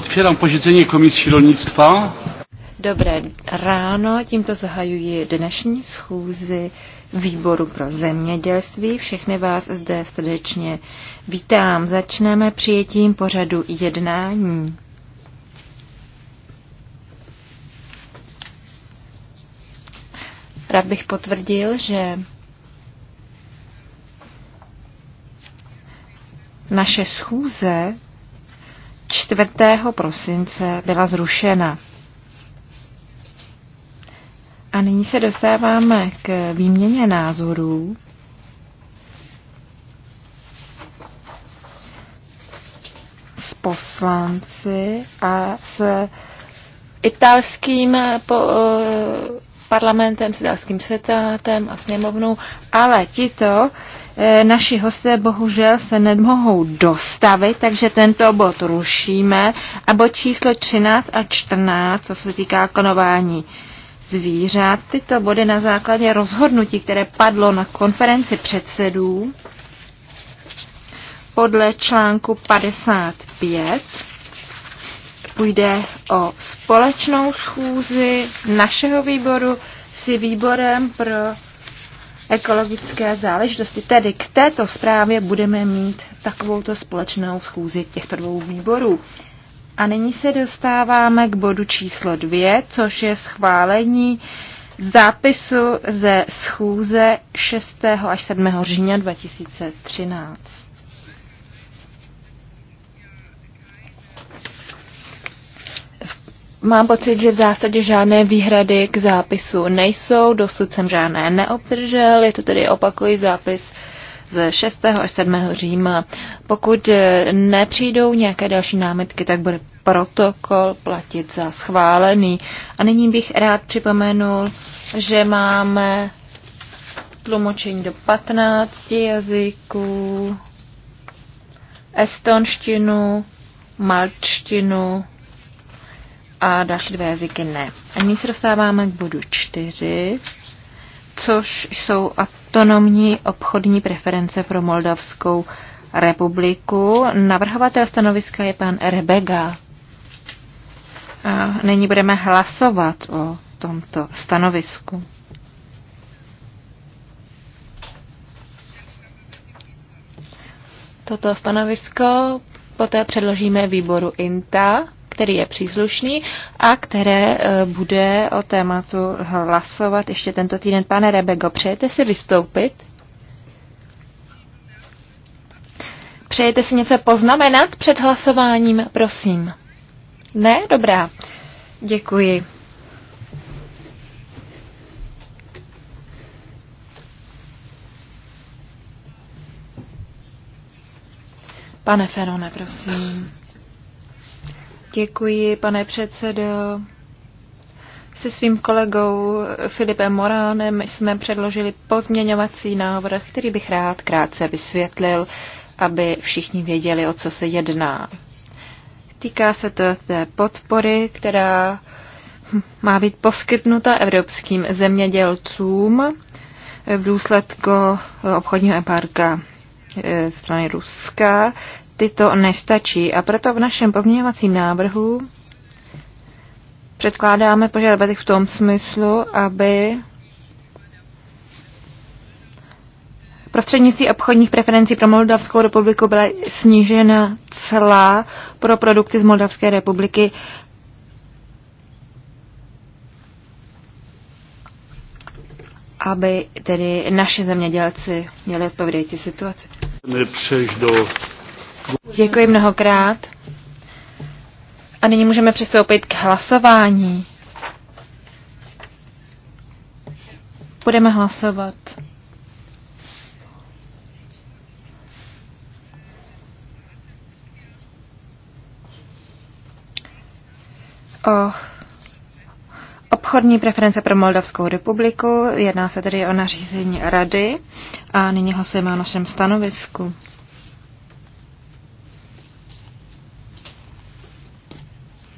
Otvírám posiedzenie Komisji Rolnictwa. Dobré ráno, tímto zahajuji dnešní schůzi výboru pro zemědělství. Všechny vás zde srdečně vítám. Začneme přijetím pořadu jednání. Rád bych potvrdil, že naše schůze 4. prosince byla zrušena. A nyní se dostáváme k výměně názorů. poslanci a s italským po, eh, parlamentem, s italským setátem a sněmovnou, ale tito E, naši hosté bohužel se nemohou dostavit, takže tento bod rušíme. A bod číslo 13 a 14, to se týká konování zvířat, tyto body na základě rozhodnutí, které padlo na konferenci předsedů podle článku 55, půjde o společnou schůzi našeho výboru si výborem pro ekologické záležitosti. Tedy k této zprávě budeme mít takovouto společnou schůzi těchto dvou výborů. A nyní se dostáváme k bodu číslo dvě, což je schválení zápisu ze schůze 6. až 7. října 2013. Mám pocit, že v zásadě žádné výhrady k zápisu nejsou, dosud jsem žádné neobdržel, je to tedy opakový zápis z 6. až 7. říma. Pokud eh, nepřijdou nějaké další námitky, tak bude protokol platit za schválený. A nyní bych rád připomenul, že máme tlumočení do 15 jazyků, estonštinu, malčtinu, a další dva jazyky ne. A nyní se dostáváme k bodu čtyři, což jsou autonomní obchodní preference pro Moldavskou republiku. Navrhovatel stanoviska je pan Rebega. A nyní budeme hlasovat o tomto stanovisku. Toto stanovisko poté předložíme výboru INTA který je příslušný a které eh, bude o tématu hlasovat ještě tento týden. Pane Rebego, přejete si vystoupit? Přejete si něco poznamenat před hlasováním, prosím? Ne? Dobrá. Děkuji. Pane Ferone, prosím. Děkuji, pane předsedo. Se svým kolegou Filipem Moránem jsme předložili pozměňovací návrh, který bych rád krátce vysvětlil, aby všichni věděli, o co se jedná. Týká se to té podpory, která má být poskytnuta evropským zemědělcům v důsledku obchodního embarga eh, strany Ruska tyto nestačí a proto v našem pozměňovacím návrhu předkládáme požadavek v tom smyslu, aby Prostřednictví obchodních preferencí pro Moldavskou republiku byla snížena celá pro produkty z Moldavské republiky. aby tedy naše zemědělci měli odpovědající situaci. Přejdeme do Děkuji mnohokrát. A nyní můžeme přistoupit k hlasování. Budeme hlasovat. O obchodní preference pro Moldavskou republiku. Jedná se tedy o nařízení rady. A nyní hlasujeme o našem stanovisku.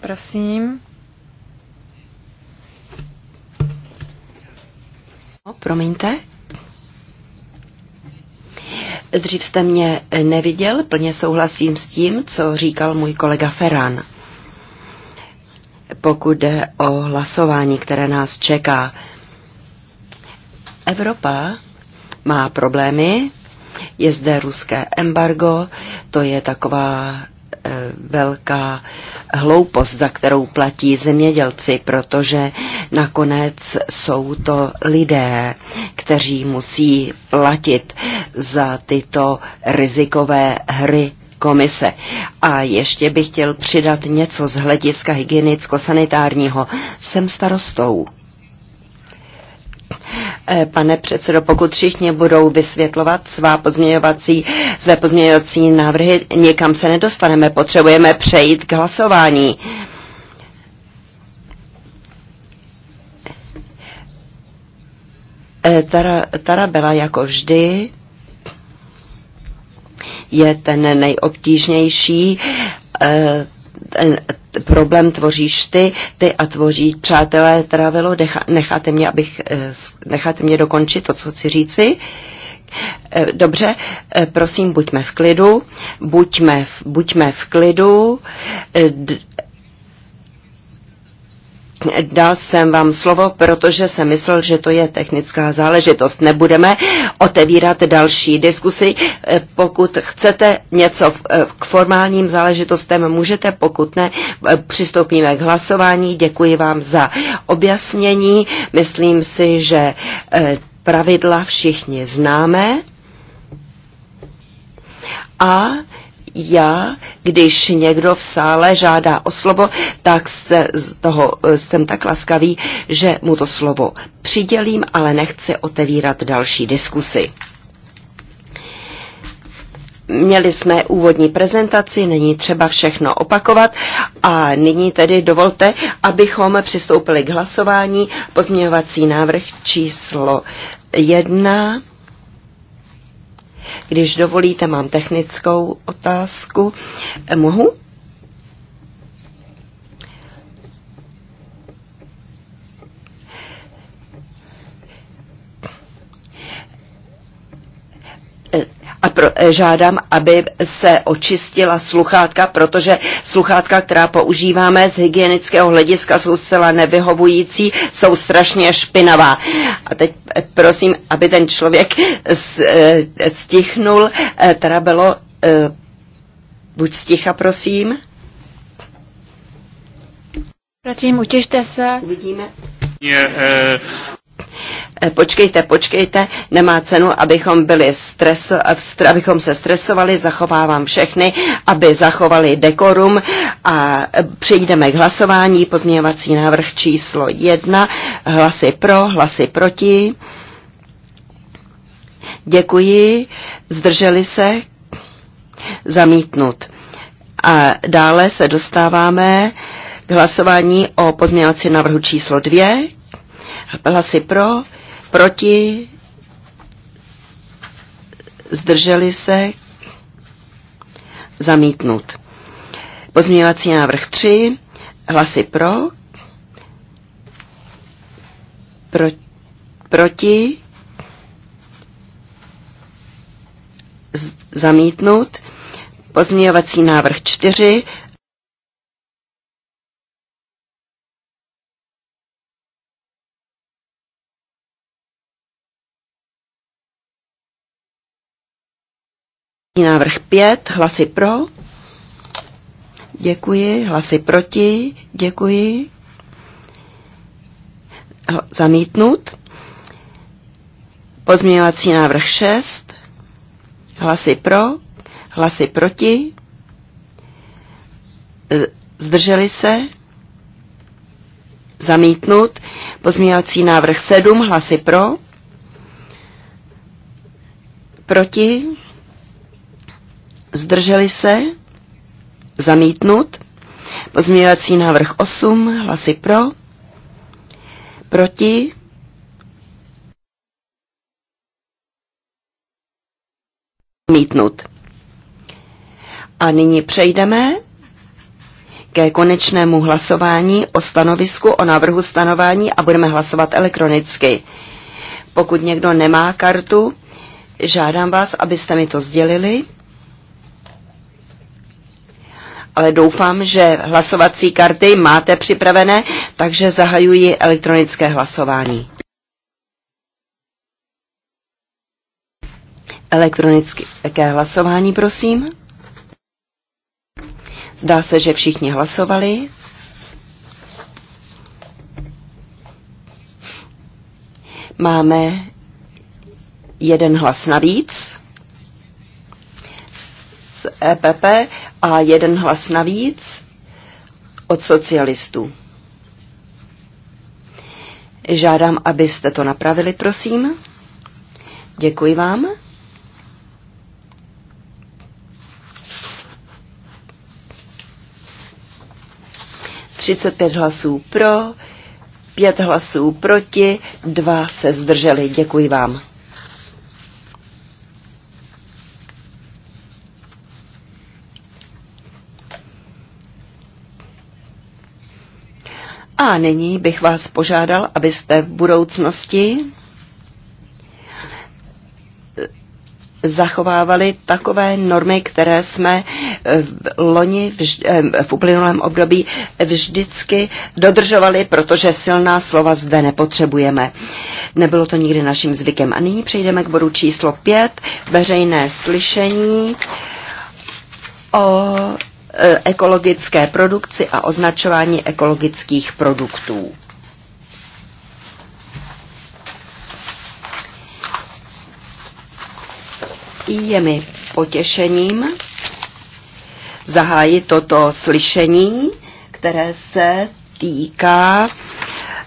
Prosím. No, promiňte. Dřív jste mě neviděl, plně souhlasím s tím, co říkal můj kolega Ferran. Pokud jde o hlasování, které nás čeká, Evropa má problémy, je zde ruské embargo, to je taková velká hloupost, za kterou platí zemědělci, protože nakonec jsou to lidé, kteří musí platit za tyto rizikové hry komise. A ještě bych chtěl přidat něco z hlediska hygienicko-sanitárního. Jsem starostou Eh, pane předsedo, pokud všichni budou vysvětlovat svá pozměňovací, své pozměňovací návrhy, někam se nedostaneme. Potřebujeme přejít k hlasování. Eh, Tara, Tara byla jako vždy je ten nejobtížnější eh, ten problém tvoříš ty, ty a tvoří přátelé Travelo, necháte mě, abych, eh, necháte mě dokončit to, co chci říci. Eh, dobře, eh, prosím, buďme v klidu, buďme, buďme v klidu, Dal jsem vám slovo, protože jsem myslel, že to je technická záležitost. Nebudeme otevírat další diskusy. Eh, pokud chcete něco eh, k formálním záležitostem, můžete, pokud ne, eh, přistoupíme k hlasování. Děkuji vám za objasnění. Myslím si, že pravidla všichni známe. A já, když někdo v sále žádá o slovo, tak se z toho, e, jsem tak laskavý, že mu to slovo přidělím, ale nechci otevírat další diskusy. Měli jsme úvodní prezentaci, není třeba všechno opakovat a nyní tedy dovolte, abychom přistoupili k hlasování. Pozměňovací návrh číslo jedna když dovolíte, mám technickou otázku. Mohu? a pro, eh, žádám, aby se očistila sluchátka, protože sluchátka, která používáme z hygienického hlediska, jsou zcela nevyhovující, jsou strašně špinavá. A teď eh, prosím, aby ten člověk eh, stichnul, teda bylo buď sticha, prosím. Prosím, utěžte se. Uvidíme. Je, eh... Eh, počkejte, počkejte, nemá cenu, abychom, byli stres, eh, abychom se stresovali, zachovávám všechny, aby zachovali dekorum a eh, přejdeme k hlasování, pozměňovací návrh číslo jedna, hlasy pro, hlasy proti. Děkuji, zdrželi se, zamítnut. A dále se dostáváme k hlasování o pozměňovací návrhu číslo dvě. Hlasy pro, proti, zdrželi se, zamítnut. Pozměňovací návrh 3, hlasy pro, pro proti, z, zamítnut. Pozměňovací návrh 4, Návrh 5, hlasy pro. Děkuji. Hlasy proti. Děkuji. Zamítnut. Pozměňovací návrh 6. Hlasy pro. Hlasy proti. E, zdrželi se. Zamítnut. Pozměňovací návrh 7. Hlasy pro. Proti zdrželi se, zamítnut, pozměňovací návrh 8, hlasy pro, proti, zamítnut. A nyní přejdeme ke konečnému hlasování o stanovisku, o návrhu stanování a budeme hlasovat elektronicky. Pokud někdo nemá kartu, žádám vás, abyste mi to sdělili ale doufám, že hlasovací karty máte připravené, takže zahajuji elektronické hlasování. Elektronické hlasování, prosím. Zdá se, že všichni hlasovali. Máme jeden hlas navíc. Z EPP a jeden hlas navíc od socialistů. Žádám, abyste to napravili, prosím. Děkuji vám. Třicet pět hlasů pro, pět hlasů proti, dva se zdrželi. Děkuji vám. A nyní bych vás požádal, abyste v budoucnosti zachovávali takové normy, které jsme eh, v loni, eh, v uplynulém období vždycky dodržovali, protože silná slova zde nepotřebujeme. Nebylo to nikdy naším zvykem. A nyní přejdeme k bodu číslo 5, veřejné slyšení o E, ekologické produkci a označování ekologických produktů. Je mi potěšením zahájit toto slyšení, které se týká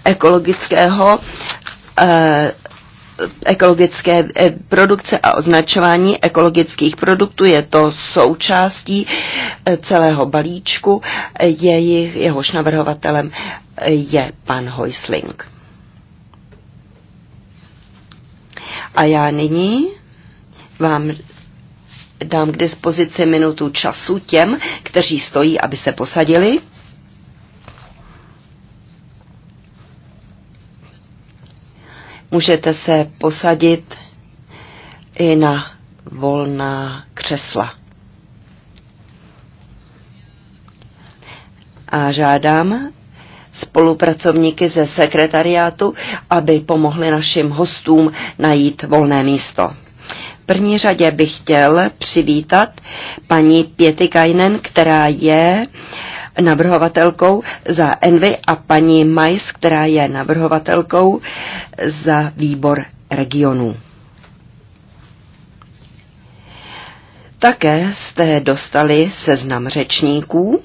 ekologického e, ekologické eh, produkce a označování ekologických produktů. Je to součástí eh, celého balíčku, eh, jejich, jehož navrhovatelem je pan Hoisling. A já nyní vám dám k dispozici minutu času těm, kteří stojí, aby se posadili. Můžete se posadit i na volná křesla. A žádám spolupracovníky ze sekretariátu, aby pomohli našim hostům najít volné místo. V první řadě bych chtěl přivítat paní Kajnen, která je uh, navrhovatelkou za Envy a paní Mais, která je navrhovatelkou za výbor regionů. Také jste dostali seznam řečníků.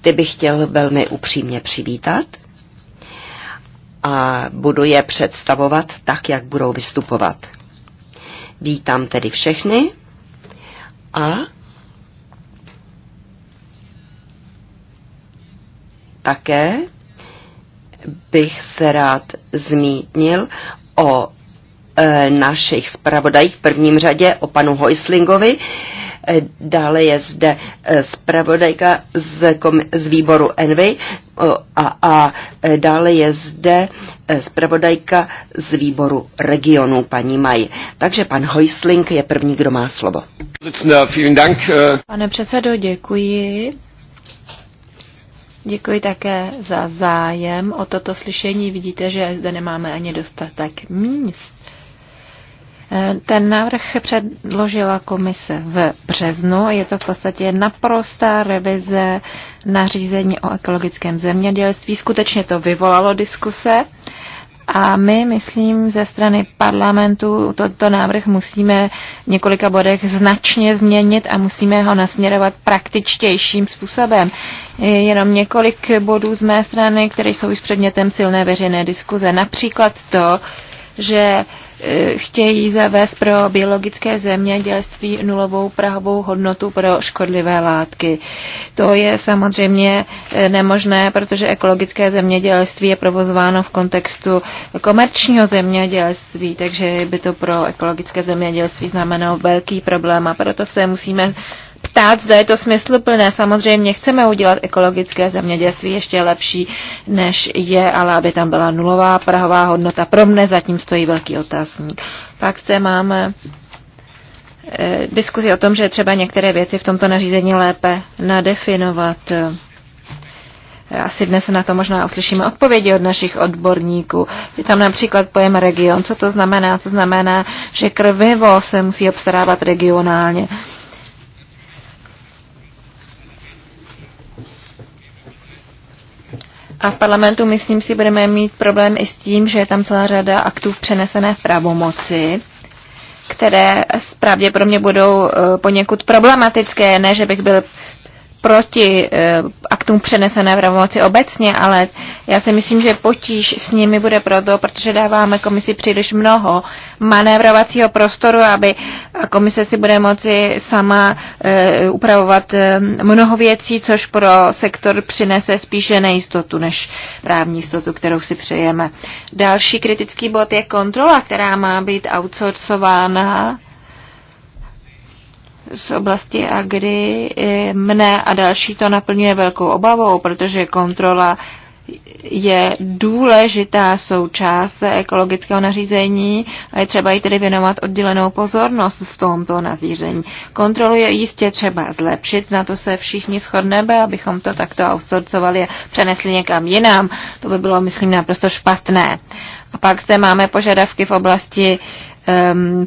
Ty bych chtěl velmi upřímně přivítat a budu je představovat tak, jak budou vystupovat. Vítám tedy všechny a Také bych se rád zmínil o e, našich zpravodajích, v prvním řadě o panu Hojslingovi, e, dále je zde e, zpravodajka z, z výboru Envy a, a e, dále je zde e, zpravodajka z výboru regionu paní Maj. Takže pan Hojsling je první, kdo má slovo. Pane předsedo, děkuji. Děkuji také za zájem o toto slyšení. Vidíte, že zde nemáme ani dostatek míst. Eh, ten návrh předložila komise v březnu. Je to v podstatě naprostá revize nařízení o ekologickém zemědělství. Skutečně to vyvolalo diskuse. A my, myslím, ze strany parlamentu toto návrh musíme v několika bodech značně změnit a musíme ho nasměrovat praktičtějším způsobem. Jenom několik bodů z mé strany, které jsou již předmětem silné veřejné diskuze. Například to, že E, chtějí zavést pro biologické zemědělství nulovou prahovou hodnotu pro škodlivé látky. To je samozřejmě e, nemožné, protože ekologické zemědělství je provozováno v kontextu komerčního zemědělství, takže by to pro ekologické zemědělství znamenalo velký problém a proto se musíme ptát, zda je to smysluplné. Samozřejmě chceme udělat ekologické zemědělství ještě lepší, než je, ale aby tam byla nulová prahová hodnota. Pro mne zatím stojí velký otázník. Pak zde máme e, diskuzi o tom, že třeba některé věci v tomto nařízení lépe nadefinovat. Eh, asi dnes na to možná uslyšíme odpovědi od našich odborníků. Je tam například pojem region. Co to znamená? Co znamená, že krvivo se musí obstarávat regionálně. A v parlamentu, myslím si, budeme mít problém i s tím, že je tam celá řada aktů přenesené v pravomoci, které pravděpodobně budou eh, poněkud problematické. Ne, že bych byl proti eh, aktům přenesené pravomoci obecně, ale já si myslím, že potíž s nimi bude proto, protože dáváme komisi příliš mnoho manévrovacího prostoru, aby komise si bude moci sama eh, upravovat eh, mnoho věcí, což pro sektor přinese spíše nejistotu než právní jistotu, kterou si přejeme. Další kritický bod je kontrola, která má být outsourcována z oblasti Agri mne a další to naplňuje velkou obavou, protože kontrola je důležitá součást ekologického nařízení a je třeba jí tedy věnovat oddělenou pozornost v tomto nařízení. Kontrolu je jistě třeba zlepšit, na to se všichni shodneme, abychom to takto outsourcovali a přenesli někam jinam. To by bylo, myslím, naprosto špatné. A pak zde máme požadavky v oblasti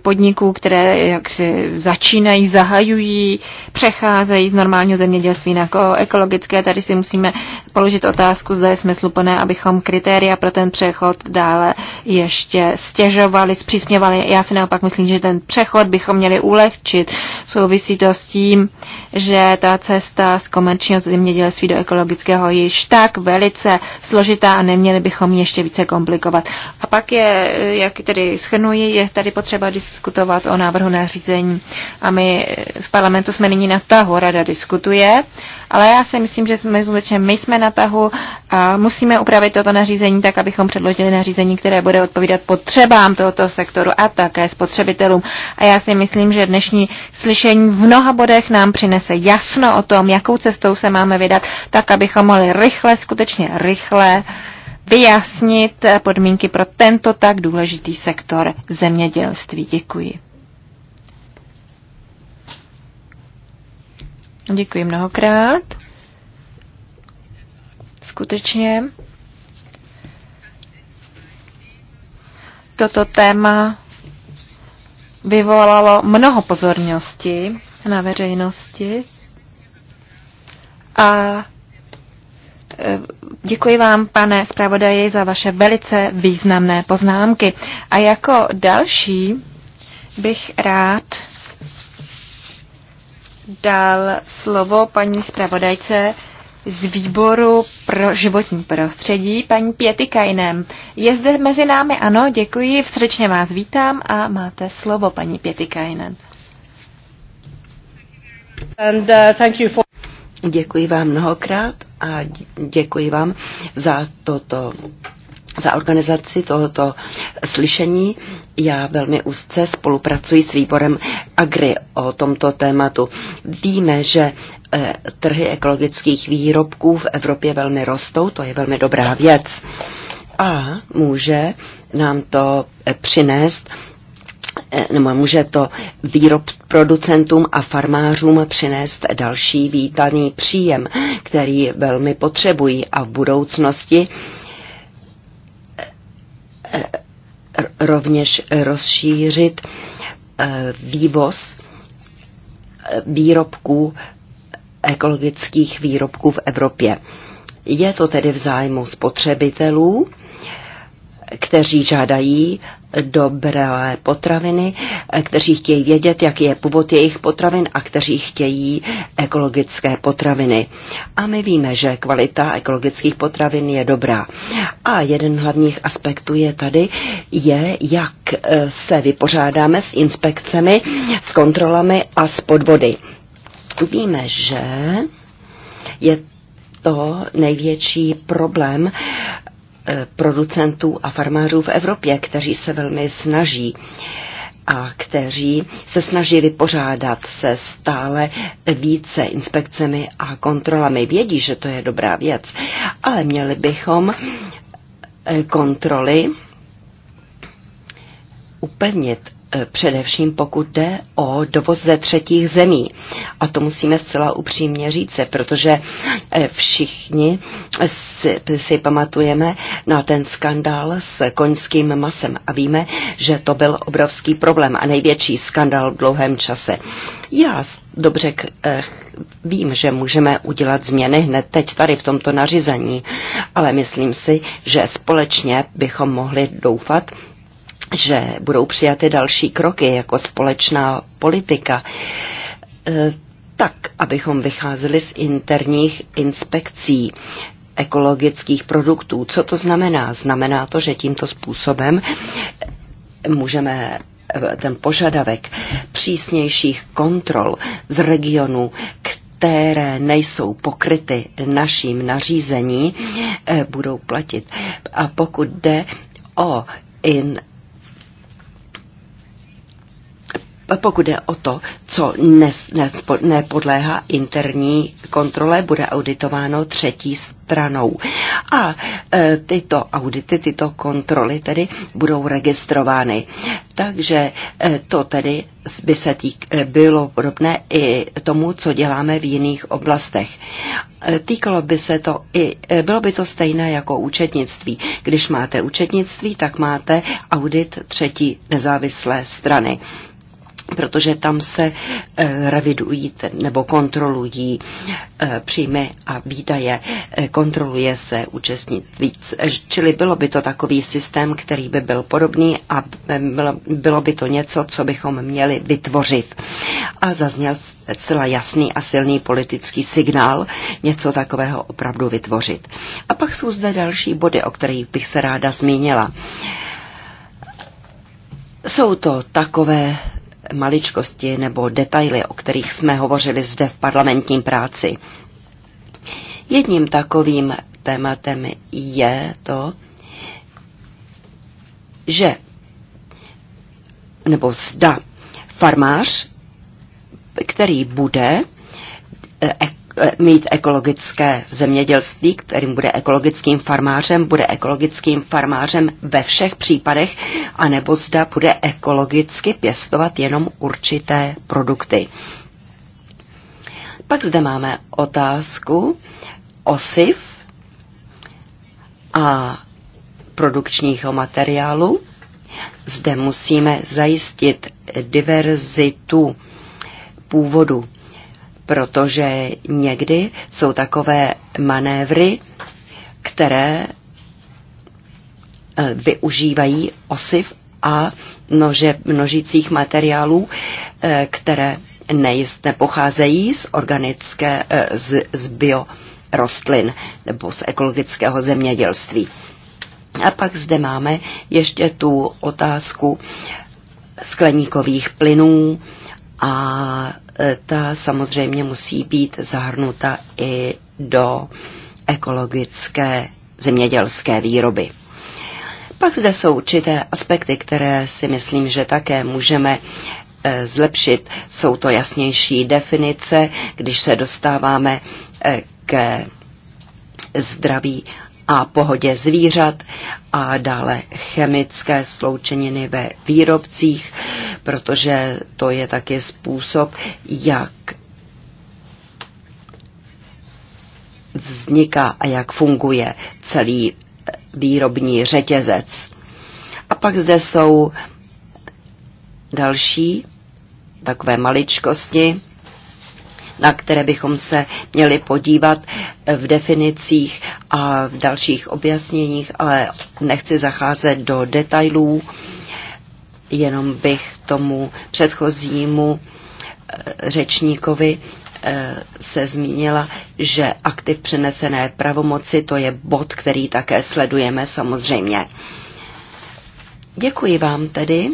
podniků, které jak si začínají, zahajují, přecházejí z normálního zemědělství na ekologické. Tady si musíme položit otázku, zda je smysluplné, abychom kritéria pro ten přechod dále ještě stěžovali, zpřísňovali. Já si naopak myslím, že ten přechod bychom měli ulehčit. Souvisí to s tím, že ta cesta z komerčního zemědělství do ekologického je již tak velice složitá a neměli bychom ji ještě více komplikovat. A pak je, jak tedy schrnuji, je tady tedy potřeba diskutovat o návrhu nařízení. A my v parlamentu jsme nyní na tahu, rada diskutuje, ale já si myslím, že jsme skutečně my jsme na tahu a musíme upravit toto nařízení tak, abychom předložili nařízení, které bude odpovídat potřebám tohoto sektoru a také spotřebitelům. A já si myslím, že dnešní slyšení v mnoha bodech nám přinese jasno o tom, jakou cestou se máme vydat, tak, abychom mohli rychle, skutečně rychle, vyjasnit podmínky pro tento tak důležitý sektor zemědělství. Děkuji. Děkuji mnohokrát. Skutečně toto téma vyvolalo mnoho pozornosti na veřejnosti a Děkuji vám, pane zpravodaji, za vaše velice významné poznámky. A jako další bych rád dal slovo paní zpravodajce z výboru pro životní prostředí, paní Pěty Kajnem. Je zde mezi námi, ano, děkuji, srdečně vás vítám a máte slovo, paní Pěty Kajnen. Uh, děkuji vám mnohokrát a děkuji vám za toto za organizaci tohoto slyšení. Já velmi úzce spolupracuji s výborem Agri o tomto tématu. Víme, že eh, trhy ekologických výrobků v Evropě velmi rostou, to je velmi dobrá věc. A může nám to eh, přinést Eh, nebo může to výrob producentům a farmářům přinést další vítaný příjem, který velmi potřebují a v budoucnosti eh, eh, rovněž rozšířit vývoz výrobků, ekologických výrobků v Evropě. Je to tedy v zájmu spotřebitelů, kteří žádají dobré potraviny, kteří chtějí vědět, jaký je původ jejich potravin a kteří chtějí ekologické potraviny. A my víme, že kvalita ekologických potravin je dobrá. A jeden hlavních aspektů je tady, je, jak eh, se vypořádáme s inspekcemi, s kontrolami a s podvody. Víme, že je to největší problém Eh, producentů a farmářů v Evropě, kteří se velmi snaží a kteří se snaží vypořádat se stále více inspekcemi a kontrolami. Vědí, že to je dobrá věc, ale měli bychom eh, kontroly upevnit E, především pokud jde o dovoz ze třetích zemí. A to musíme zcela upřímně říct, protože e, všichni si, si pamatujeme na ten skandál s koňským masem a víme, že to byl obrovský problém a největší skandál v dlouhém čase. Já dobře e, vím, že můžeme udělat změny hned teď tady v tomto nařízení, ale myslím si, že společně bychom mohli doufat, že budou přijaty další kroky jako společná politika, eh, tak, abychom vycházeli z interních inspekcí ekologických produktů. Co to znamená? Znamená to, že tímto způsobem můžeme eh, ten požadavek přísnějších kontrol z regionu, které nejsou pokryty naším nařízení, eh, budou platit. A pokud jde o in, pokud je o to, co nepodléhá interní kontrole, bude auditováno třetí stranou. A e, tyto audity, tyto kontroly tedy budou registrovány. Takže e, to tedy by se týk, e, bylo podobné i tomu, co děláme v jiných oblastech. Týkalo by se to i, bylo by to stejné jako účetnictví. Když máte účetnictví, tak máte audit třetí nezávislé strany protože tam se eh, revidují nebo kontrolují eh, příjmy a výdaje, eh, kontroluje se účastnit víc. Čili bylo by to takový systém, který by byl podobný a bylo by to něco, co bychom měli vytvořit. A zazněl zcela jasný a silný politický signál něco takového opravdu vytvořit. A pak jsou zde další body, o kterých bych se ráda zmínila. Jsou to takové maličkosti nebo detaily, o kterých jsme hovořili zde v parlamentním práci. Jedním takovým tématem je to, že nebo zda farmář, který bude eh, mít ekologické zemědělství, kterým bude ekologickým farmářem, bude ekologickým farmářem ve všech případech, anebo zda bude ekologicky pěstovat jenom určité produkty. Pak zde máme otázku osiv a produkčního materiálu. Zde musíme zajistit diverzitu původu protože někdy jsou takové manévry, které eh, využívají osiv a množe, množících materiálů, eh, které nejist, nepocházejí z organické, eh, z, z biorostlin nebo z ekologického zemědělství. A pak zde máme ještě tu otázku skleníkových plynů a Eh, ta samozřejmě musí být zahrnuta i do ekologické zemědělské výroby. Pak zde jsou určité aspekty, které si myslím, že také můžeme eh, zlepšit. Jsou to jasnější definice, když se dostáváme eh, k zdraví a pohodě zvířat a dále chemické sloučeniny ve výrobcích, protože to je taky způsob, jak vzniká a jak funguje celý výrobní řetězec. A pak zde jsou další takové maličkosti, na které bychom se měli podívat v definicích a v dalších objasněních, ale nechci zacházet do detailů, jenom bych tomu předchozímu eh, řečníkovi eh, se zmínila, že aktiv přenesené pravomoci, to je bod, který také sledujeme samozřejmě. Děkuji vám tedy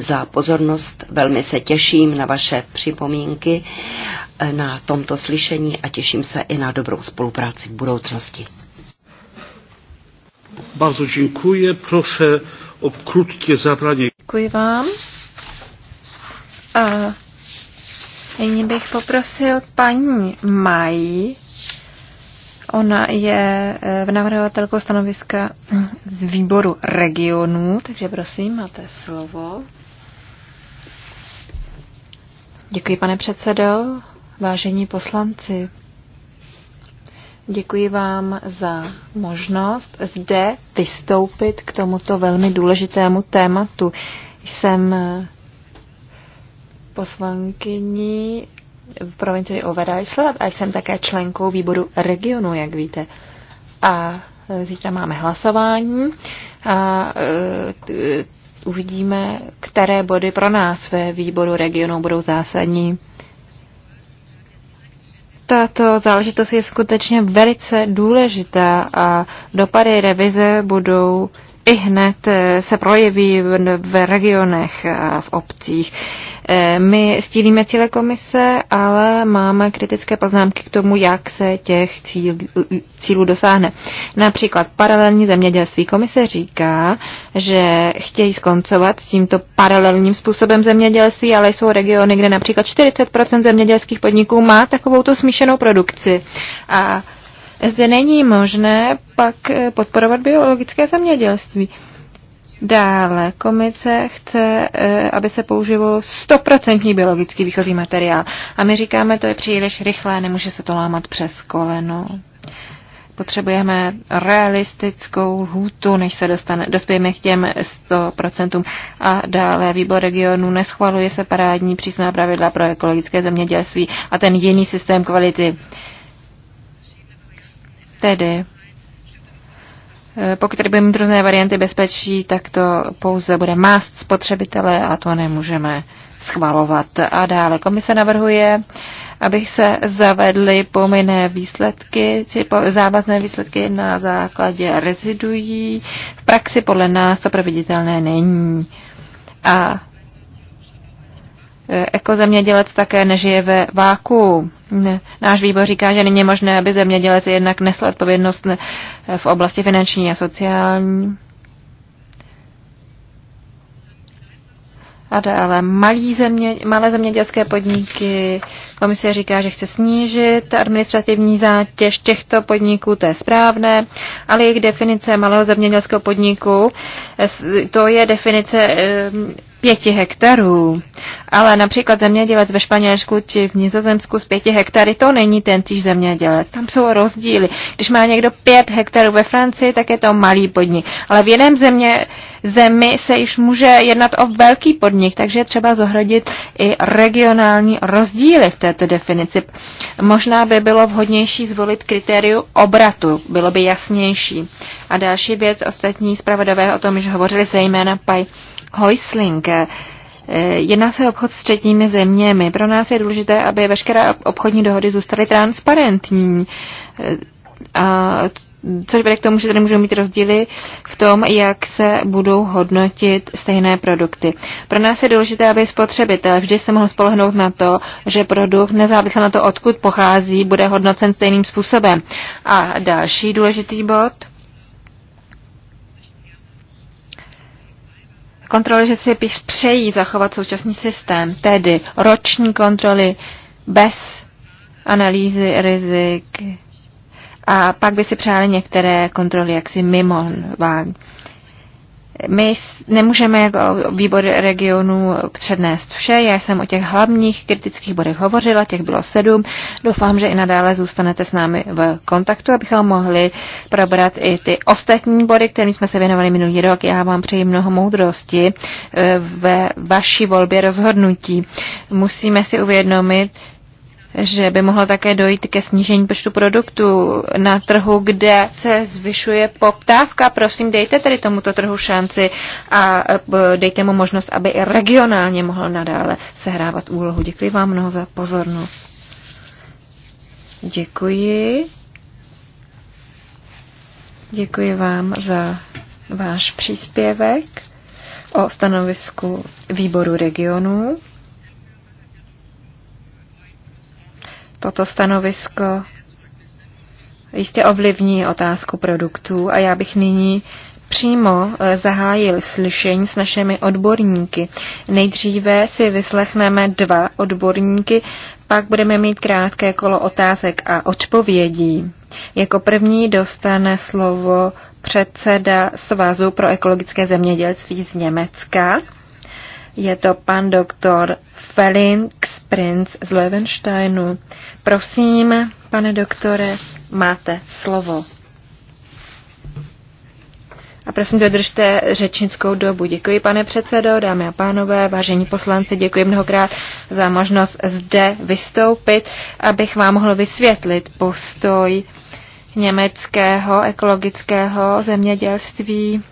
za pozornost, velmi se těším na vaše připomínky na tomto slyšení a těším se i na dobrou spolupráci v budoucnosti. Bardzo dziękuję. Proszę o krótkie zabranie. Děkuji vám. A nyní bych poprosil paní Mají. Ona je v eh, navrhovatelkou stanoviska z výboru regionů, takže prosím, máte slovo. Děkuji, pane předsedo vážení poslanci, děkuji vám za možnost zde vystoupit k tomuto velmi důležitému tématu. Jsem poslankyní v provincii Overijssel a jsem také členkou výboru regionu, jak víte. A e, zítra máme hlasování a e, e, uvidíme, které body pro nás ve výboru regionu budou zásadní. Tato záležitost je skutečně velice důležitá a dopady revize budou i hned eh, se projeví v, regionech a v obcích. Eh, my stílíme cíle komise, ale máme kritické poznámky k tomu, jak se těch cíl, cílů dosáhne. Například paralelní zemědělství komise říká, že chtějí skoncovat s tímto paralelním způsobem zemědělství, ale jsou regiony, kde například 40% zemědělských podniků má takovouto smíšenou produkci. A zde není možné pak eh, podporovat biologické zemědělství. Dále komice chce, eh, aby se použilo 100% biologický výchozí materiál. A my říkáme, to je příliš rychlé, nemůže se to lámat přes koleno. Potřebujeme realistickou hůtu než se dostane, dospějeme k těm 100%. A dále výbor regionu neschvaluje se parádní přísná pravidla pro ekologické zemědělství a ten jiný systém kvality. Tedy Eh, pokud tady budeme mít různé varianty bezpečí, tak to pouze bude mást spotřebitele a to nemůžeme schvalovat. A dále komise navrhuje, abych se zavedly povinné výsledky, či po, závazné výsledky na základě rezidují. V praxi podle nás to proveditelné není. A ekozemědělec také nežije ve váku. Náš výbor říká, že není možné, aby zemědělec jednak nesl odpovědnost v oblasti finanční a sociální. A dále malí země, malé zemědělské podniky. Komise říká, že chce snížit administrativní zátěž těchto podniků, to je správné, ale jejich definice malého zemědělského podniku, to je definice pěti hektarů. Ale například zemědělec ve Španělsku či v Nizozemsku z pěti hektary, to není ten týž zemědělec. Tam jsou rozdíly. Když má někdo pět hektarů ve Francii, tak je to malý podnik. Ale v jiném země, zemi se již může jednat o velký podnik, takže je třeba zohradit i regionální rozdíly v této definici. Možná by bylo vhodnější zvolit kritériu obratu, bylo by jasnější. A další věc, ostatní zpravodové o tom již hovořili, zejména paj Heusling. Eh, jedná se obchod s třetími zeměmi. Pro nás je důležité, aby veškeré obchodní dohody zůstaly transparentní. Eh, a což vede k tomu, že tady můžou mít rozdíly v tom, jak se budou hodnotit stejné produkty. Pro nás je důležité, aby spotřebitel vždy se mohl spolehnout na to, že produkt nezávisle na to, odkud pochází, bude hodnocen stejným způsobem. A další důležitý bod – kontroly, že si přejí zachovat současný systém, tedy roční kontroly bez analýzy rizik a pak by si přáli některé kontroly jaksi mimo my nemůžeme jako výbor regionu přednést vše. Já jsem o těch hlavních kritických bodech hovořila, těch bylo sedm. Doufám, že i nadále zůstanete s námi v kontaktu, abychom mohli probrat i ty ostatní body, kterým jsme se věnovali minulý rok. Já vám přeji mnoho moudrosti eh, ve vaší volbě rozhodnutí. Musíme si uvědomit, že by mohlo také dojít ke snížení počtu produktů na trhu, kde se zvyšuje poptávka. Prosím, dejte tedy tomuto trhu šanci a e, dejte mu možnost, aby i regionálně mohl nadále sehrávat úlohu. Děkuji vám mnoho za pozornost. Děkuji. Děkuji vám za váš příspěvek o stanovisku výboru regionů. toto stanovisko jistě ovlivní otázku produktů a já bych nyní přímo eh, zahájil slyšení s našimi odborníky. Nejdříve si vyslechneme dva odborníky, pak budeme mít krátké kolo otázek a odpovědí. Jako první dostane slovo předseda Svazu pro ekologické zemědělství z Německa, je to pan doktor Felix Prinz z Levensteinu. Prosím, pane doktore, máte slovo. A prosím, dodržte řečnickou dobu. Děkuji, pane předsedo, dámy a pánové, vážení poslanci, děkuji mnohokrát za možnost zde vystoupit, abych vám mohl vysvětlit postoj německého ekologického zemědělství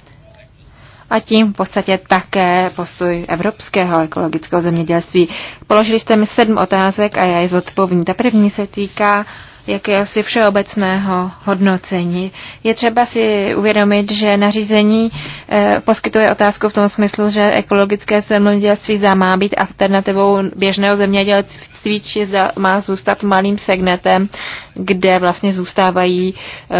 a tím v podstatě také postoj evropského ekologického zemědělství. Položili jste mi sedm otázek a já je zodpovím. Ta první se týká uh, jakéhosi všeobecného hodnocení. Je třeba si uvědomit, že nařízení eh, poskytuje otázku v tom smyslu, že ekologické zemědělství zda má být alternativou běžného zemědělství, či zda má zůstat malým segmentem, kde vlastně zůstávají eh,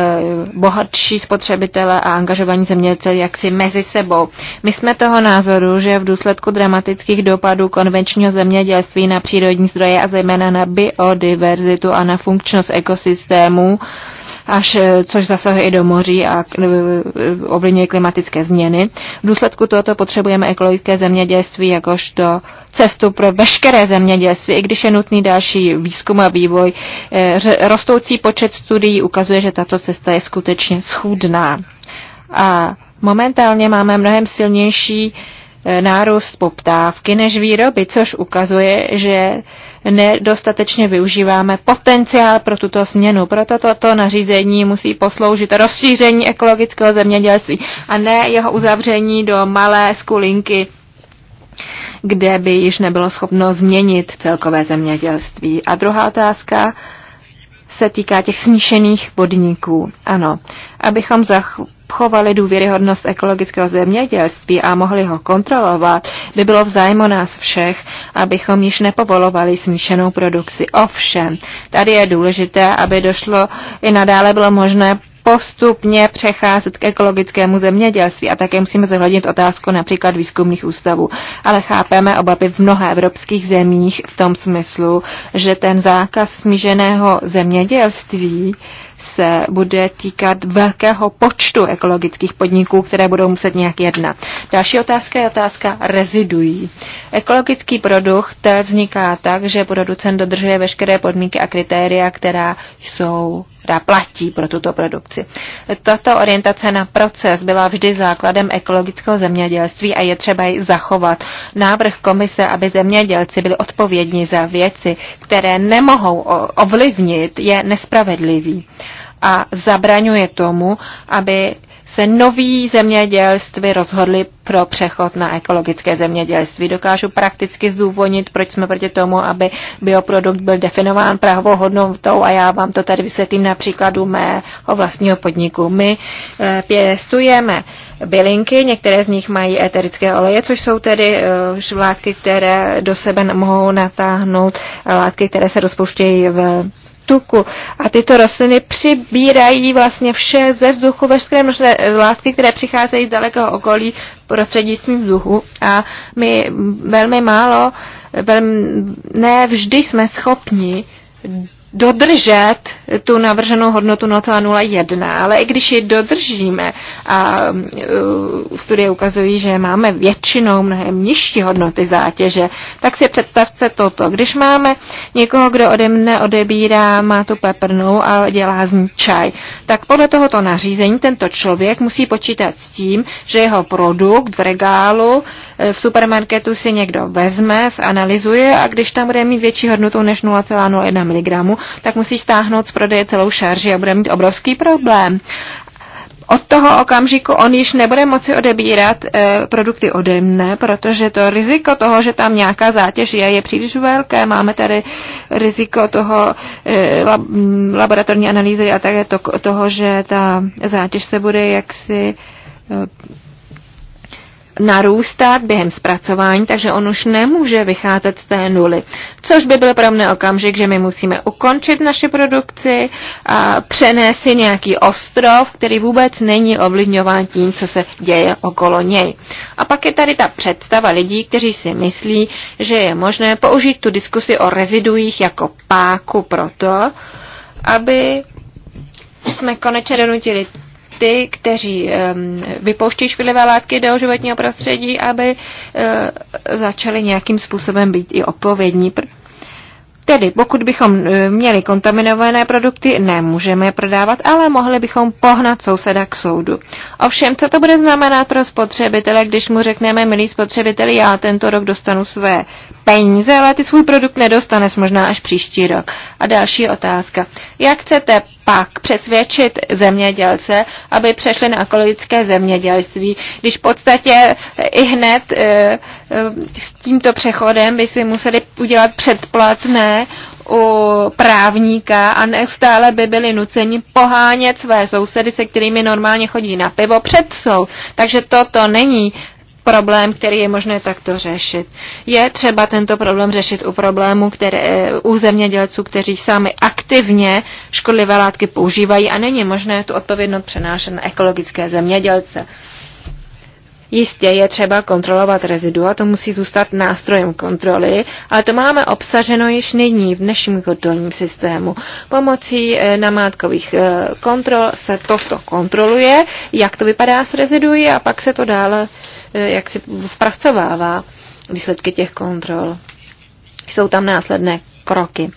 bohatší spotřebitele a angažovaní zemědělci jaksi mezi sebou. My jsme toho názoru, že v důsledku dramatických dopadů konvenčního zemědělství na přírodní zdroje a zejména na biodiverzitu a na funkčnost ekosystémů, až, eh, což zasahuje i do moří a eh, ovlivňuje klimatické změny. V důsledku tohoto potřebujeme ekologické zemědělství jakožto cestu pro veškeré zemědělství, i když je nutný další výzkum a vývoj. Eh, rostoucí počet studií ukazuje, že tato cesta je skutečně schůdná. A momentálně máme mnohem silnější nárůst poptávky než výroby, což ukazuje, že nedostatečně využíváme potenciál pro tuto změnu. Proto toto nařízení musí posloužit rozšíření ekologického zemědělství a ne jeho uzavření do malé skulinky kde by již nebylo schopno změnit celkové zemědělství. A druhá otázka se týká těch smíšených vodníků. Ano, abychom zachovali zachovali důvěryhodnost ekologického zemědělství a mohli ho kontrolovat, by bylo v zájmu nás všech, abychom již nepovolovali smíšenou produkci. Ovšem, tady je důležité, aby došlo i nadále bylo možné postupně přecházet k ekologickému zemědělství a také musíme zohlednit otázku například výzkumných ústavů. Ale chápeme obavy v mnoha evropských zemích v tom smyslu, že ten zákaz smíženého zemědělství se bude týkat velkého počtu ekologických podniků, které budou muset nějak jednat. Další otázka je otázka rezidují. Ekologický produkt vzniká tak, že producent dodržuje veškeré podmínky a kritéria, která jsou která platí pro tuto produkci. Tato orientace na proces byla vždy základem ekologického zemědělství a je třeba ji zachovat. Návrh komise, aby zemědělci byli odpovědní za věci, které nemohou ovlivnit, je nespravedlivý a zabraňuje tomu, aby se noví zemědělství rozhodli pro přechod na ekologické zemědělství. Dokážu prakticky zdůvodnit, proč jsme proti tomu, aby bioprodukt byl definován prahovou hodnotou a já vám to tady vysvětlím na příkladu mého vlastního podniku. My eh, pěstujeme bylinky, některé z nich mají eterické oleje, což jsou tedy eh, látky, které do sebe mohou natáhnout eh, látky, které se rozpouštějí v tuku. A tyto rostliny přibírají vlastně vše ze vzduchu, veškeré množné látky, které přicházejí z dalekého okolí prostřednictvím vzduchu. A my velmi málo, velmi, ne vždy jsme schopni dodržet tu navrženou hodnotu 0,01, ale i když ji dodržíme a uh, studie ukazují, že máme většinou mnohem nižší hodnoty zátěže, tak si představte toto. Když máme někoho, kdo ode mne odebírá, má tu peprnou a dělá z ní čaj, tak podle tohoto nařízení tento člověk musí počítat s tím, že jeho produkt v regálu eh, v supermarketu si někdo vezme, zanalizuje a když tam bude mít větší hodnotu než 0,01 mg, tak musí stáhnout z prodeje celou šarži a bude mít obrovský problém. Od toho okamžiku on již nebude moci odebírat e, produkty ode mne, protože to riziko toho, že tam nějaká zátěž je, je příliš velké. Máme tady riziko toho e, lab, mm, laboratorní analýzy a také to, toho, že ta zátěž se bude jaksi e, narůstat během zpracování, takže on už nemůže vycházet z té nuly. Což by byl pro mne okamžik, že my musíme ukončit naši produkci a přenést si nějaký ostrov, který vůbec není ovlivňován tím, co se děje okolo něj. A pak je tady ta představa lidí, kteří si myslí, že je možné použít tu diskusi o reziduích jako páku proto, aby jsme konečně donutili ty, kteří vypouští škodlivé látky do životního prostředí, aby eh, začali nějakým způsobem být i odpovědní. Tedy, pokud bychom eh, měli kontaminované produkty, nemůžeme je prodávat, ale mohli bychom pohnat souseda k soudu. Ovšem, co to bude znamenat pro spotřebitele, když mu řekneme, milí spotřebiteli, já tento rok dostanu své peníze, ale ty svůj produkt nedostaneš možná až příští rok. A další otázka. Jak chcete pak přesvědčit zemědělce, aby přešli na ekologické zemědělství, když v podstatě i hned eh, eh, s tímto přechodem by si museli udělat předplatné u právníka a neustále by byli nuceni pohánět své sousedy, se kterými normálně chodí na pivo před soud. Takže toto není problém, který je možné takto řešit. Je třeba tento problém řešit u problémů které, eh, u zemědělců, kteří sami aktivně škodlivé látky používají a není možné tu odpovědnost přenášet na ekologické zemědělce. Jistě je třeba kontrolovat rezidua, to musí zůstat nástrojem kontroly, ale to máme obsaženo již nyní v dnešním kontrolním systému. Pomocí eh, namátkových eh, kontrol se toto kontroluje, jak to vypadá s reziduji a pak se to dále Eh, jak si zpracovává výsledky těch kontrol. Jsou tam následné kroky.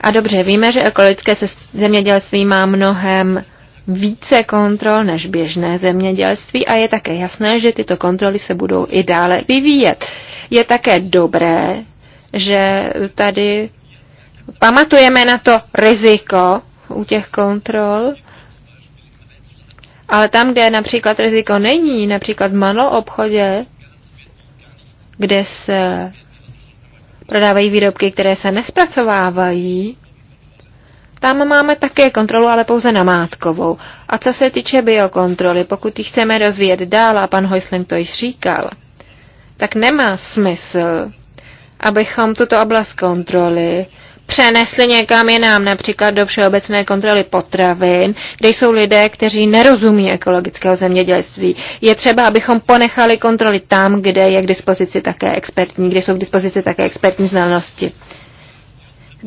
A dobře, víme, že ekologické zemědělství má mnohem více kontrol než běžné zemědělství a je také jasné, že tyto kontroly se budou i dále vyvíjet. Je také dobré, že tady pamatujeme na to riziko u těch kontrol ale tam, kde například riziko není, například v maloobchodě, kde se prodávají výrobky, které se nespracovávají, tam máme také kontrolu, ale pouze namátkovou. A co se týče biokontroly, pokud ji chceme rozvíjet dál, a pan Hoisling to již říkal, tak nemá smysl, abychom tuto oblast kontroly přenesli někam jinam, například do všeobecné kontroly potravin, kde jsou lidé, kteří nerozumí ekologického zemědělství. Je třeba, abychom ponechali kontroly tam, kde je k dispozici také expertní, kde jsou k dispozici také expertní znalosti.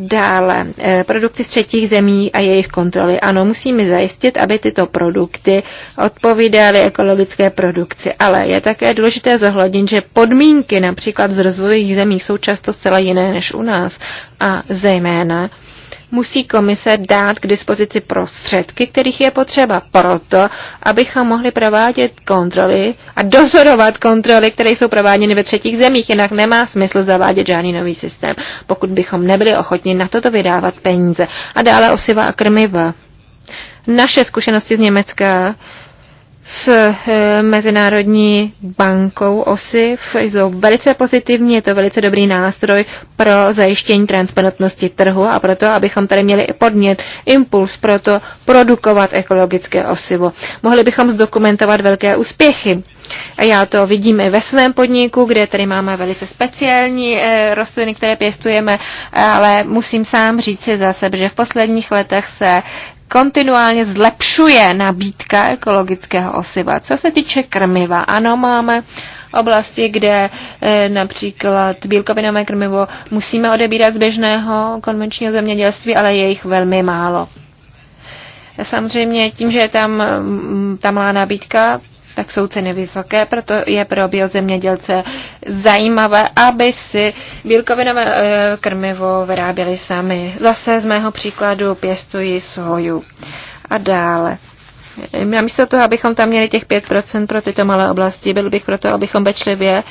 Dále, eh, produkty z třetích zemí a jejich kontroly. Ano, musíme zajistit, aby tyto produkty odpovídaly ekologické produkci, ale je také důležité zohlednit, že podmínky například v rozvojových zemích jsou často zcela jiné než u nás a zejména musí komise dát k dispozici prostředky, kterých je potřeba proto, abychom mohli provádět kontroly a dozorovat kontroly, které jsou prováděny ve třetích zemích. Jinak nemá smysl zavádět žádný nový systém, pokud bychom nebyli ochotni na toto vydávat peníze. A dále osiva a krmiva. Naše zkušenosti z Německa s eh, Mezinárodní bankou OSIF jsou velice pozitivní, je to velice dobrý nástroj pro zajištění transparentnosti trhu a proto, abychom tady měli i podnět, impuls pro to produkovat ekologické osivo. Mohli bychom zdokumentovat velké úspěchy. A já to vidím i ve svém podniku, kde tady máme velice speciální e, rostliny, které pěstujeme, ale musím sám říct si zase, že v posledních letech se kontinuálně zlepšuje nabídka ekologického osiva. Co se týče krmiva, ano, máme oblasti, kde eh, například bílkovinové krmivo musíme odebírat z běžného konvenčního zemědělství, ale je jich velmi málo. Samozřejmě tím, že je tam mm, ta malá nabídka, tak jsou ceny vysoké, proto je pro biozemědělce zajímavé, aby si bílkovinové eh, krmivo vyráběli sami. Zase z mého příkladu pěstují soju. A dále. Eh, místo toho, abychom tam měli těch 5% pro tyto malé oblasti, byl bych proto, abychom bečlivě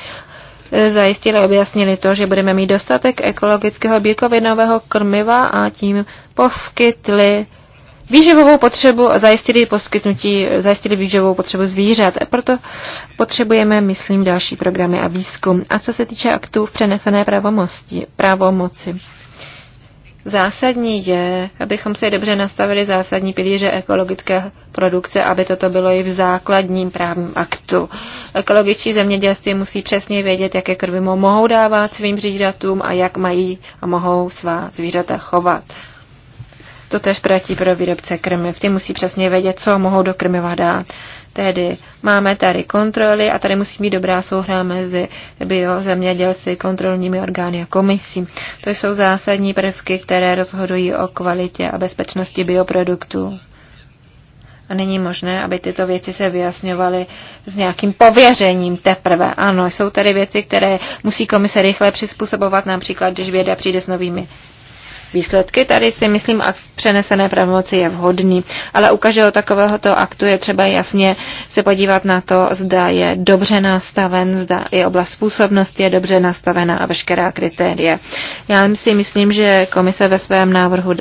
eh, zajistili a objasnili to, že budeme mít dostatek ekologického bílkovinového krmiva a tím poskytli výživovou potřebu a zajistili poskytnutí, zajistili výživovou potřebu zvířat. A proto potřebujeme, myslím, další programy a výzkum. A co se týče aktů v přenesené pravomosti, pravomoci. Zásadní je, abychom si dobře nastavili zásadní pilíře ekologické produkce, aby toto bylo i v základním právním aktu. Ekologičtí zemědělství musí přesně vědět, jaké krvimo mohou dávat svým zvířatům a jak mají a mohou svá zvířata chovat. To tež platí pro výrobce krmiv. Ty musí přesně vědět, co mohou do krmiva dát. Tedy máme tady kontroly a tady musí být dobrá souhra mezi biozemědělci, kontrolními orgány a komisí. To jsou zásadní prvky, které rozhodují o kvalitě a bezpečnosti bioproduktů. A není možné, aby tyto věci se vyjasňovaly s nějakým pověřením teprve. Ano, jsou tady věci, které musí komise rychle přizpůsobovat, například když věda přijde s novými výsledky. Tady si myslím, akt přenesené pravomoci je vhodný, ale u každého takovéhoto aktu je třeba jasně se podívat na to, zda je dobře nastaven, zda je oblast způsobnosti je dobře nastavená a veškerá kritérie. Já si myslím, že komise ve svém návrhu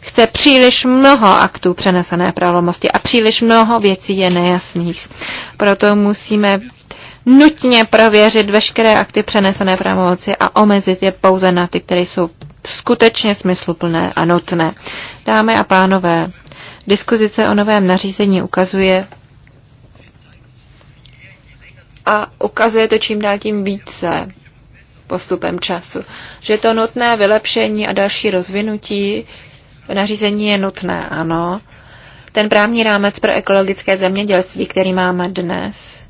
chce příliš mnoho aktů přenesené pravomosti a příliš mnoho věcí je nejasných. Proto musíme nutně prověřit veškeré akty přenesené pravomoci a omezit je pouze na ty, které jsou skutečně smysluplné a nutné. Dámy a pánové, diskuzice o novém nařízení ukazuje a ukazuje to čím dál tím více postupem času, že to nutné vylepšení a další rozvinutí nařízení je nutné, ano. Ten právní rámec pro ekologické zemědělství, který máme dnes,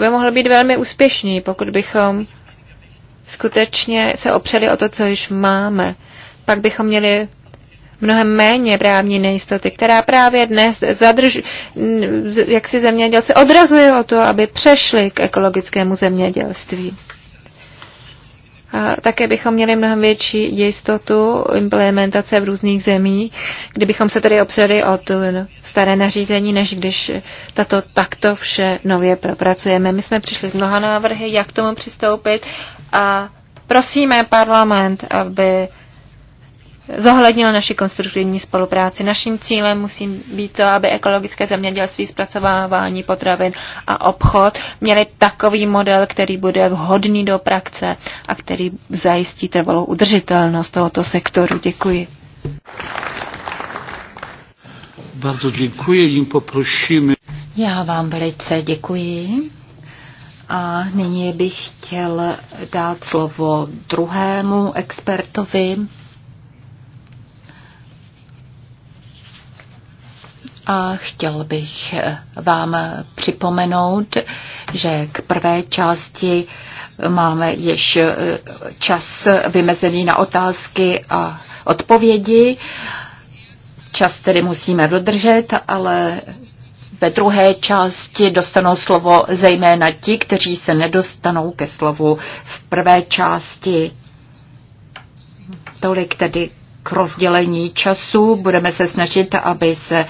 by mohl být velmi úspěšný, pokud bychom skutečně se opřeli o to, co již máme. Pak bychom měli mnohem méně právní nejistoty, která právě dnes zadrž, jak si zemědělci odrazuje o to, aby přešli k ekologickému zemědělství. A také bychom měli mnohem větší jistotu implementace v různých zemích, kdybychom se tedy opřeli o to staré nařízení, než když tato takto vše nově propracujeme. My jsme přišli s mnoha návrhy, jak k tomu přistoupit a prosíme parlament, aby zohlednil naši konstruktivní spolupráci. Naším cílem musí být to, aby ekologické zemědělství, zpracovávání potravin a obchod měli takový model, který bude vhodný do praxe a který zajistí trvalou udržitelnost tohoto sektoru. Děkuji. Bardzo děkuji, jim poprosíme. Já vám velice děkuji. A nyní bych chtěl dát slovo druhému expertovi. A chtěl bych vám připomenout, že k prvé části máme již čas vymezený na otázky a odpovědi. Čas tedy musíme dodržet, ale ve druhé části dostanou slovo zejména ti, kteří se nedostanou ke slovu v prvé části. Tolik tedy k rozdělení času. Budeme se snažit, aby se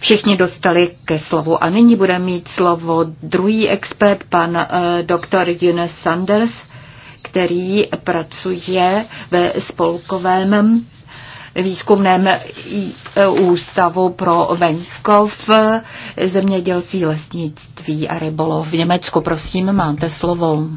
všichni dostali ke slovu. A nyní bude mít slovo druhý expert, pan uh, doktor Eugene Sanders, který pracuje ve spolkovém výzkumném ústavu pro venkov, zemědělství, lesnictví a rybolov. V Německu, prosím, máte slovo.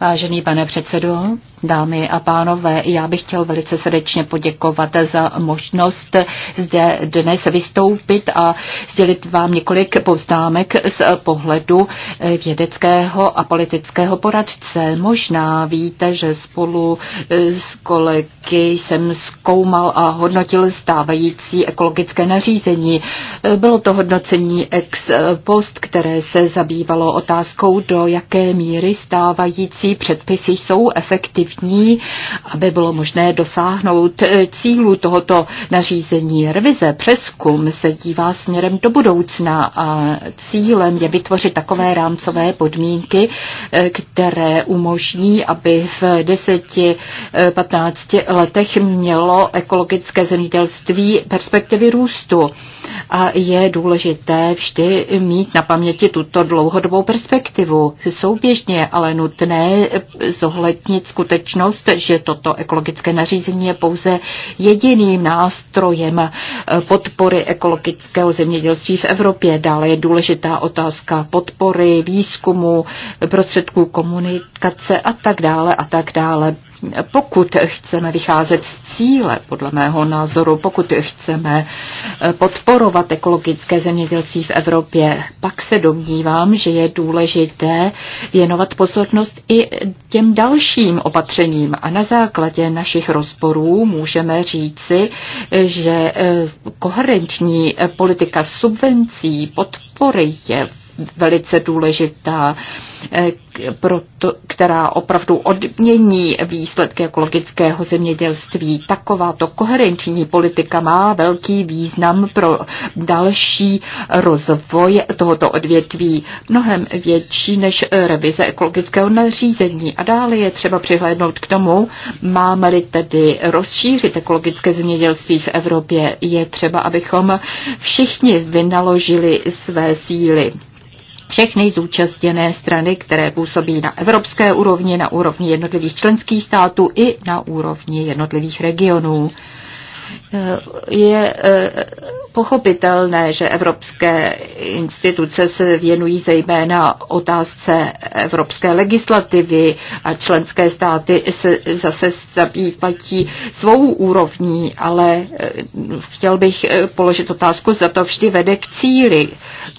Vážený pane předsedo, dámy a pánové, já bych chtěl velice srdečně poděkovat za možnost zde dnes vystoupit a sdělit vám několik poznámek z pohledu eh, vědeckého a politického poradce. Možná víte, že spolu eh, s kolegy jsem zkoumal a hodnotil stávající ekologické nařízení. Eh, bylo to hodnocení ex post, které se zabývalo otázkou, do jaké míry stávající stávajících předpisy jsou efektivní, aby bylo možné dosáhnout eh, cílu tohoto nařízení. Revize přeskum se dívá směrem do budoucna a cílem je vytvořit takové rámcové podmínky, eh, které umožní, aby v 10-15 eh, letech mělo ekologické zemědělství perspektivy růstu a je důležité vždy mít na paměti tuto dlouhodobou perspektivu. Souběžně ale nutné zohlednit skutečnost, že toto ekologické nařízení je pouze jediným nástrojem podpory ekologického zemědělství v Evropě. Dále je důležitá otázka podpory, výzkumu, prostředků komunikace a tak dále a tak dále. Pokud chceme vycházet z cíle, podle mého názoru, pokud chceme eh, podporovat ekologické zemědělství v Evropě, pak se domnívám, že je důležité věnovat pozornost i těm dalším opatřením. A na základě našich rozborů můžeme říci, že eh, koherentní eh, politika subvencí, podpory je velice důležitá, eh, proto, která opravdu odmění výsledky ekologického zemědělství. Takováto koherenční politika má velký význam pro další rozvoj tohoto odvětví, mnohem větší než eh, revize ekologického nařízení. A dále je třeba přihlédnout k tomu, máme-li tedy rozšířit ekologické zemědělství v Evropě, je třeba, abychom všichni vynaložili své síly všechny zúčastněné strany, které působí na evropské úrovni, na úrovni jednotlivých členských států i na úrovni jednotlivých regionů. Eh, je eh, pochopitelné, že evropské instituce se věnují zejména otázce evropské legislativy a členské státy se zase zabývají svou úrovní, ale eh, chtěl bych položit otázku, za to vždy vede k cíli.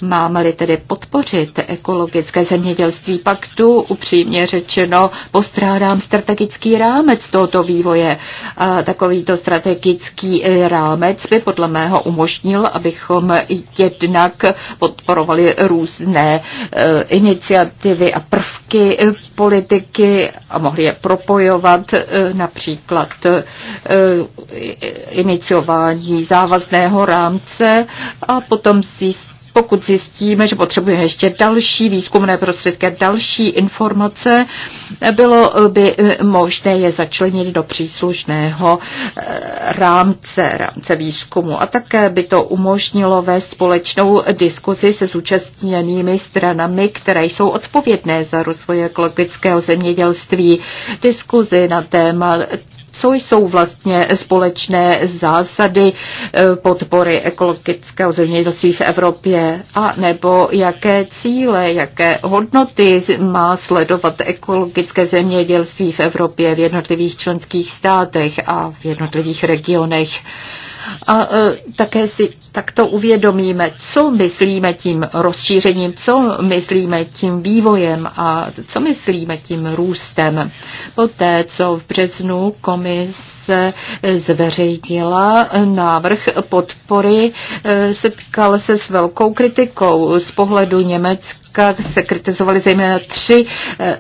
Máme-li tedy podpořit ekologické zemědělství paktu, upřímně řečeno postrádám strategický rámec tohoto vývoje. A takovýto strategický E, rámec by podle mého umožnil, abychom jednak podporovali různé e, iniciativy a prvky e, politiky a mohli je propojovat například iniciování závazného rámce a potom zjistit, pokud zjistíme, že potřebujeme ještě další výzkumné prostředky další informace, bylo by eh, možné je začlenit do příslušného eh, rámce, rámce výzkumu. A také by to umožnilo vést společnou diskuzi se zúčastněnými stranami, které jsou odpovědné za rozvoj ekologického zemědělství, diskuzi na téma co jsou vlastně společné zásady e, podpory ekologického zemědělství v Evropě a nebo jaké cíle, jaké hodnoty má sledovat ekologické zemědělství v Evropě v jednotlivých členských státech a v jednotlivých regionech a e, také si takto uvědomíme, co myslíme tím rozšířením, co myslíme tím vývojem a co myslíme tím růstem. Poté, co v březnu komise zveřejnila návrh podpory, e, setkal se s velkou kritikou z pohledu Německa se kritizovaly zejména tři e,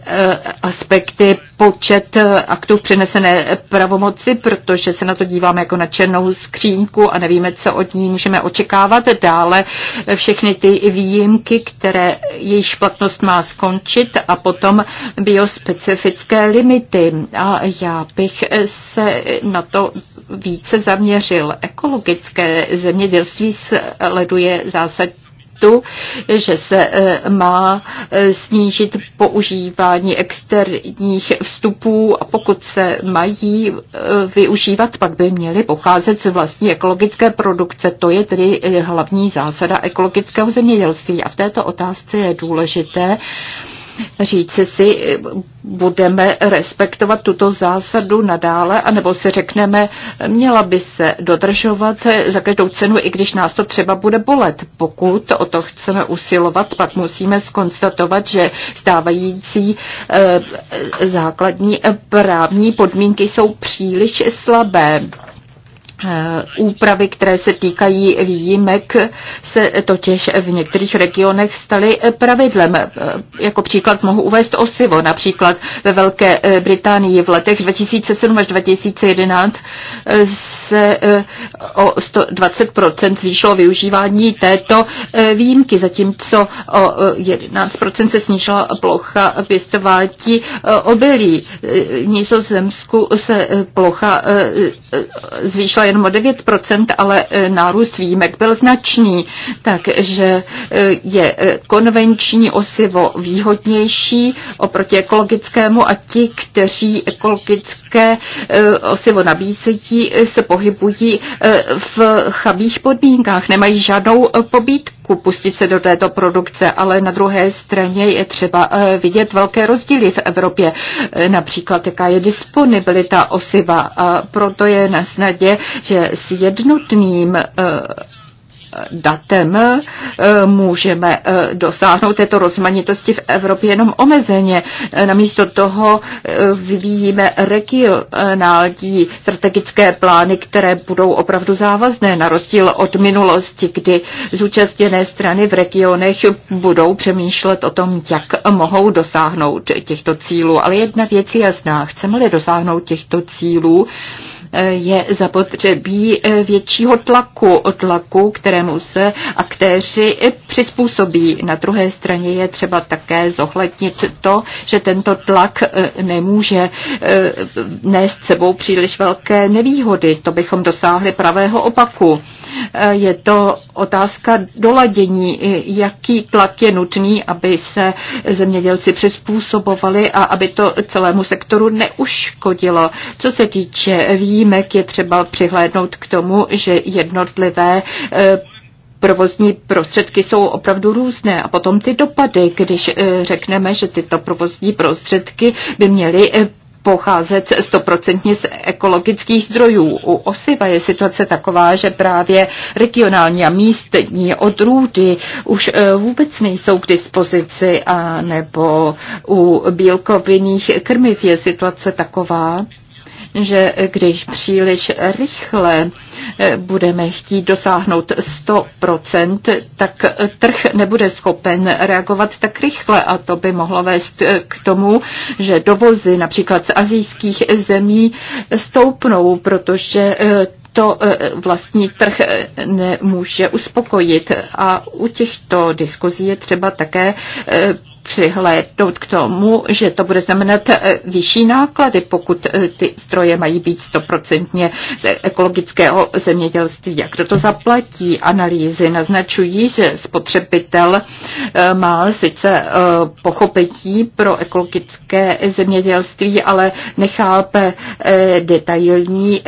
aspekty počet eh, aktů přenesené pravomoci, protože se na to díváme jako na černou skřínku a nevíme, co od ní můžeme očekávat. Dále eh, všechny ty výjimky, které jejich platnost má skončit a potom biospecifické limity. A já bych eh, se na to více zaměřil. Ekologické zemědělství sleduje zásadní tu, že se e, má e, snížit používání externích vstupů a pokud se mají e, využívat, pak by měly pocházet z vlastní ekologické produkce. To je tedy hlavní zásada ekologického zemědělství a v této otázce je důležité, říci si, budeme respektovat tuto zásadu nadále, anebo si řekneme, měla by se dodržovat za každou cenu, i když nás to třeba bude bolet. Pokud o to chceme usilovat, pak musíme skonstatovat, že stávající eh, základní eh, právní podmínky jsou příliš slabé Eh, úpravy, které se týkají výjimek, se totiž v některých regionech staly eh, pravidlem. Eh, jako příklad mohu uvést osivo. Například ve Velké Británii v letech 2007 až 2011 se o 120% zvýšilo využívání této výjimky, zatímco o 11% se snížila plocha pěstování obilí. V Nizozemsku se plocha zvýšila jenom o 9%, ale e, nárůst výjimek byl značný, takže e, je e, konvenční osivo výhodnější oproti ekologickému a ti, kteří ekologické jaké e, osivo nabízejí, e, se pohybují e, v chabých podmínkách, nemají žádnou pobítku pustit se do této produkce, ale na druhé straně je třeba vidět velké rozdíly v Evropě, například jaká je disponibilita osiva a proto je na snadě, že s jednotným datem eh, můžeme eh, dosáhnout této rozmanitosti v Evropě jenom omezeně. Eh, namísto toho vyvíjíme regionální strategické plány, které budou opravdu závazné, na rozdíl od minulosti, kdy zúčastněné strany v regionech budou přemýšlet o tom, jak mohou dosáhnout těchto cílů. Ale jedna věc je jasná. Chceme-li dosáhnout těchto cílů, je zapotřebí eh, většího tlaku, tlaku, kterému se aktéři přizpůsobí. Na druhé straně je třeba také zohlednit to, že tento tlak eh, nemůže eh, nést sebou příliš velké nevýhody. To bychom dosáhli pravého opaku. Eh, je to otázka doladění, jaký tlak je nutný, aby se zemědělci přizpůsobovali a aby to celému sektoru neuškodilo. Co se týče výjimek, je třeba přihlédnout k tomu, že jednotlivé eh, provozní prostředky jsou opravdu různé a potom ty dopady, když eh, řekneme, že tyto provozní prostředky by měly pocházet stoprocentně z ekologických zdrojů. U osiva je situace taková, že právě regionální a místní odrůdy už eh, vůbec nejsou k dispozici, a nebo u bílkovinných krmiv je situace taková, že když příliš rychle Eh, budeme chtít dosáhnout 100%, tak eh, trh nebude schopen reagovat tak rychle a to by mohlo vést eh, k tomu, že dovozy například z azijských zemí stoupnou, protože to vlastní trh nemůže uspokojit. A u těchto diskuzí je třeba také přihlédnout k tomu, že to bude znamenat eh, vyšší náklady, pokud eh, ty stroje mají být stoprocentně z ekologického zemědělství. Jak to zaplatí? Analýzy naznačují, že spotřebitel eh, má sice pochopení pro ekologické zemědělství, ale nechápe detailní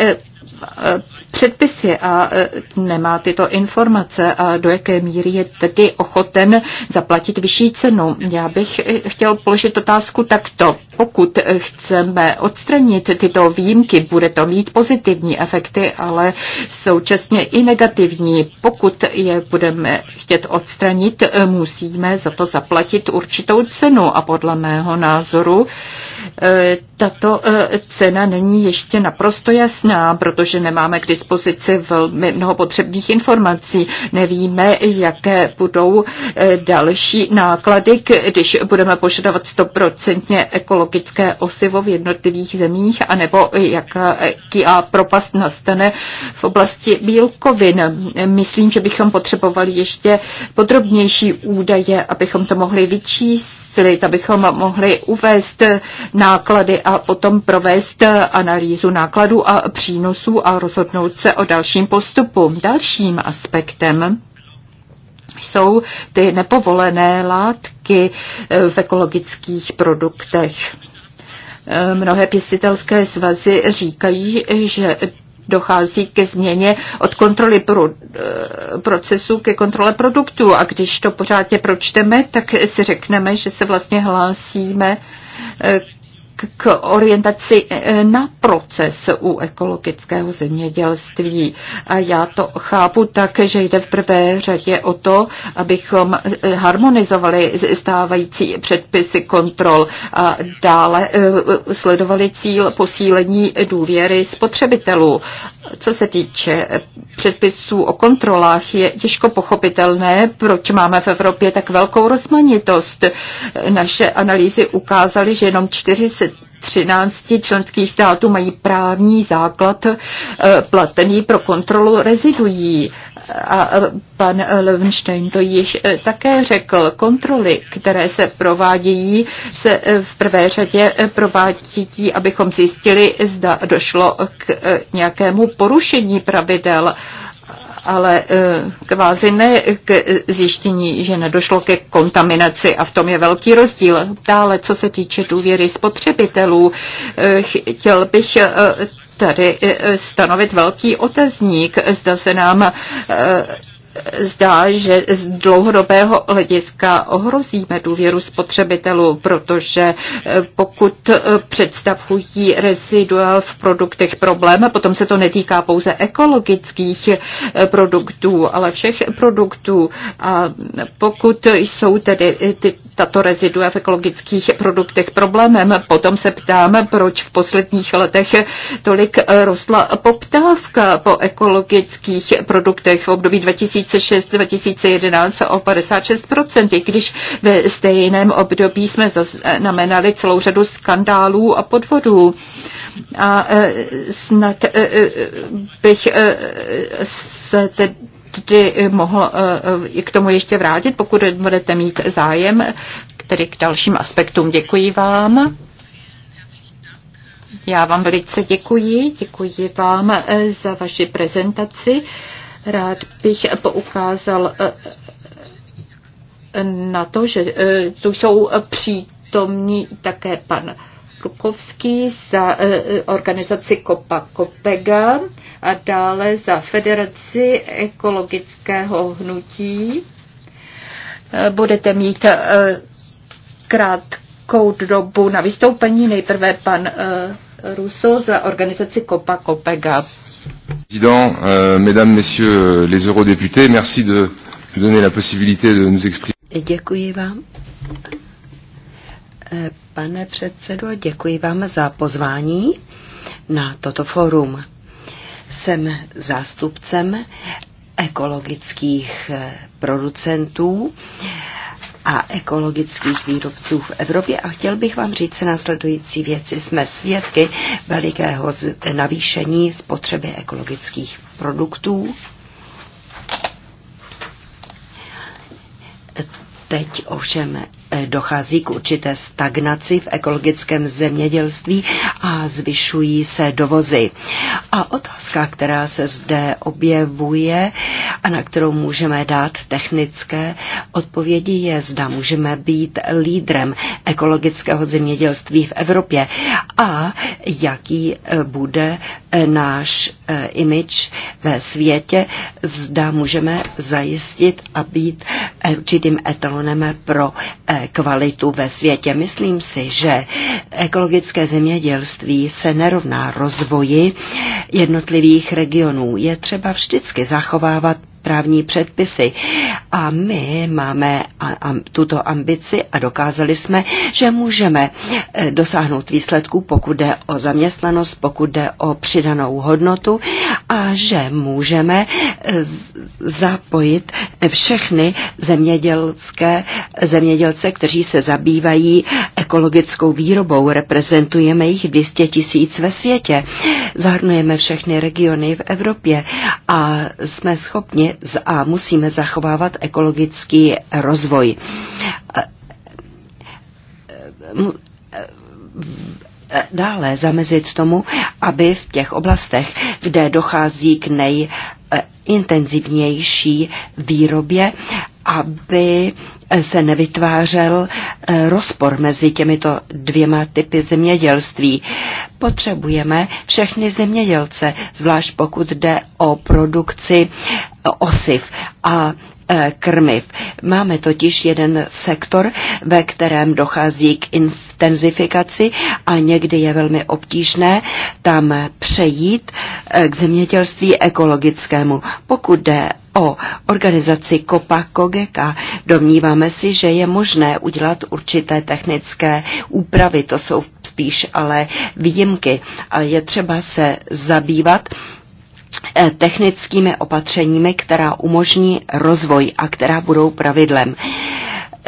předpisy a e, nemá tyto informace a do jaké míry je tedy ochoten zaplatit vyšší cenu. Já bych e, chtěl položit otázku takto. Pokud e, chceme odstranit tyto výjimky, bude to mít pozitivní efekty, ale současně i negativní. Pokud je budeme chtět odstranit, musíme za to zaplatit určitou cenu a podle mého názoru E, tato e, cena není ještě naprosto jasná, protože nemáme k dispozici velmi mnoho potřebných informací. Nevíme, jaké budou e, další náklady, když budeme požadovat 100% ekologické osivo v jednotlivých zemích, anebo jaká propast nastane v oblasti bílkovin. Myslím, že bychom potřebovali ještě podrobnější údaje, abychom to mohli vyčíst posílit, abychom mohli uvést náklady a potom provést analýzu nákladů a přínosů a rozhodnout se o dalším postupu. Dalším aspektem jsou ty nepovolené látky v ekologických produktech. Mnohé pěstitelské svazy říkají, že dochází ke změně od kontroly pro, eh, procesu ke kontrole produktů. A když to pořádně pročteme, tak si řekneme, že se vlastně hlásíme eh, k orientaci eh, na proces u ekologického zemědělství. A já to chápu tak, že jde v prvé řadě o to, abychom eh, harmonizovali stávající předpisy kontrol a dále eh, sledovali cíl posílení důvěry spotřebitelů. Co se týče předpisů o kontrolách, je těžko pochopitelné, proč máme v Evropě tak velkou rozmanitost. Naše analýzy ukázaly, že jenom 40 13 členských států mají právní základ eh, platený pro kontrolu rezidují. A eh, pan eh, Levenstein to již také řekl. Kontroly, které se provádějí, se v prvé řadě provádějí, abychom zjistili, zda došlo k nějakému porušení pravidel ale eh, kvázi ne k zjištění, že nedošlo ke kontaminaci a v tom je velký rozdíl. Dále, co se týče důvěry spotřebitelů, eh, chtěl bych eh, tady stanovit velký otazník, zda se nám zdá, že z dlouhodobého hlediska ohrozíme důvěru spotřebitelů, protože eh, pokud eh, představují rezidua v produktech problém, potom se to netýká pouze ekologických eh, produktů, ale všech produktů. A pokud jsou tedy ty, tato rezidua v ekologických produktech problémem, potom se ptáme, proč v posledních letech tolik rostla poptávka po ekologických produktech v období 2000 2006-2011 o 56%, i když ve stejném období jsme zaznamenali celou řadu skandálů a podvodů. A e, snad e, e, bych se tedy tedy mohl k tomu ještě vrátit, pokud budete mít zájem, tedy k dalším aspektům. Děkuji vám. Já vám velice děkuji, děkuji vám za vaši prezentaci. Rád bych poukázal eh, eh, na to, že eh, tu jsou přítomní také pan Rukovský za organizaci Kopa Kopega a dále za Federaci ekologického hnutí. Budete mít krátkou dobu na vystoupení. Nejprve pan Ruso za organizaci Kopa Kopega. Président, euh, mesdames, messieurs euh, les eurodéputés, merci de nous donner la possibilité de nous exprimer. Děkuji vám. Eh, pane předsedo, děkuji vám za pozvání na toto fórum. Jsem zástupcem ekologických eh, producentů a ekologických výrobců v Evropě a chtěl bych vám říct následující věci. Jsme svědky velikého navýšení spotřeby ekologických produktů. Teď ovšem E, dochází k určité stagnaci v ekologickém zemědělství a zvyšují se dovozy. A otázka, která se zde objevuje a na kterou můžeme dát technické odpovědi, je, zda můžeme být lídrem ekologického zemědělství v Evropě a jaký e, bude e, náš image ve světě, zda můžeme zajistit a být určitým etalonem pro kvalitu ve světě. Myslím si, že ekologické zemědělství se nerovná rozvoji jednotlivých regionů. Je třeba vždycky zachovávat právní předpisy. A my máme a, a, tuto ambici a dokázali jsme, že můžeme eh, dosáhnout výsledků, pokud jde o zaměstnanost, pokud jde o přidanou hodnotu a že můžeme eh, zapojit všechny zemědělské, zemědělce, kteří se zabývají ekologickou výrobou. Reprezentujeme jich 200 tisíc ve světě. Zahrnujeme všechny regiony v Evropě a jsme schopni musíme a musíme zachovávat ekologický rozvoj. Eh, eh, eh, dále zamezit tomu, aby v těch oblastech, kde dochází k nejintenzivnější výrobě, aby se nevytvářel eh, rozpor mezi těmito dvěma typy zemědělství. Potřebujeme všechny zemědělce, zvlášť pokud jde o produkci eh, osiv a eh, krmiv. Máme totiž jeden sektor, ve kterém dochází k intenzifikaci a někdy je velmi obtížné tam přejít k zemědělství ekologickému. Pokud jde o organizaci COPA a Domníváme si, že je možné udělat určité technické úpravy, to jsou spíš ale výjimky, ale je třeba se zabývat eh, technickými opatřeními, která umožní rozvoj a která budou pravidlem.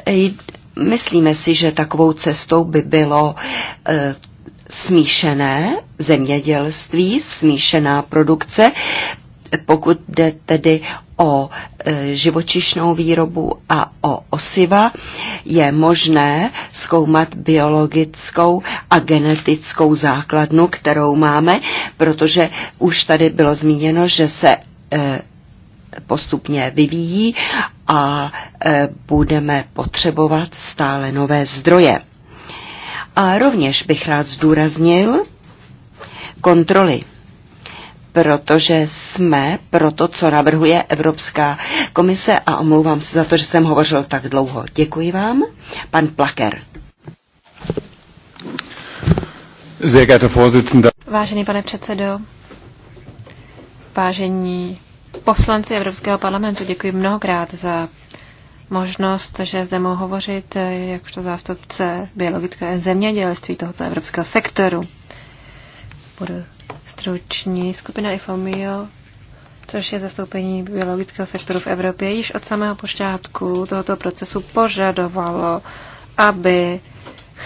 Eh, myslíme si, že takovou cestou by bylo eh, smíšené zemědělství, smíšená produkce, pokud jde tedy o e, živočišnou výrobu a o osiva, je možné zkoumat biologickou a genetickou základnu, kterou máme, protože už tady bylo zmíněno, že se e, postupně vyvíjí a e, budeme potřebovat stále nové zdroje. A rovněž bych rád zdůraznil kontroly protože jsme pro to, co navrhuje Evropská komise a omlouvám se za to, že jsem hovořil tak dlouho. Děkuji vám. Pan Plaker. Vážený pane předsedo, vážení poslanci Evropského parlamentu, děkuji mnohokrát za možnost, že zde mohu hovořit jakožto zástupce biologického zemědělství tohoto evropského sektoru. Budu struční. Skupina IFOMIO, což je zastoupení biologického sektoru v Evropě, již od samého počátku tohoto procesu požadovalo, aby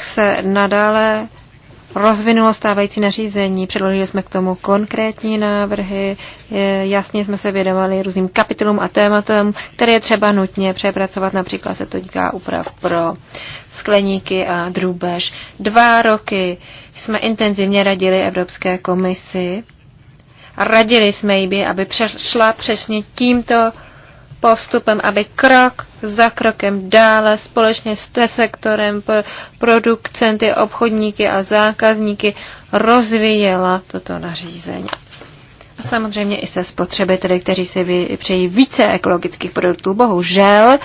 se nadále rozvinulo stávající nařízení. Předložili jsme k tomu konkrétní návrhy, jasně jsme se vědovali různým kapitolům a tématům, které je třeba nutně přepracovat. Například se to týká úprav pro skleníky a drůbež. Dva roky jsme intenzivně radili Evropské komisi a radili jsme jí, aby přešla přesně tímto postupem, aby krok za krokem dále společně s sektorem, producenty, obchodníky a zákazníky rozvíjela toto nařízení. A samozřejmě i se spotřebiteli, kteří si přejí více ekologických produktů. Bohužel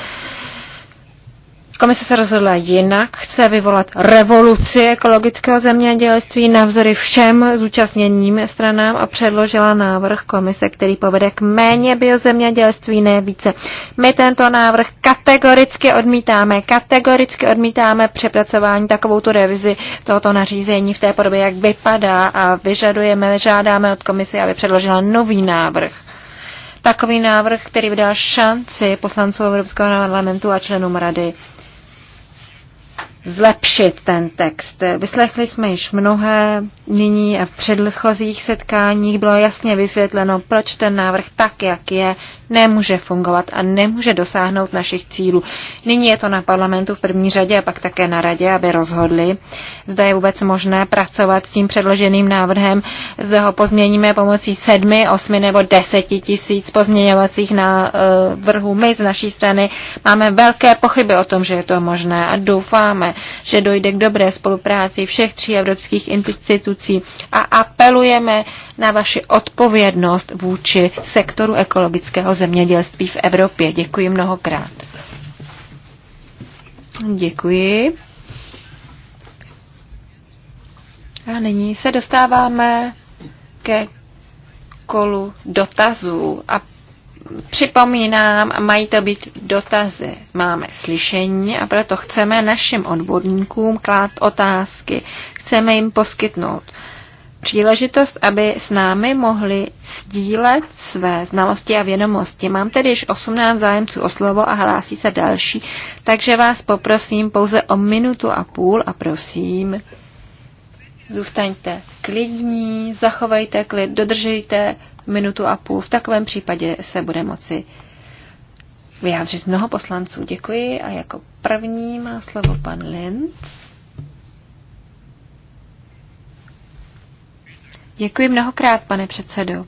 Komise se rozhodla jinak, chce vyvolat revoluci ekologického zemědělství navzory všem zúčastněným stranám a předložila návrh komise, který povede k méně biozemědělství, ne více. My tento návrh kategoricky odmítáme, kategoricky odmítáme přepracování takovou tu revizi tohoto nařízení v té podobě, jak vypadá a vyžadujeme, žádáme od komise, aby předložila nový návrh takový návrh, který by dal šanci poslancům Evropského parlamentu a členům rady zlepšit ten text. Vyslechli jsme již mnohé nyní a v předchozích setkáních bylo jasně vysvětleno, proč ten návrh tak, jak je, nemůže fungovat a nemůže dosáhnout našich cílů. Nyní je to na parlamentu v první řadě a pak také na radě, aby rozhodli, zda je vůbec možné pracovat s tím předloženým návrhem, Zde ho pozměníme pomocí sedmi, osmi nebo deseti tisíc pozměňovacích návrhů. My z naší strany máme velké pochyby o tom, že je to možné a doufáme, že dojde k dobré spolupráci všech tří evropských institucí a apelujeme na vaši odpovědnost vůči sektoru ekologického zemědělství v Evropě. Děkuji mnohokrát. Děkuji. A nyní se dostáváme ke kolu dotazů a připomínám, mají to být dotazy. Máme slyšení a proto chceme našim odborníkům klát otázky. Chceme jim poskytnout příležitost, aby s námi mohli sdílet své znalosti a vědomosti. Mám tedy již 18 zájemců o slovo a hlásí se další, takže vás poprosím pouze o minutu a půl a prosím, zůstaňte klidní, zachovejte klid, dodržejte minutu a půl. V takovém případě se bude moci vyjádřit mnoho poslanců. Děkuji a jako první má slovo pan Linz. Děkuji mnohokrát, pane předsedo.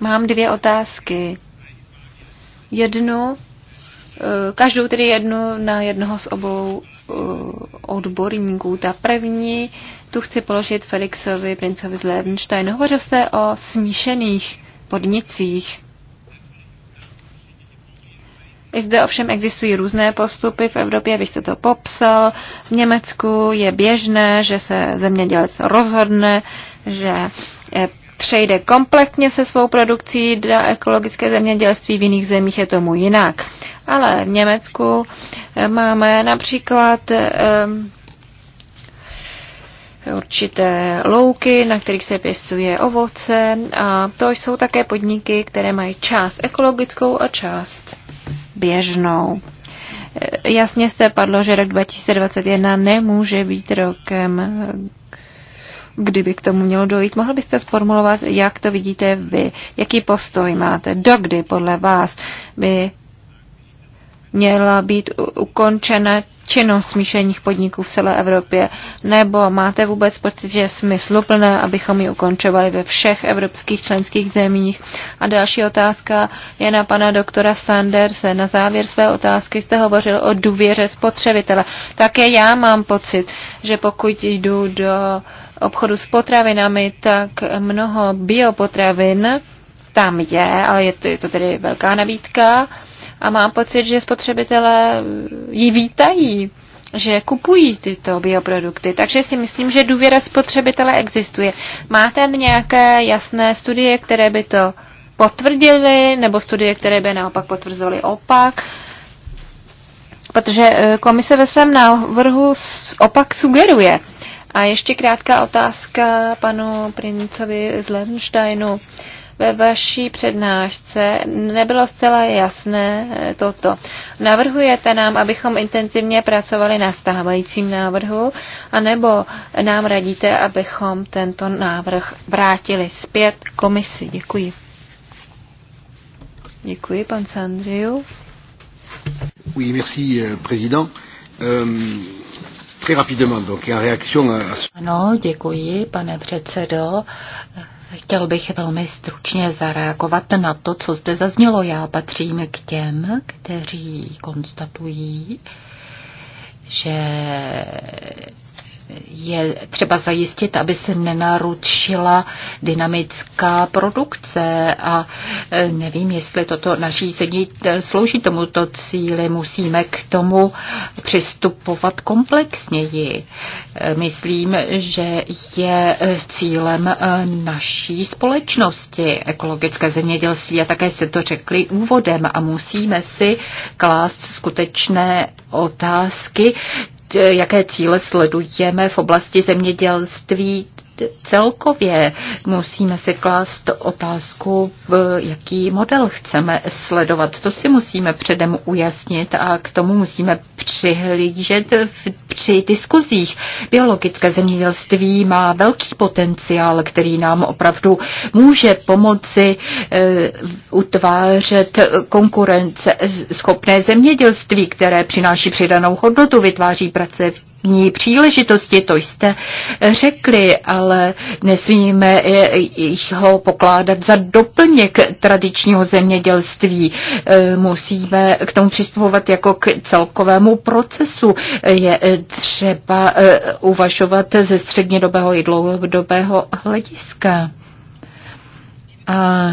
Mám dvě otázky. Jednu, eh, každou tedy jednu na jednoho z obou eh, odborníků. Ta první, tu chci položit Felixovi Princovi z Levenstein. Hovořil jste o smíšených podnicích. I zde ovšem existují různé postupy v Evropě, vy jste to popsal. V Německu je běžné, že se zemědělec rozhodne, že eh, přejde kompletně se svou produkcí do ekologické zemědělství, v jiných zemích je tomu jinak. Ale v Německu eh, máme například eh, určité louky, na kterých se pěstuje ovoce a to jsou také podniky, které mají část ekologickou a část běžnou. E, jasně jste padlo, že rok 2021 nemůže být rokem, kdyby k tomu mělo dojít. Mohl byste sformulovat, jak to vidíte vy, jaký postoj máte, dokdy podle vás by měla být ukončena činnost smíšených podniků v celé Evropě? Nebo máte vůbec pocit, že je smysluplné, abychom ji ukončovali ve všech evropských členských zemích? A další otázka je na pana doktora Sanderse. Na závěr své otázky jste hovořil o důvěře spotřebitele. Také já mám pocit, že pokud jdu do obchodu s potravinami, tak mnoho biopotravin tam je, ale je to, je to tedy velká nabídka a mám pocit, že spotřebitelé ji vítají že kupují tyto bioprodukty. Takže si myslím, že důvěra spotřebitele existuje. Máte nějaké jasné studie, které by to potvrdily, nebo studie, které by naopak potvrzovaly opak? Protože eh, komise ve svém návrhu opak sugeruje. A ještě krátká otázka panu princovi z Lensteinu. Uh, ve vaší přednášce nebylo zcela jasné eh, toto. Navrhujete nám, abychom intenzivně pracovali na stávajícím návrhu, anebo nám radíte, abychom tento návrh vrátili zpět komisi? Děkuji. Děkuji, pan Sandriu. Oui, merci, euh, président. Um... Ano, děkuji, pane předsedo. Chtěl bych velmi stručně zareagovat na to, co zde zaznělo. Já patřím k těm, kteří konstatují, že je třeba zajistit, aby se nenaručila dynamická produkce a e, nevím, jestli toto nařízení e, slouží tomuto cíli. Musíme k tomu přistupovat komplexněji. E, myslím, že je cílem naší společnosti ekologické zemědělství a také se to řekli úvodem a musíme si klást skutečné otázky, jaké cíle sledujeme v oblasti zemědělství celkově musíme si klást otázku, jaký model chceme sledovat. To si musíme předem ujasnit a k tomu musíme přihlížet při diskuzích. Biologické zemědělství má velký potenciál, který nám opravdu může pomoci e, utvářet konkurence schopné zemědělství, které přináší přidanou hodnotu, vytváří pracovní životní příležitosti, to jste řekli, ale nesmíme ho pokládat za doplněk tradičního zemědělství. E, musíme k tomu přistupovat jako k celkovému procesu. Je třeba e, uvažovat ze střednědobého i dlouhodobého hlediska. A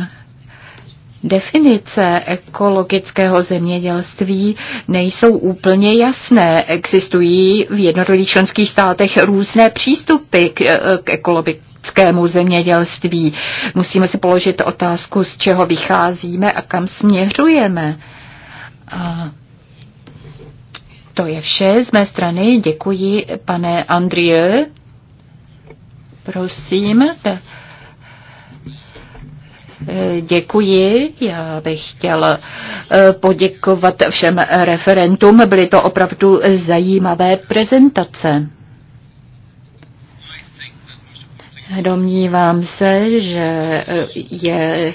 Definice ekologického zemědělství nejsou úplně jasné. Existují v jednotlivých členských státech různé přístupy k, eh, k ekologickému zemědělství. Musíme si položit otázku, z čeho vycházíme a kam směřujeme. A to je vše z mé strany. Děkuji, pane Andrieu. Prosím. Děkuji. Já bych chtěl e, poděkovat všem referentům. Byly to opravdu zajímavé prezentace. Domnívám se, že e, je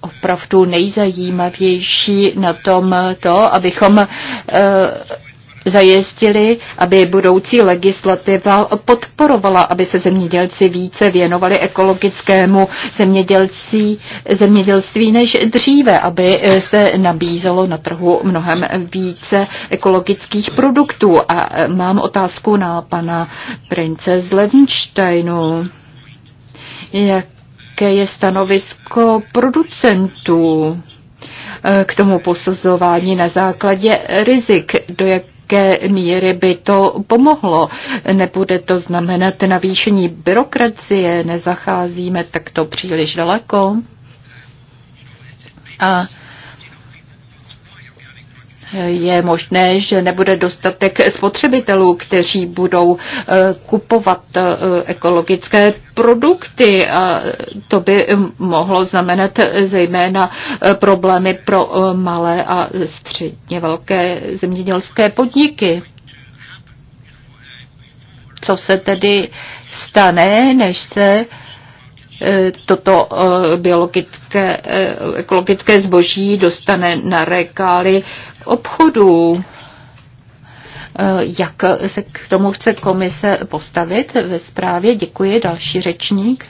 opravdu nejzajímavější na tom to, abychom e, zajistili, aby budoucí legislativa podporovala, aby se zemědělci více věnovali ekologickému zemědělcí, zemědělství než dříve, aby eh, se nabízelo na trhu mnohem více ekologických produktů. A eh, mám otázku na pana prince z Levensteinu. Jaké je stanovisko producentů? Eh, k tomu posuzování na základě rizik, do jak jaké míry by to pomohlo. Nebude to znamenat navýšení byrokracie, nezacházíme takto příliš daleko. A je možné, že nebude dostatek spotřebitelů, kteří budou eh, kupovat eh, ekologické produkty. A to by mohlo znamenat zejména eh, problémy pro malé a středně velké zemědělské podniky. Co se tedy stane, než se toto biologické, ekologické zboží dostane na rekály obchodů. Eh, jak se k tomu chce komise postavit ve zprávě? Děkuji. Další řečník.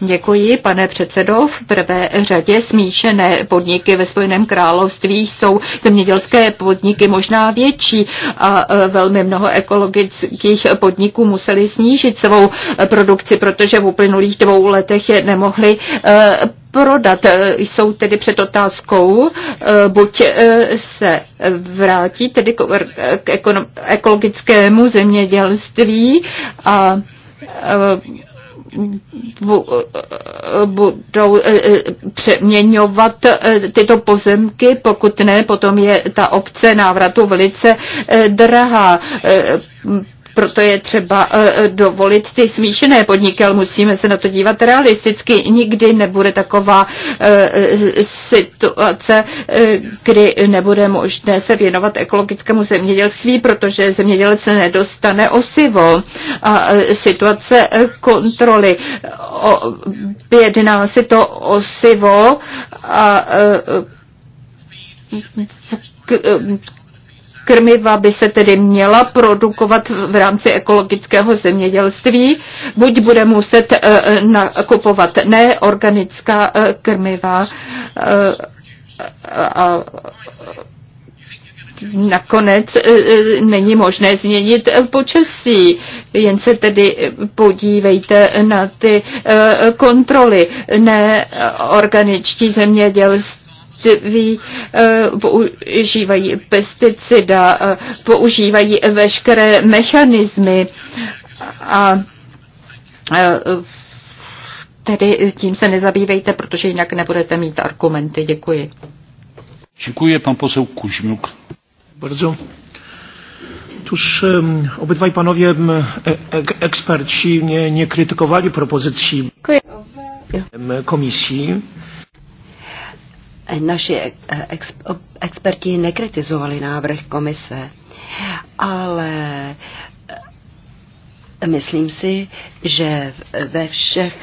Děkuji, pane předsedo. V prvé řadě smíšené podniky ve Spojeném království jsou zemědělské podniky možná větší a e, velmi mnoho ekologických podniků museli snížit svou produkci, protože v uplynulých dvou letech je nemohli e, prodat. E, jsou tedy před otázkou, buď se vrátí tedy k ekologickému zemědělství a Eh, eh, budou eh, přeměňovat tyto pozemky, pokud ne, potom je ta obce návratu velice drahá proto je třeba eh, dovolit ty smíšené podniky, ale musíme se na to dívat realisticky. Nikdy nebude taková eh, eh, situace, kdy nebude možné se věnovat ekologickému zemědělství, protože zemědělec nedostane osivo. A situace kontroly. Jedná si to osivo a k, Krmiva by se tedy měla produkovat v rámci ekologického zemědělství. Buď bude muset eh, nakupovat neorganická eh, krmiva eh, a nakonec není možné změnit počasí. Jen se tedy podívejte na ty kontroly. Neorganičtí zemědělství zemědělství eh, používají pesticida, eh, používají veškeré mechanismy a eh, tedy tím se nezabývejte, protože jinak nebudete mít argumenty. Děkuji. Děkuji, Pan posel Kužňuk. Bardzo. Otóż um, obydwaj panowie ek, e, e, eksperci nie, nie krytykowali propozycji komisji. Naši eh, ex, eh, experti nekritizovali návrh komise, ale Myslím si, že ve všech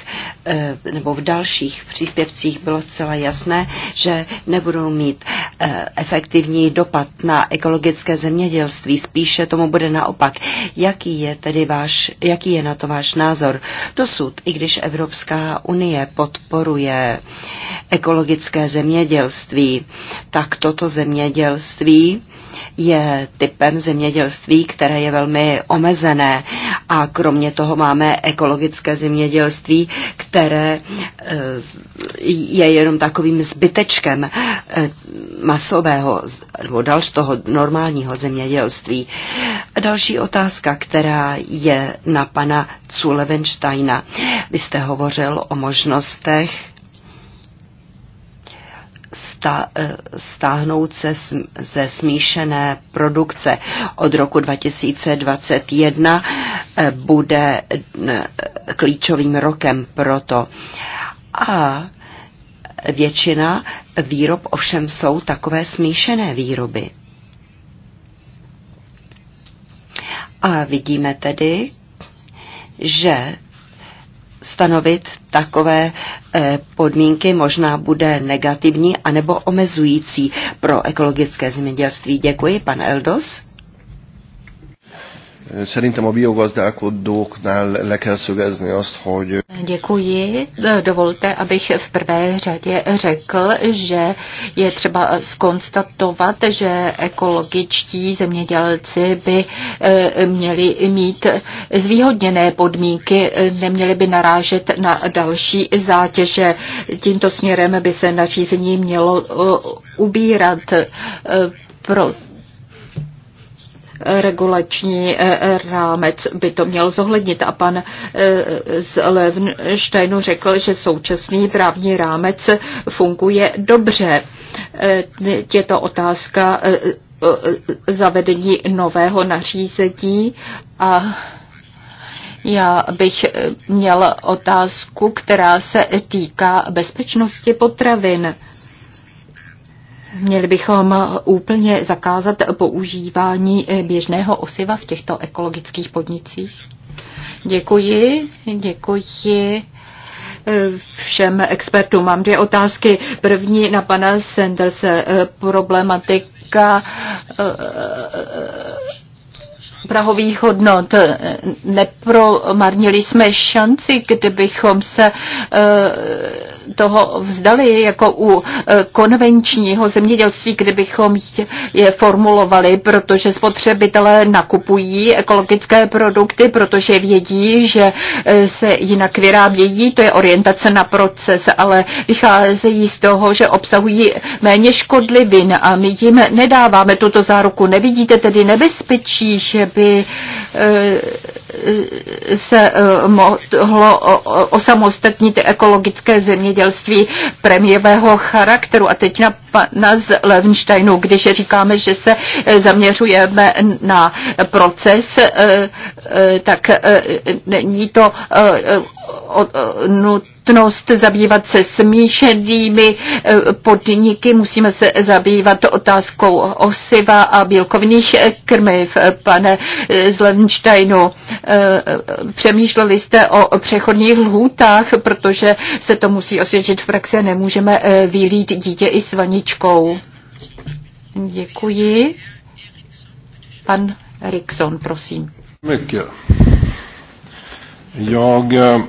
eh, nebo v dalších příspěvcích bylo zcela jasné, že nebudou mít eh, efektivní dopad na ekologické zemědělství, spíše tomu bude naopak. Jaký je tedy váš, jaký je na to váš názor? Dosud, i když Evropská unie podporuje ekologické zemědělství, tak toto zemědělství je typem zemědělství, které je velmi omezené a kromě toho máme ekologické zemědělství, které eh, je jenom takovým zbytečkem eh, masového nebo dalšího toho normálního zemědělství. Další otázka, která je na pana Culevensteina. Vy jste hovořil o možnostech Eh, stáhnout se ze smíšené produkce. Od roku 2021 eh, bude eh, klíčovým rokem proto. A většina výrob ovšem jsou takové smíšené výroby. A vidíme tedy, že stanovit takové eh, podmínky možná bude negativní anebo omezující pro ekologické zemědělství. Děkuji, pan Eldos. Szerintem a biogazdálkodóknál le kell szögezni azt, hogy... Děkuji. Dovolte, abych v prvé řadě řekl, že je třeba skonstatovat, že ekologičtí zemědělci by eh, měli mít zvýhodněné podmínky, eh, neměli by narážet na další zátěže. Tímto směrem by se nařízení mělo eh, ubírat pro regulační eh, rámec by to měl zohlednit. A pan eh, z Levensteinu řekl, že současný právní rámec funguje dobře. Eh, je to otázka zavedení nového nařízení a já bych měl otázku, která se týká bezpečnosti potravin. Měli bychom úplně zakázat používání běžného osiva v těchto ekologických podnicích. Děkuji, děkuji eh, všem expertům. Mám dvě otázky. První na pana Sanders. Eh, problematika eh, prahových hodnot. Nepromarnili jsme šanci, kdybychom se eh, toho vzdali jako u eh, konvenčního zemědělství, kdybychom je formulovali, protože spotřebitelé nakupují ekologické produkty, protože vědí, že eh, se jinak vyrábějí, to je orientace na proces, ale vycházejí z toho, že obsahují méně škodlivin a my jim nedáváme tuto záruku. Nevidíte tedy nebezpečí, že by e, se e, mohlo osamostatnit ekologické zemědělství premiového charakteru. A teď na pana z Levensteinu, když říkáme, že se e, zaměřujeme na proces, tak není to nutnost zabývat se smíšenými eh, podniky, musíme se zabývat otázkou osiva a bílkovinných eh, krmiv. Pane eh, Zlevensteinu, přemýšleli jste o přechodných lhůtách, protože se to musí osvědčit v praxi nemůžeme vylít dítě i s vaničkou. Děkuji. Pan Rickson, prosím. Děkuji. Jag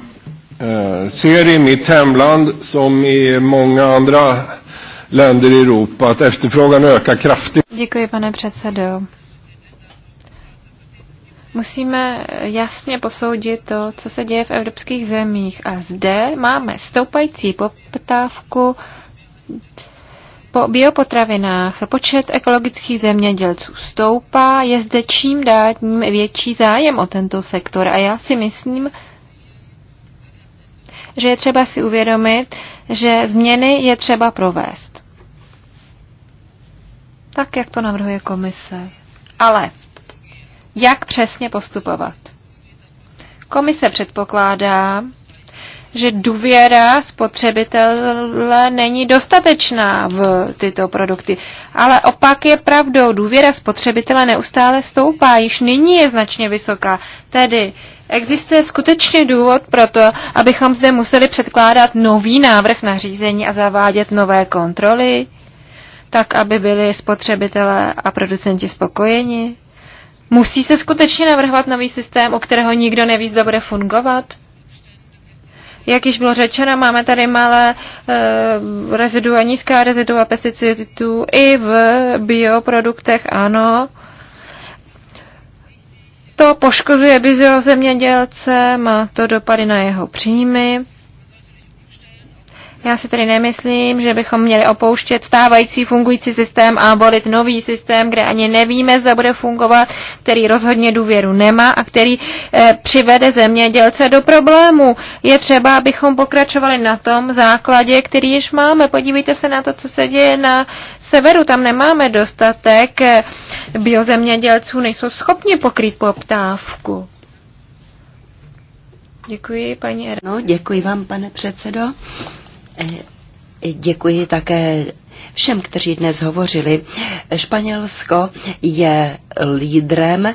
Eh, ser i mitt hemland som i många andra länder i Europa att efterfrågan ökar kraftigt. Děkuji, pane předsedo. Musíme jasně posoudit to, co se děje v evropských zemích. A zde máme stoupající poptávku po biopotravinách. Počet ekologických zemědělců stoupá, je zde čím dál tím větší zájem o tento sektor. A já si myslím, že je třeba si uvědomit, že změny je třeba provést. Tak, jak to navrhuje komise. Ale jak přesně postupovat? Komise předpokládá, že důvěra spotřebitele není dostatečná v tyto produkty. Ale opak je pravdou, důvěra spotřebitele neustále stoupá, již nyní je značně vysoká. Tedy Existuje skutečně důvod pro to, abychom zde museli předkládat nový návrh na řízení a zavádět nové kontroly, tak aby byli spotřebitelé a producenti spokojeni? Musí se skutečně navrhovat nový systém, u kterého nikdo neví, zda bude fungovat? Jak již bylo řečeno, máme tady malé e, eh, rezidua, nízká rezidua pesticidů i v bioproduktech, ano. To poškozuje zemědělce, má to dopady na jeho příjmy. Já si tedy nemyslím, že bychom měli opouštět stávající fungující systém a volit nový systém, kde ani nevíme, zda bude fungovat, který rozhodně důvěru nemá a který e, přivede zemědělce do problému. Je třeba, abychom pokračovali na tom základě, který již máme. Podívejte se na to, co se děje na severu. Tam nemáme dostatek eh, biozemědělců, nejsou schopni pokrýt poptávku. Děkuji, paní Erno. No, děkuji vám, pane předsedo. Eh, děkuji také všem, kteří dnes hovořili. Španělsko je lídrem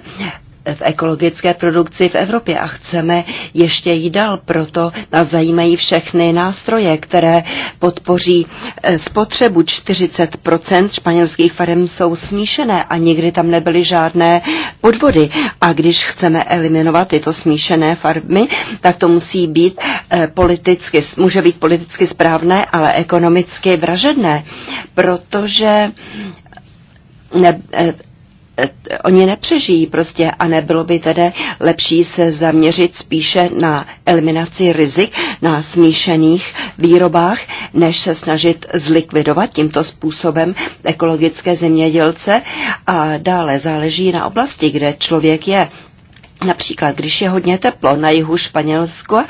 v ekologické produkci v Evropě a chceme ještě jít dál. Proto nás zajímají všechny nástroje, které podpoří eh, spotřebu. 40% španělských farem jsou smíšené a nikdy tam nebyly žádné podvody. A když chceme eliminovat tyto smíšené farmy, tak to musí být eh, politicky, může být politicky správné, ale ekonomicky vražedné, protože ne, eh, Eh, oni nepřežijí prostě a nebylo by tedy lepší se zaměřit spíše na eliminaci rizik na smíšených výrobách, než se snažit zlikvidovat tímto způsobem ekologické zemědělce a dále záleží na oblasti, kde člověk je. Například, když je hodně teplo na jihu Španělska,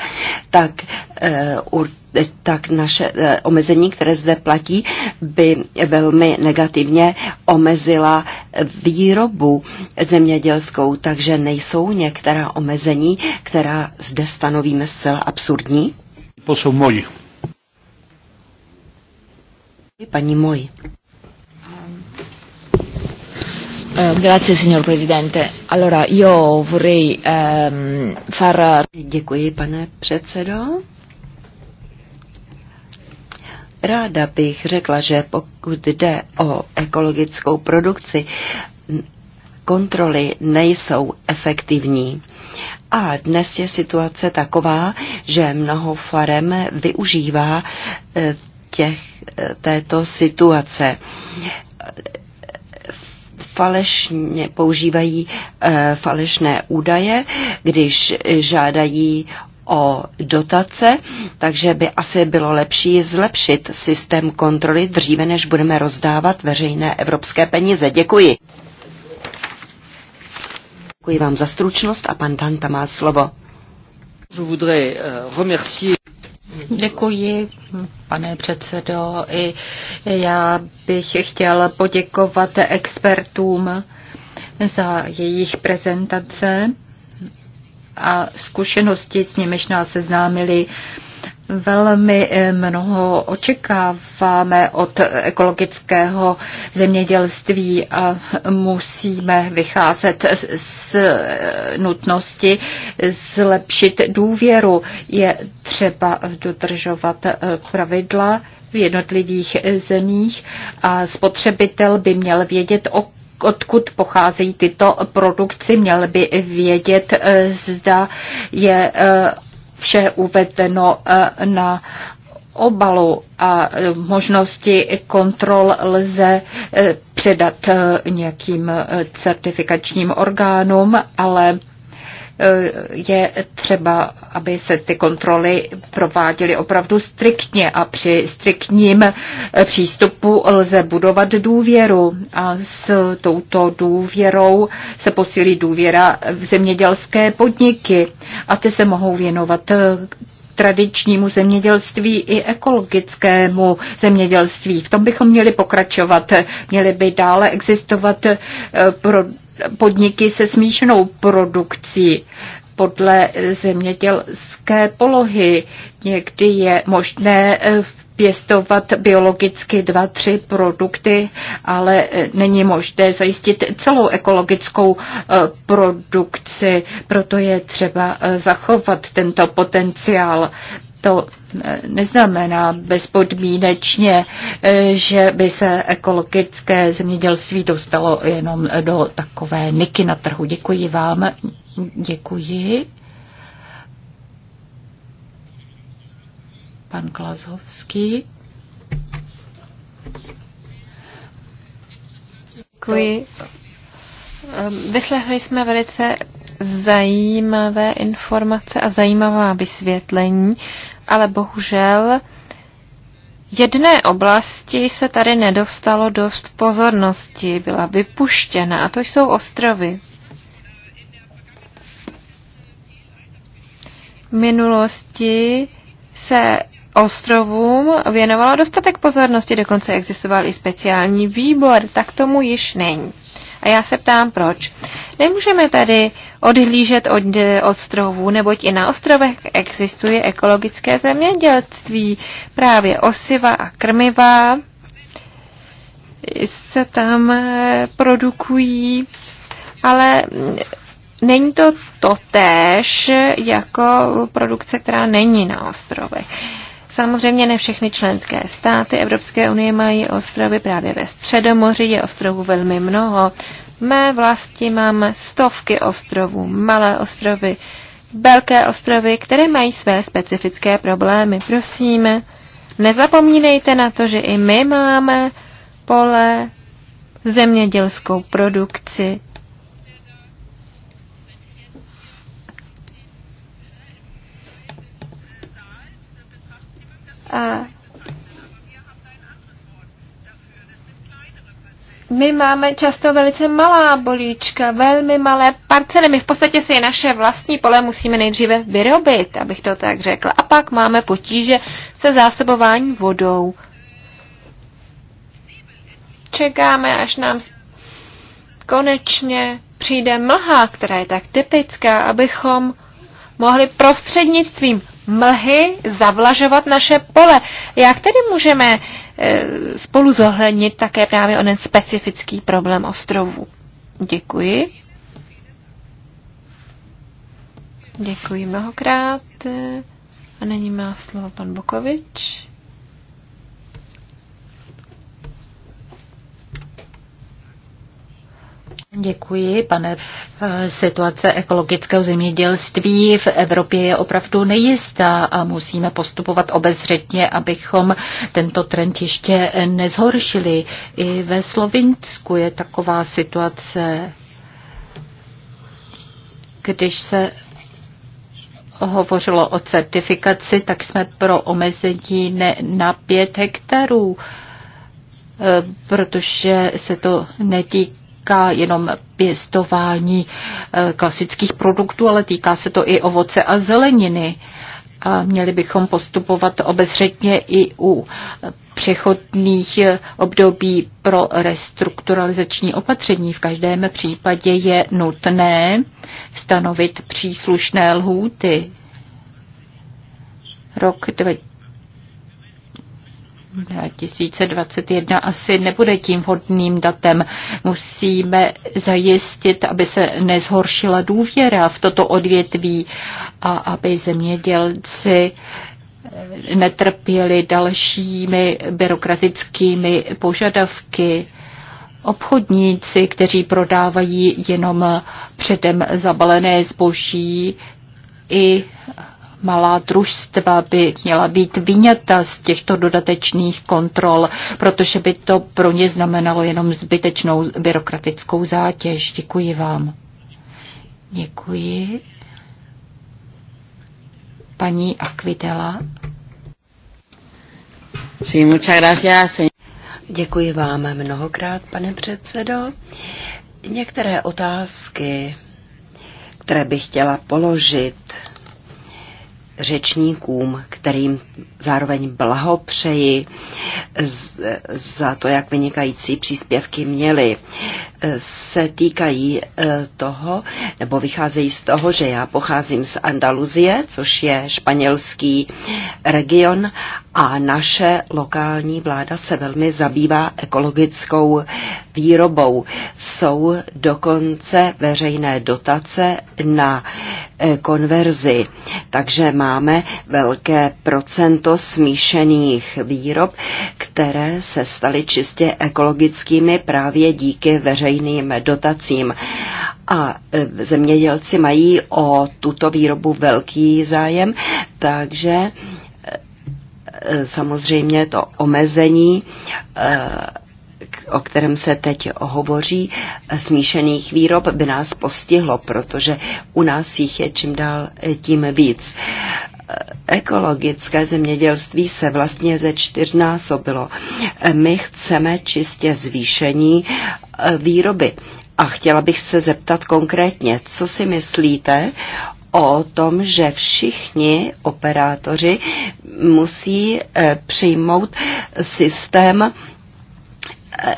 tak e, eh, určitě tak naše eh, omezení, které zde platí, by velmi negativně omezila výrobu zemědělskou, takže nejsou některá omezení, která zde stanovíme zcela absurdní? Posou moji. Paní moji. Eh, grazie signor Presidente. Allora, io vorrei um, far... Děkuji, pane předsedo. Ráda bych řekla, že pokud jde o ekologickou produkci, kontroly nejsou efektivní. A dnes je situace taková, že mnoho farem využívá eh, těch, eh, této situace. Falešně používají eh, falešné údaje, když žádají o dotace, takže by asi bylo lepší zlepšit systém kontroly dříve, než budeme rozdávat veřejné evropské peníze. Děkuji. Děkuji vám za stručnost a pan Danta má slovo. Eh, Děkuji, pane předsedo. I já bych chtěl poděkovat expertům za jejich prezentace a zkušenosti, s nimiž nás seznámili. Velmi eh, mnoho očekáváme od ekologického zemědělství a musíme vycházet z nutnosti zlepšit důvěru. Je třeba dodržovat eh, pravidla v jednotlivých eh, zemích a spotřebitel by měl vědět, o odkud pocházejí tyto produkci, měl by vědět, eh, zda je eh, vše uvedeno eh, na obalu a možnosti kontrol lze předat nějakým certifikačním orgánům, ale Eh, je třeba, aby se ty kontroly prováděly opravdu striktně a při striktním eh, přístupu lze budovat důvěru a s touto důvěrou se posílí důvěra v zemědělské podniky a ty se mohou věnovat eh, tradičnímu zemědělství i ekologickému zemědělství. V tom bychom měli pokračovat. Měly by dále existovat pro podniky se smíšenou produkcí podle zemědělské polohy. Někdy je možné eh, pěstovat biologicky dva, tři produkty, ale eh, není možné zajistit celou ekologickou eh, produkci, proto je třeba zachovat tento potenciál to eh, neznamená bezpodmínečně, eh, že by se ekologické zemědělství dostalo jenom do takové niky na trhu. Děkuji vám. Děkuji. Pan Klazovský. Děkuji. Ehm, vyslechli jsme velice zajímavé informace a zajímavá vysvětlení ale bohužel jedné oblasti se tady nedostalo dost pozornosti, byla vypuštěna a to jsou ostrovy. V minulosti se ostrovům věnovala dostatek pozornosti, dokonce existoval i speciální výbor, tak tomu již není. A já se ptám, proč. Nemůžeme tady odhlížet od ostrovů, neboť i na ostrovech existuje ekologické zemědělství, právě osiva a krmiva se tam eh, produkují, ale není to totéž jako produkce, která není na ostrovech. Samozřejmě ne všechny členské státy Evropské unie mají ostrovy právě ve Středomoři, je ostrovů velmi mnoho. V mé vlasti máme stovky ostrovů, malé ostrovy, velké ostrovy, které mají své specifické problémy. Prosím, nezapomínejte na to, že i my máme pole, zemědělskou produkci, my máme často velice malá bolíčka, velmi malé parcely. My v podstatě si naše vlastní pole musíme nejdříve vyrobit, abych to tak řekla. A pak máme potíže se zásobování vodou. Čekáme, až nám konečně přijde mlha, která je tak typická, abychom mohli prostřednictvím mlhy zavlažovat naše pole. Jak tedy můžeme e, spolu zohlednit také právě onen specifický problém ostrovů? Děkuji. Děkuji mnohokrát. A nyní má slovo pan Bokovič. Děkuji, pane. Eh, situace ekologického zemědělství v Evropě je opravdu nejistá a musíme postupovat obezřetně, abychom tento trend ještě nezhoršili. I ve Slovinsku je taková situace, když se hovořilo o certifikaci, tak jsme pro omezení ne na pět hektarů, eh, protože se to netýká netýká jenom pěstování eh, klasických produktů, ale týká se to i ovoce a zeleniny. A měli bychom postupovat obezřetně i u přechodných eh, období pro restrukturalizační opatření. V každém případě je nutné stanovit příslušné lhůty. Rok 2020 2021 asi nebude tím vhodným datem. Musíme zajistit, aby se nezhoršila důvěra v toto odvětví a aby zemědělci netrpěli dalšími byrokratickými požadavky. Obchodníci, kteří prodávají jenom předem zabalené zboží, i malá družstva by měla být vyňata z těchto dodatečných kontrol, protože by to pro ně znamenalo jenom zbytečnou byrokratickou zátěž. Děkuji vám. Děkuji. Paní Akvidela. Sí, muchas gracias. Děkuji vám mnohokrát, pane předsedo. Některé otázky, které bych chtěla položit, řečníkům, kterým zároveň blahopřeji za to, jak vynikající příspěvky měli, se týkají e, toho, nebo vycházejí z toho, že já pocházím z Andaluzie, což je španělský region a naše lokální vláda se velmi zabývá ekologickou výrobou. Jsou dokonce veřejné dotace na e, konverzi, takže máme velké procento smíšených výrob, které se staly čistě ekologickými právě díky veřejným dotacím. A e, zemědělci mají o tuto výrobu velký zájem, takže Eh, samozřejmě to omezení, eh, o kterém se teď hovoří, eh, smíšených výrob by nás postihlo, protože u nás jich je čím dál tím víc. Ekologické zemědělství se vlastně ze čtyřnásobilo. My chceme čistě zvýšení výroby. A chtěla bych se zeptat konkrétně, co si myslíte o tom, že všichni operátoři musí eh, přijmout systém eh,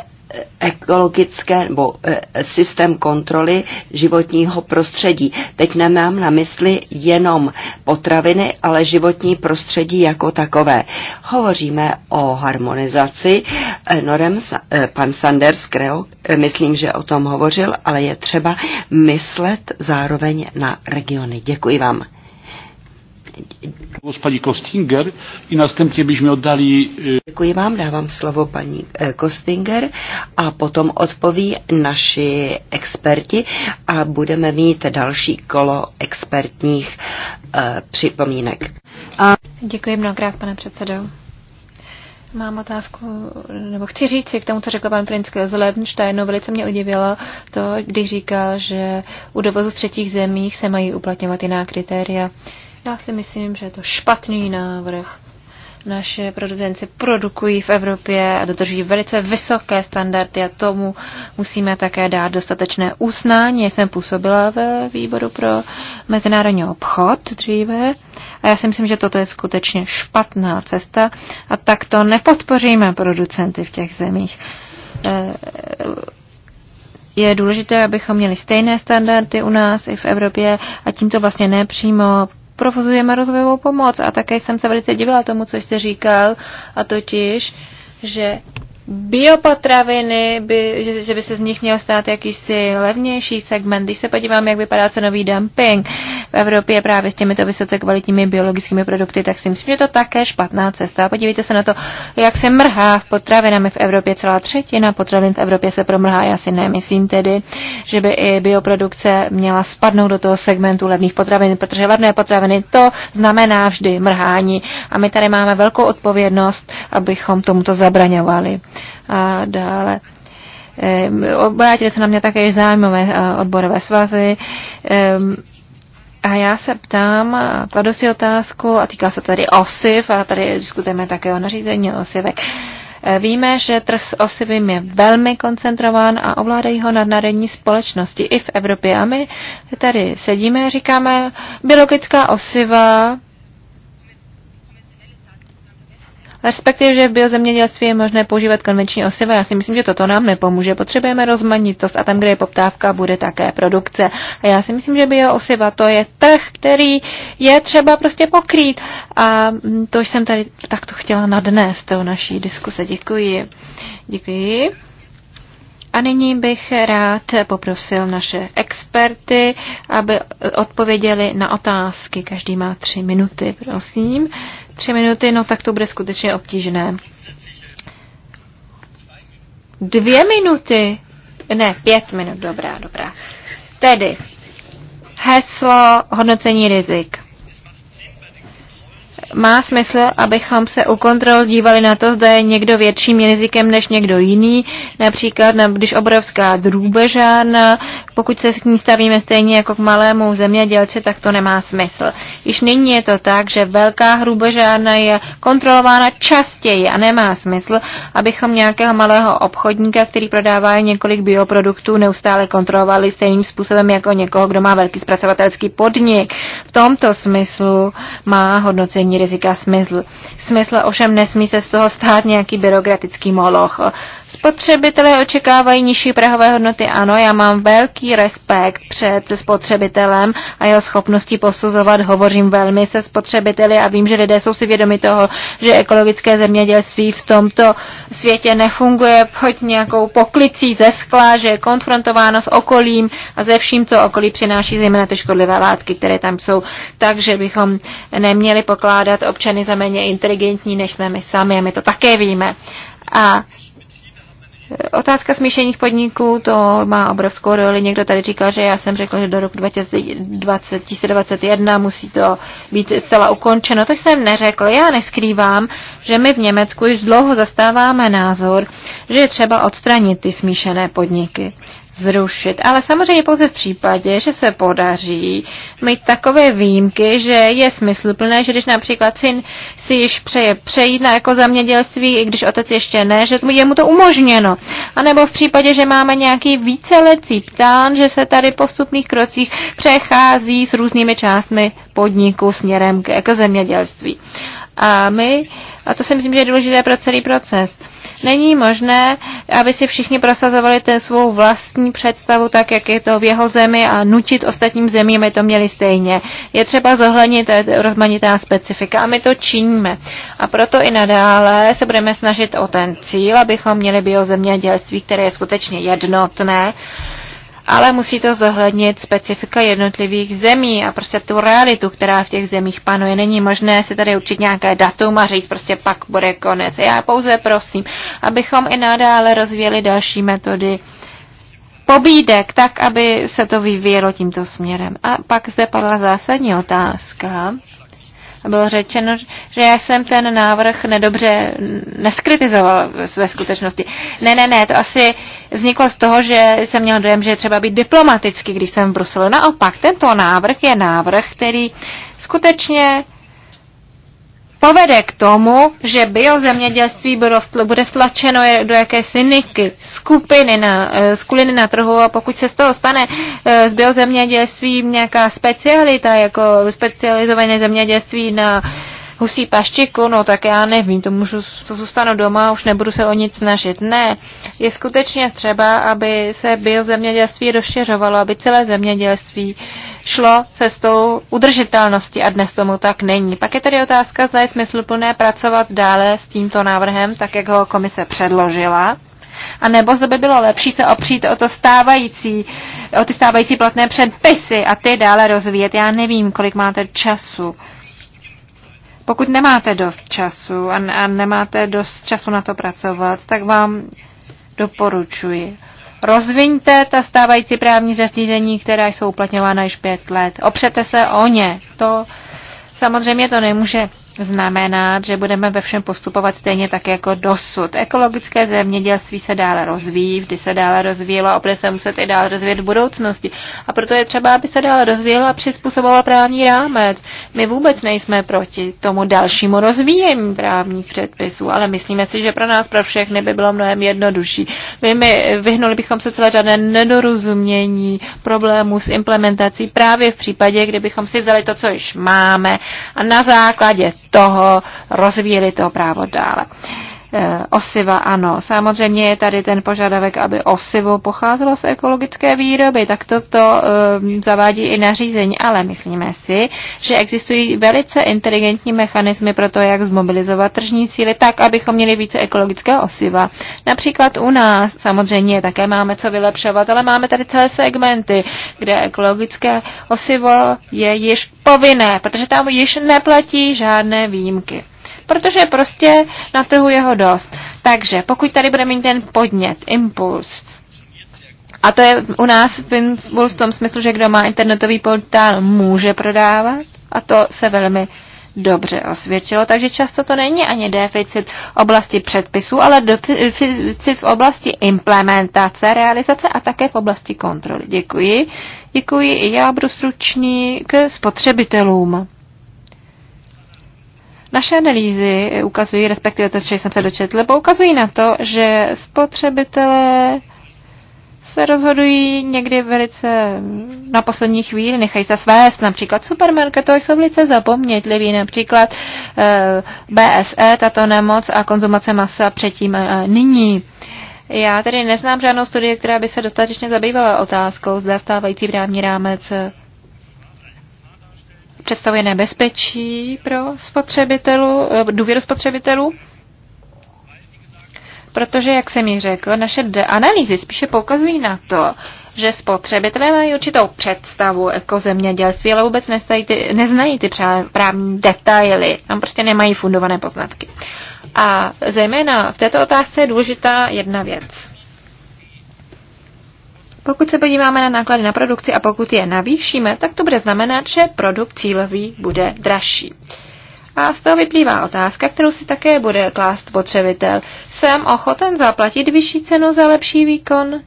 ekologické nebo e, systém kontroly životního prostředí. Teď nemám na mysli jenom potraviny, ale životní prostředí jako takové. Hovoříme o harmonizaci e, norem. E, pan Sanders Kreo, myslím, že o tom hovořil, ale je třeba myslet zároveň na regiony. Děkuji vám. Głos paní Kostinger i oddali... Děkuji vám, dávám slovo paní e, Kostinger a potom odpoví naši experti a budeme mít další kolo expertních e, připomínek. A... Děkuji mnohokrát, pane předsedo. Mám otázku, nebo chci říct si k tomu, co řekl pan Prinsk z Velice mě udivilo to, když říkal, že u dovozu z třetích zemích se mají uplatňovat jiná kritéria. Uh, já si myslím, že je to špatný návrh. Naše producenci produkují v Evropě a dodržují velice vysoké standardy a tomu musíme také dát dostatečné usnání. Jsem působila ve výboru pro mezinárodní obchod dříve a já si myslím, že toto je skutečně špatná cesta a tak to nepodpoříme producenty v těch zemích. Eh, je důležité, abychom měli stejné standardy u nás i v Evropě a tímto vlastně nepřímo provozujeme rozvojovou pomoc. A také jsem se velice divila tomu, co jste říkal, a totiž, že biopotraviny, by, že, že by se z nich měl stát jakýsi levnější segment. Když se podívám, jak vypadá cenový dumping v Evropě právě s těmito vysoce kvalitními biologickými produkty, tak si myslím, že to také špatná cesta. Podívejte se na to, jak se mrhá v potravinami v Evropě. Celá třetina potravin v Evropě se promrhá. Já si nemyslím tedy, že by i bioprodukce měla spadnout do toho segmentu levných potravin, protože levné potraviny to znamená vždy mrhání. A my tady máme velkou odpovědnost, abychom tomuto zabraňovali a dále. Obrátili se na mě také zájmové eh, odborové svazy. A já se ptám, kladu si otázku, a týká se tady osiv, a tady diskutujeme také o nařízení osivek. Eh, víme, že trh s osivím je velmi koncentrován a ovládají ho nadnárodní společnosti i v Evropě. A my tady sedíme a říkáme, biologická osiva respektive, že v biozemědělství je možné používat konvenční osiva. Já si myslím, že toto nám nepomůže. Potřebujeme rozmanitost a tam, kde je poptávka, bude také produkce. A já si myslím, že bioosiva to je trh, který je třeba prostě pokrýt. A to jsem tady takto chtěla nadnést do naší diskuse. Děkuji. Děkuji. A nyní bych rád poprosil naše experty, aby odpověděli na otázky. Každý má tři minuty, prosím. Tři minuty, no tak to bude skutečně obtížné. Dvě minuty? Ne, pět minut, dobrá, dobrá. Tedy, heslo hodnocení rizik má smysl, abychom se u kontrol dívali na to, zda je někdo větším rizikem než někdo jiný, například když obrovská drůbežárna, pokud se k ní stavíme stejně jako k malému zemědělci, tak to nemá smysl. Již nyní je to tak, že velká hrubežárna je kontrolována častěji a nemá smysl, abychom nějakého malého obchodníka, který prodává několik bioproduktů, neustále kontrolovali stejným způsobem jako někoho, kdo má velký zpracovatelský podnik. V tomto smyslu má hodnocení rizika smysl. Smysl ovšem nesmí se z toho stát nějaký byrokratický moloch. Spotřebitelé očekávají nižší prahové hodnoty. Ano, já mám velký respekt před spotřebitelem a jeho schopností posuzovat. Hovořím velmi se spotřebiteli a vím, že lidé jsou si vědomi toho, že ekologické zemědělství v tomto světě nefunguje pod nějakou poklicí ze skla, že je konfrontováno s okolím a ze vším, co okolí přináší, zejména ty škodlivé látky, které tam jsou. Takže bychom neměli pokládat pokládat občany za méně inteligentní, než jsme my sami, a my to také víme. A e, Otázka smíšených podniků, to má obrovskou roli. Někdo tady říkal, že já jsem řekl, že do roku 2021 musí to být zcela ukončeno. To jsem neřekl. Já neskrývám, že my v Německu již dlouho zastáváme názor, že je třeba odstranit ty smíšené podniky zrušit. Ale samozřejmě pouze v případě, že se podaří mít takové výjimky, že je smysluplné, že když například syn si již přeje přejít na jako zamědělství, i když otec ještě ne, že je mu to umožněno. A nebo v případě, že máme nějaký vícelecí ptán, že se tady po postupných krocích přechází s různými částmi podniku směrem k jako zemědělství. A my, a to si myslím, že je důležité pro celý proces, Není možné, aby si všichni prosazovali ten svou vlastní představu, tak jak je to v jeho zemi a nutit ostatním zemím, aby to měli stejně. Je třeba zohlednit eh, rozmanitá specifika a my to činíme. A proto i nadále se budeme snažit o ten cíl, abychom měli biozemědělství, které je skutečně jednotné, ale musí to zohlednit specifika jednotlivých zemí a prostě tu realitu, která v těch zemích panuje. Není možné si tady určit nějaké datum a říct prostě pak bude konec. Já pouze prosím, abychom i nadále rozvíjeli další metody pobídek, tak, aby se to vyvíjelo tímto směrem. A pak zde padla zásadní otázka, bylo řečeno, že já jsem ten návrh nedobře neskritizoval ve skutečnosti. Ne, ne, ne, to asi vzniklo z toho, že jsem měl dojem, že je třeba být diplomatický, když jsem v Bruselu. Naopak, tento návrh je návrh, který skutečně povede k tomu, že biozemědělství bude vtlačeno do jakési niky, skupiny na, eh, skuliny na trhu a pokud se z toho stane eh, z biozemědělství nějaká specialita, jako specializované zemědělství na husí paštiku, no tak já nevím, to můžu, to zůstanu doma, už nebudu se o nic snažit. Ne, je skutečně třeba, aby se biozemědělství rozšiřovalo, aby celé zemědělství uh, šlo cestou udržitelnosti a dnes tomu tak není. Pak je tedy otázka, zda je smysluplné pracovat dále s tímto návrhem, tak jak ho komise předložila, a nebo zda by bylo lepší se opřít o, to stávající, o ty stávající platné předpisy a ty dále rozvíjet. Já nevím, kolik máte času. Pokud nemáte dost času a, a nemáte dost času na to pracovat, tak vám doporučuji rozviňte ta stávající právní zařízení, která jsou uplatňována již pět let. Opřete se o ně. To samozřejmě to nemůže znamená, že budeme ve všem postupovat stejně tak jako dosud. Ekologické zemědělství se dále rozvíjí, vždy se dále rozvíjelo a bude se muset i dál rozvíjet v budoucnosti. A proto je třeba, aby se dále rozvíjelo a přizpůsobovalo právní rámec. My vůbec nejsme proti tomu dalšímu rozvíjení právních předpisů, ale myslíme si, že pro nás, pro všechny by bylo mnohem jednodušší. My, my vyhnuli bychom se celé řadné nedorozumění problémů s implementací právě v případě, kdybychom si vzali to, co již máme a na základě toho rozvíjeli to právo dále. Eh, osiva ano. Samozřejmě je tady ten požadavek, aby osivo pocházelo z ekologické výroby, tak to, to eh, zavádí i nařízení, ale myslíme si, že existují velice inteligentní mechanismy pro to, jak zmobilizovat tržní síly, tak, abychom měli více ekologického osiva. Například u nás samozřejmě také máme co vylepšovat, ale máme tady celé segmenty, kde ekologické osivo je již povinné, protože tam již neplatí žádné výjimky protože prostě na trhu jeho dost. Takže pokud tady bude mít ten podnět, impuls, a to je u nás impuls v tom smyslu, že kdo má internetový portál, může prodávat a to se velmi dobře osvědčilo, takže často to není ani deficit v oblasti předpisů, ale deficit v oblasti implementace, realizace a také v oblasti kontroly. Děkuji. Děkuji i já budu stručný k spotřebitelům. Naše analýzy eh, ukazují, respektive to, co jsem se dočetl, ukazují na to, že spotřebitelé se rozhodují někdy velice mm, na poslední chvíli, nechají se svést, například supermarkety jsou velice zapomnětliví, například eh, e, BSE, tato nemoc a konzumace masa předtím a eh, nyní. Já tedy neznám žádnou studii, která by se dostatečně zabývala otázkou, zda stávající právní rámec představuje nebezpečí pro spotřebitelů, eh, důvěru spotřebitelů, protože, jak jsem ji řekl, naše analýzy spíše poukazují na to, že spotřebitelé mají určitou představu zemědělství, ale vůbec neznají ty, neznají ty právní detaily. Tam prostě nemají fundované poznatky. A zejména v této otázce je důležitá jedna věc. Pokud se podíváme na náklady na produkci a pokud je navýšíme, tak to bude znamenat, že produkt cílový bude dražší. A z toho vyplývá otázka, kterou si také bude klást potřebitel. Jsem ochoten zaplatit vyšší cenu za lepší výkon?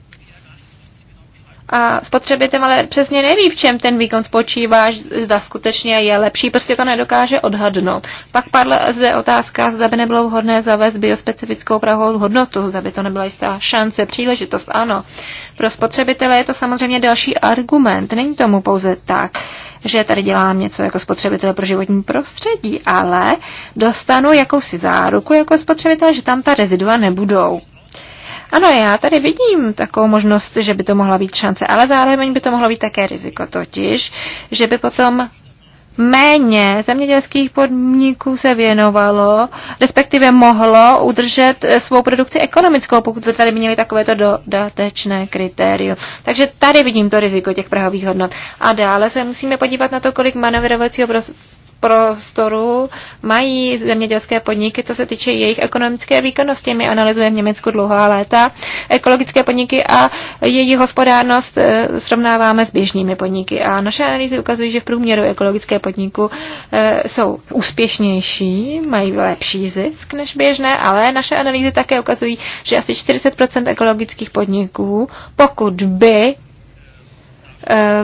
a spotřebitel ale přesně neví, v čem ten výkon spočívá, zda skutečně je lepší, prostě to nedokáže odhadnout. Pak padla zde otázka, zda by nebylo vhodné zavést biospecifickou prahovou hodnotu, zda by to nebyla jistá šance, příležitost, ano. Pro spotřebitele je to samozřejmě další argument, není tomu pouze tak že tady dělám něco jako spotřebitel pro životní prostředí, ale dostanu jakousi záruku jako spotřebitel, že tam ta rezidua nebudou. Ano, já tady vidím takovou možnost, že by to mohla být šance, ale zároveň by to mohlo být také riziko, totiž, že by potom méně zemědělských podniků se věnovalo, respektive mohlo udržet eh, svou produkci ekonomickou, pokud se tady měli takovéto dodatečné kritérium. Takže tady vidím to riziko těch prahových hodnot. A dále se musíme podívat na to, kolik manevrovacího prostoru mají zemědělské podniky, co se týče jejich ekonomické výkonnosti. My analyzujeme v Německu dlouhá léta ekologické podniky a jejich hospodárnost eh, srovnáváme s běžnými podniky. A naše analýzy ukazují, že v průměru ekologické podniku eh, jsou úspěšnější, mají lepší zisk než běžné, ale naše analýzy také ukazují, že asi 40 ekologických podniků, pokud by eh,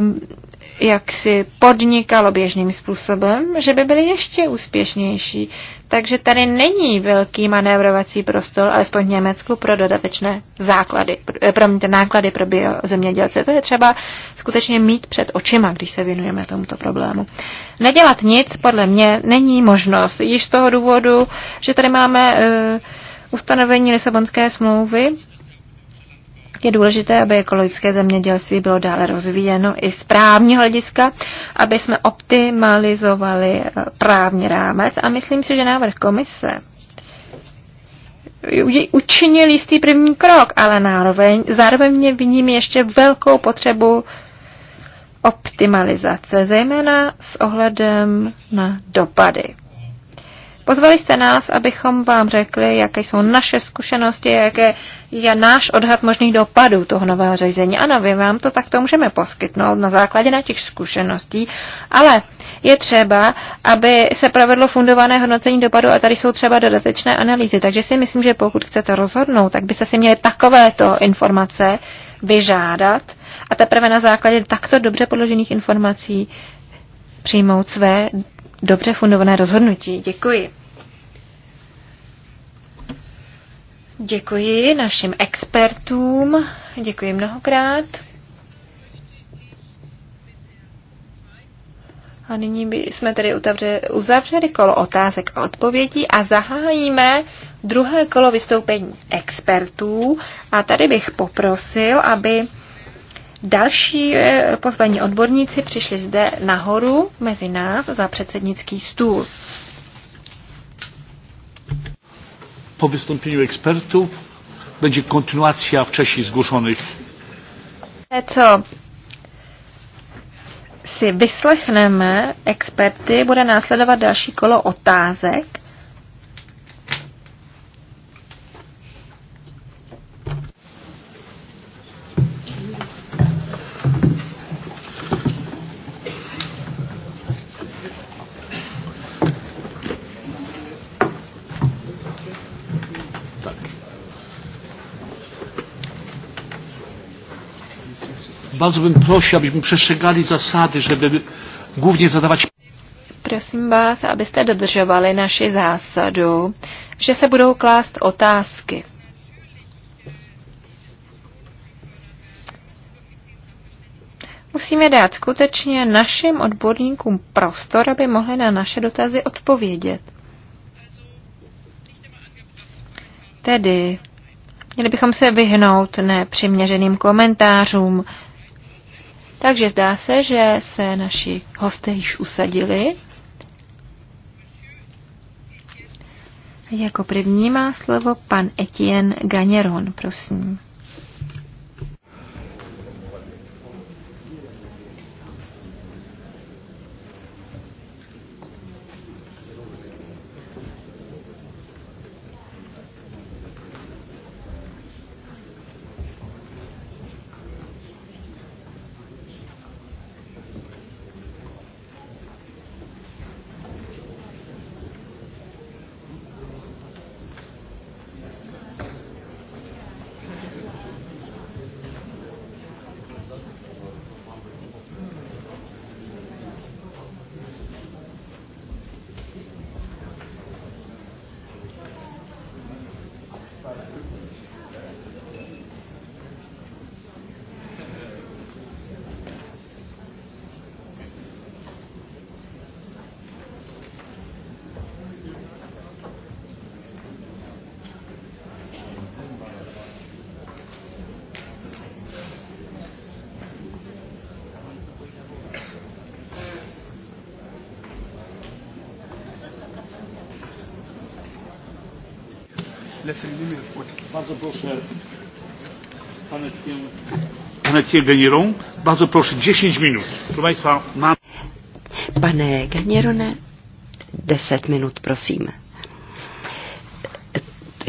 jak si podnikalo běžným způsobem, že by byly ještě úspěšnější. Takže tady není velký manévrovací prostor, alespoň v Německu, pro dodatečné základy, eh, pro náklady pro biozemědělce. To je třeba skutečně mít před očima, když se věnujeme tomuto problému. Nedělat nic, podle mě, není možnost. Již z toho důvodu, že tady máme uh, ustanovení Lisabonské smlouvy, je důležité, aby ekologické zemědělství bylo dále rozvíjeno i z právního hlediska, aby jsme optimalizovali eh, právní rámec a myslím si, že návrh komise učinil jistý první krok, ale nároveň, zároveň mě vidím ještě velkou potřebu optimalizace, zejména s ohledem na dopady. Pozvali jste nás, abychom vám řekli, jaké jsou naše zkušenosti, jaké je náš odhad možných dopadů toho nového řízení. Ano, vy vám to takto můžeme poskytnout na základě na těch zkušeností, ale je třeba, aby se provedlo fundované hodnocení dopadu a tady jsou třeba dodatečné analýzy. Takže si myslím, že pokud chcete rozhodnout, tak byste si měli takovéto informace vyžádat a teprve na základě takto dobře podložených informací přijmout své dobře fundované rozhodnutí. Děkuji. Děkuji našim expertům, děkuji mnohokrát. A nyní by jsme tedy uzavřeli kolo otázek a odpovědí a zahájíme druhé kolo vystoupení expertů. A tady bych poprosil, aby další eh, pozvaní odborníci přišli zde nahoru mezi nás za předsednický stůl. po wystąpieniu ekspertów będzie kontynuacja wcześniej zgłoszonych. Co si vyslechneme experty, bude následovat další kolo otázek Bardzo bym prosił, abyśmy przestrzegali zasady, żeby głównie zadawać... Prosím vás, abyste dodržovali naši zásadu, že se budou klást otázky. Musíme dát skutečně našim odborníkům prostor, aby mohli na naše dotazy odpovědět. Tedy měli bychom se vyhnout nepřiměřeným komentářům, takže zdá se, že se naši hosté již usadili. Jako první má slovo pan Etienne Gagneron, prosím. Bardzo proszę. Bardzo proszę, 10 minut. Proszę Państwa, mám... Pane Ganierone, 10 minut, prosím.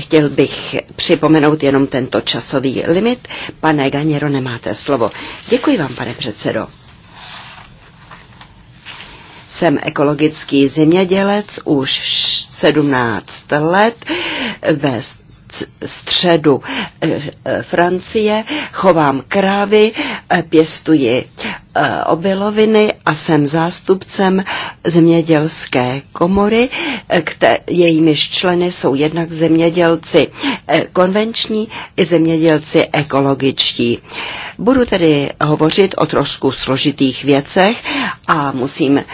Chtěl bych připomenout jenom tento časový limit. Pane Ganiero, nemáte slovo. Děkuji vám, pane předsedo. Jsem ekologický zemědělec už 17 let ve středu eh, Francie, chovám krávy, eh, pěstuji eh, obiloviny a jsem zástupcem zemědělské komory, kte, jejímiž členy jsou jednak zemědělci konvenční i zemědělci ekologičtí. Budu tedy hovořit o trošku složitých věcech a musím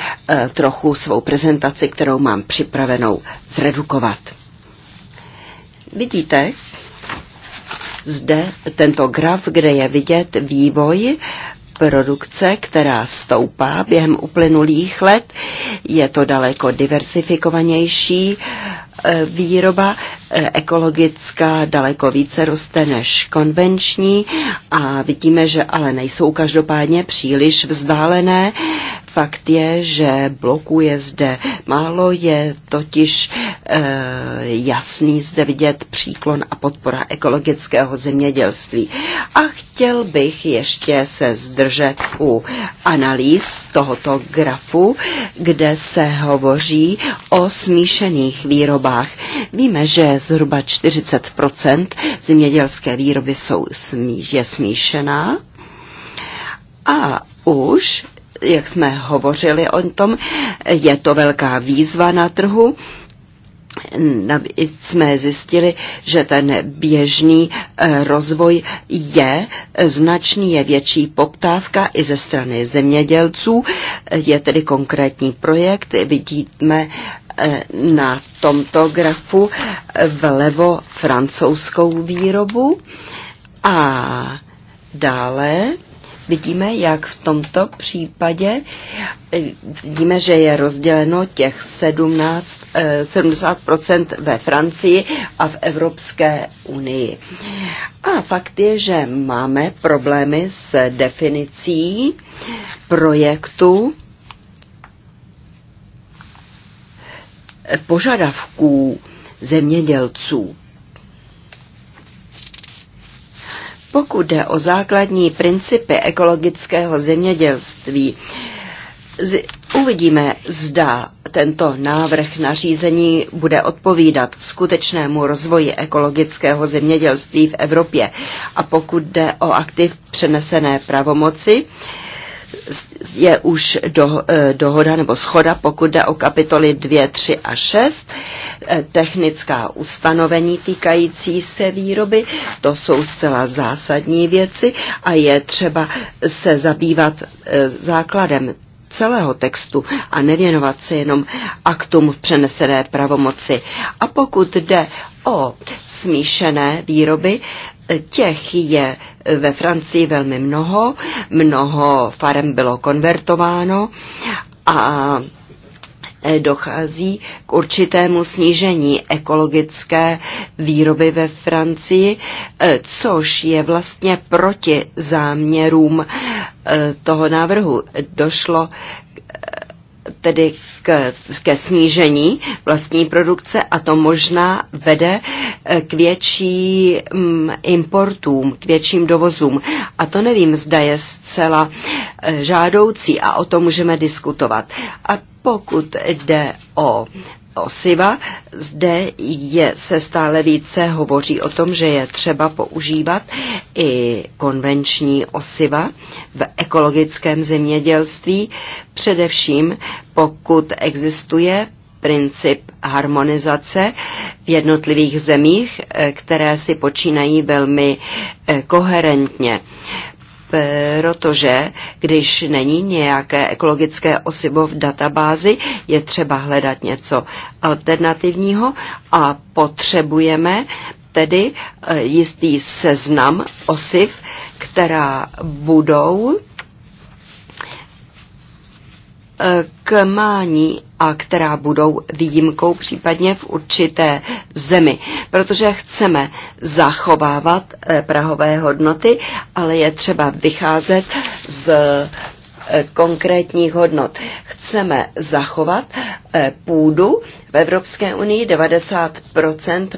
trochu svou prezentaci, kterou mám připravenou, zredukovat. Vidíte zde tento graf, kde je vidět vývoj produkce, která stoupá během uplynulých let. Je to daleko diversifikovanější e, výroba, e, ekologická daleko více roste než konvenční a vidíme, že ale nejsou každopádně příliš vzdálené Fakt je, že blokuje zde málo, je totiž e, jasný zde vidět příklon a podpora ekologického zemědělství. A chtěl bych ještě se zdržet u analýz tohoto grafu, kde se hovoří o smíšených výrobách. Víme, že zhruba 40 zemědělské výroby jsou, je smíšená. A už jak jsme hovořili o tom, je to velká výzva na trhu. Navíc jsme zjistili, že ten běžný eh, rozvoj je eh, značný, je větší poptávka i ze strany zemědělců. Eh, je tedy konkrétní projekt, vidíme na tomto grafu vlevo francouzskou výrobu a dále Vidíme, jak v tomto případě, eh, vidíme, že je rozděleno těch 17, 70% eh, ve Francii a v Evropské unii. A fakt je, že máme problémy s definicí projektu eh, požadavků zemědělců. Pokud jde o základní principy ekologického zemědělství, uvidíme, zda tento návrh nařízení bude odpovídat skutečnému rozvoji ekologického zemědělství v Evropě. A pokud jde o aktiv přenesené pravomoci, eh, je už do, eh, dohoda nebo schoda, pokud jde o kapitoly 2, 3 a 6, eh, technická ustanovení týkající se výroby, to jsou zcela zásadní věci a je třeba se zabývat eh, základem celého textu a nevěnovat se jenom aktům v přenesené pravomoci. A pokud jde o smíšené výroby, Těch je ve Francii velmi mnoho, mnoho farem bylo konvertováno a dochází k určitému snížení ekologické výroby ve Francii, eh, což je vlastně proti záměrům eh, toho návrhu. Došlo tedy k, ke snížení vlastní produkce a to možná vede eh, k větším mm, importům, k větším dovozům. A to nevím, zda je zcela eh, žádoucí a o tom můžeme diskutovat. A pokud jde o osiva. Zde je, se stále více hovoří o tom, že je třeba používat i konvenční osiva v ekologickém zemědělství, především pokud existuje princip harmonizace v jednotlivých zemích, eh, které si počínají velmi eh, koherentně protože když není nějaké ekologické osivo v databázi, je třeba hledat něco alternativního a potřebujeme tedy eh, jistý seznam osiv, která budou k mání a která budou výjimkou případně v určité zemi, protože chceme zachovávat eh, prahové hodnoty, ale je třeba vycházet z eh, konkrétních hodnot. Chceme zachovat eh, půdu v Evropské unii 90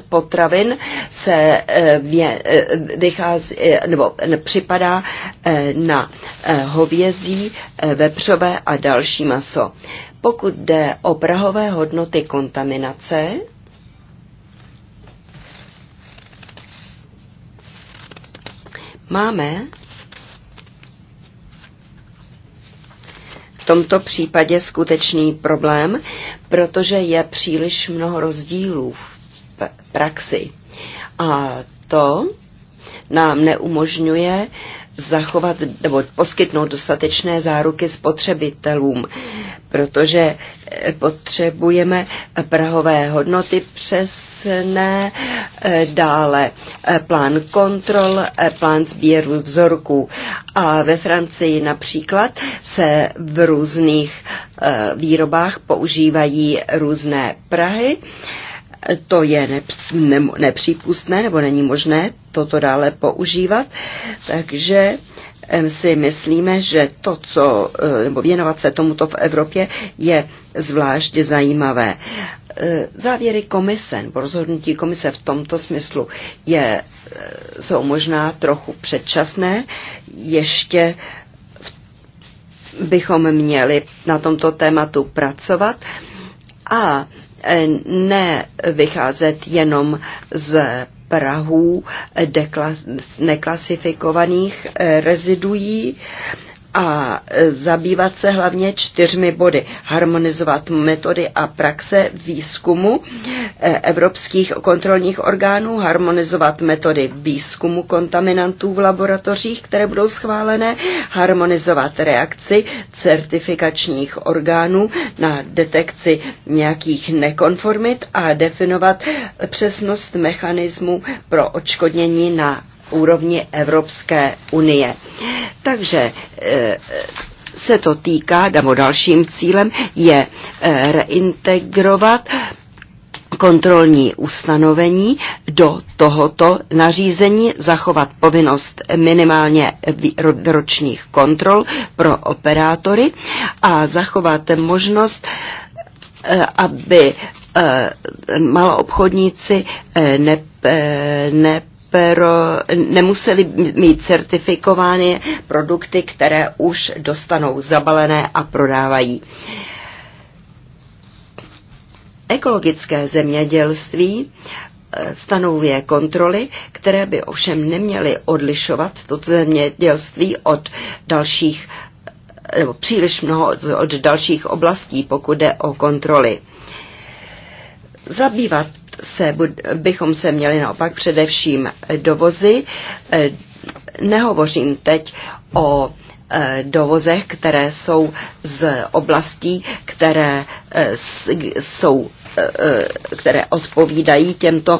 potravin se eh, vě, eh, vychází, eh, nebo připadá na hovězí, vepřové a další maso. Pokud jde o prahové hodnoty kontaminace, máme tomto případě skutečný problém, protože je příliš mnoho rozdílů v praxi. A to nám neumožňuje zachovat nebo poskytnout dostatečné záruky spotřebitelům protože eh, potřebujeme prahové hodnoty přesné, eh, dále eh, plán kontrol, plán sběru vzorků. A ve Francii například se v různých výrobách používají různé prahy. To je nepřípustné nebo není možné toto dále používat, takže si myslíme, že to, co, e, nebo věnovat se tomuto v Evropě, je zvlášť zajímavé. E, závěry komise, nebo rozhodnutí komise v tomto smyslu je, e, jsou možná trochu předčasné, ještě bychom měli na tomto tématu pracovat a ne vycházet jenom z Prahů neklas, neklasifikovaných eh, reziduí a zabývat se hlavně čtyřmi body. Harmonizovat metody a praxe výzkumu eh, evropských kontrolních orgánů, harmonizovat metody výzkumu kontaminantů v laboratořích, které budou schválené, harmonizovat reakci certifikačních orgánů na detekci nějakých nekonformit a definovat přesnost mechanismu pro očkodnění na úrovni Evropské unie. Takže eh, se to týká, nebo dalším cílem je eh, reintegrovat kontrolní ustanovení do tohoto nařízení zachovat povinnost minimálně ročních kontrol pro operátory a zachovat možnost, eh, aby maloobchodníci ne, ne pro, nemuseli mít certifikovány produkty, které už dostanou zabalené a prodávají. Ekologické zemědělství eh, stanovuje kontroly, které by ovšem neměly odlišovat to zemědělství od dalších eh, nebo příliš mnoho od dalších oblastí, pokud jde o kontroly. Zabývat se, bychom se měli naopak především dovozy. Eh, nehovořím teď o eh, dovozech, které jsou z oblastí, které eh, jsou které odpovídají těmto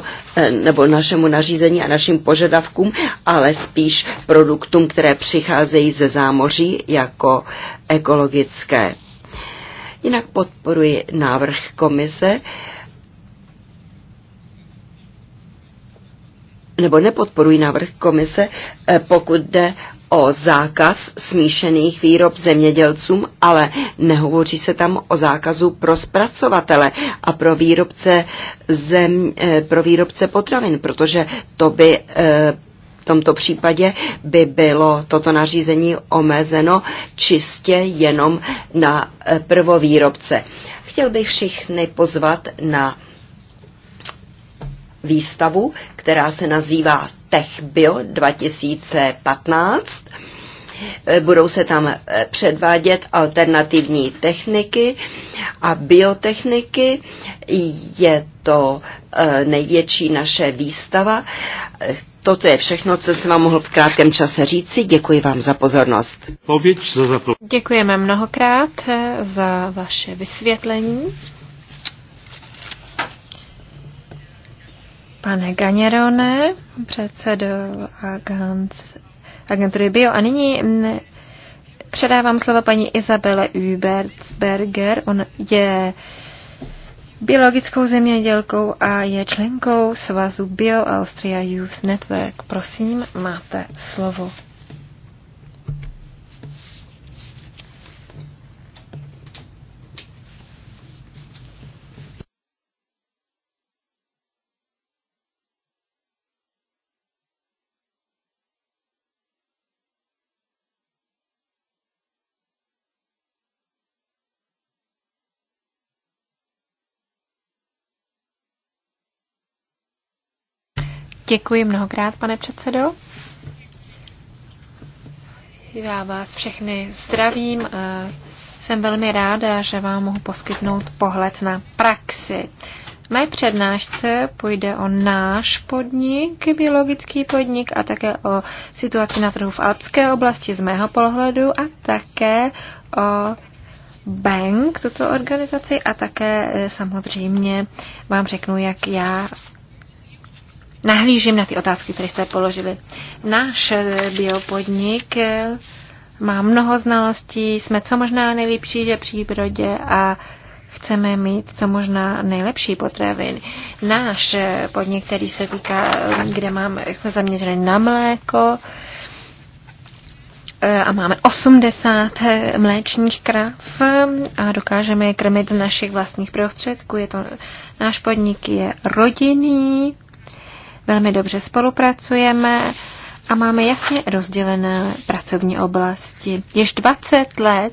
nebo našemu nařízení a našim požadavkům, ale spíš produktům, které přicházejí ze zámoří jako ekologické. Jinak podporuji návrh komise, nebo nepodporují návrh komise, eh, pokud jde o zákaz smíšených výrob zemědělcům, ale nehovoří se tam o zákazu pro zpracovatele a pro výrobce, zem, eh, pro výrobce potravin, protože to by eh, v tomto případě by bylo toto nařízení omezeno čistě jenom na prvovýrobce. Chtěl bych všichni pozvat na výstavu, která se nazývá TechBio 2015. Eh, budou se tam eh, předvádět alternativní techniky a biotechniky. Je to eh, největší naše výstava. Toto je všechno, co jsem vám mohl v krátkém čase říci. Děkuji vám za pozornost. Pověď za zapl- Děkujeme mnohokrát za vaše vysvětlení. pane Ganerone, předsedo Agans, agentury Bio. A nyní mm, předávám slovo paní Izabele Übertsberger. On je biologickou zemědělkou a je členkou svazu Bio Austria Youth Network. Prosím, máte slovo. Děkuji mnohokrát, pane předsedo. Já vás všechny zdravím. Jsem velmi ráda, že vám mohu poskytnout pohled na praxi. V mé přednášce půjde o náš podnik, biologický podnik a také o situaci na trhu v alpské oblasti z mého pohledu a také o bank, tuto organizaci a také e, samozřejmě vám řeknu, jak já nahlížím na ty otázky, které jste položili. Náš eh, biopodnik eh, má mnoho znalostí, jsme co možná nejlepší v přírodě a chceme mít co možná nejlepší potravin. Náš eh, podnik, který se týká, kde máme, jsme zaměřeni na mléko a máme 80 mléčních krav a dokážeme je krmit z našich vlastních prostředků. Je to, náš podnik je rodinný, velmi dobře spolupracujeme a máme jasně rozdělené pracovní oblasti. Jež 20 let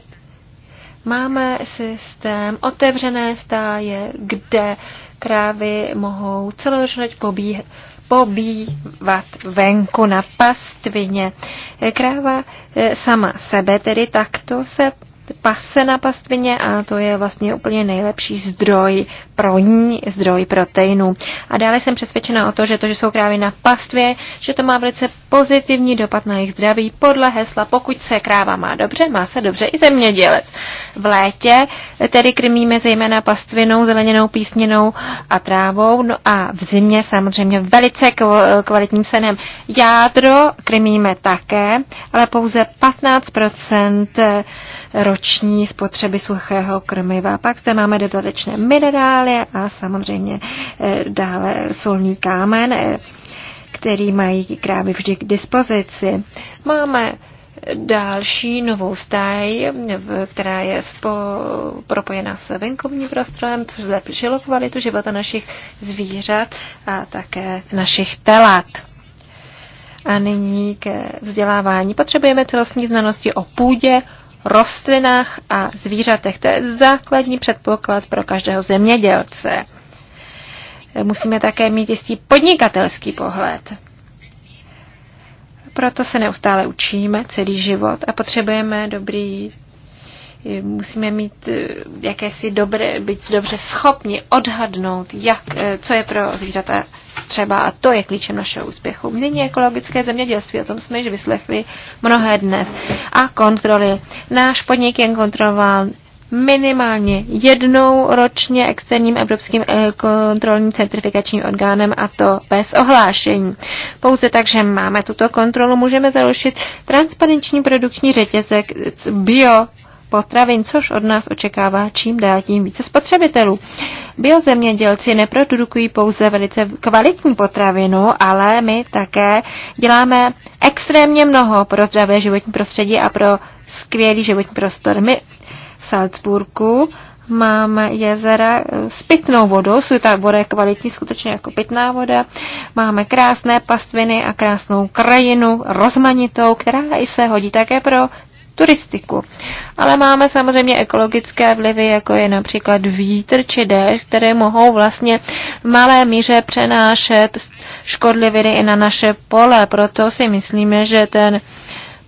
máme systém otevřené stáje, kde krávy mohou celou noc pobíhat pobývat venku na pastvině. Kráva e, sama sebe tedy takto se pase na pastvině a to je vlastně úplně nejlepší zdroj pro ní, zdroj proteinu. A dále jsem přesvědčena o to, že to, že jsou krávy na pastvě, že to má velice pozitivní dopad na jejich zdraví podle hesla pokud se kráva má dobře, má se dobře i zemědělec. V létě tedy krmíme zejména pastvinou, zeleninou, písninou a trávou, no a v zimě samozřejmě velice kvalitním senem. Jádro krmíme také, ale pouze 15 roční spotřeby suchého krmiva. Pak zde máme dodatečné minerály a samozřejmě eh, dále solný kámen, eh, který mají krávy vždy k dispozici. Máme další novou stáj, která je spo, propojená s venkovním prostorem, což zlepšilo kvalitu života našich zvířat a také našich telat. A nyní ke vzdělávání. Potřebujeme celostní znalosti o půdě, rostlinách a zvířatech. To je základní předpoklad pro každého zemědělce. Musíme také mít jistý podnikatelský pohled. Proto se neustále učíme celý život a potřebujeme dobrý musíme mít e, jakési dobré, být dobře schopni odhadnout, jak, e, co je pro zvířata třeba a to je klíčem našeho úspěchu. Mění ekologické zemědělství, o tom jsme již vyslechli mnohé dnes. A kontroly. Náš podnik jen kontroloval minimálně jednou ročně externím evropským e, kontrolním certifikačním orgánem a to bez ohlášení. Pouze tak, že máme tuto kontrolu, můžeme založit transparentní produkční řetězek bio potravin, což od nás očekává čím dál tím více spotřebitelů. Biozemědělci neprodukují pouze velice kvalitní potravinu, ale my také děláme extrémně mnoho pro zdravé životní prostředí a pro skvělý životní prostor. My v Salzburgu Máme jezera s pitnou vodou, jsou ta voda kvalitní, skutečně jako pitná voda. Máme krásné pastviny a krásnou krajinu, rozmanitou, která i se hodí také pro turistiku. Ale máme samozřejmě ekologické vlivy, jako je například vítr či déšť, které mohou vlastně v malé míře přenášet škodliviny i na naše pole. Proto si myslíme, že ten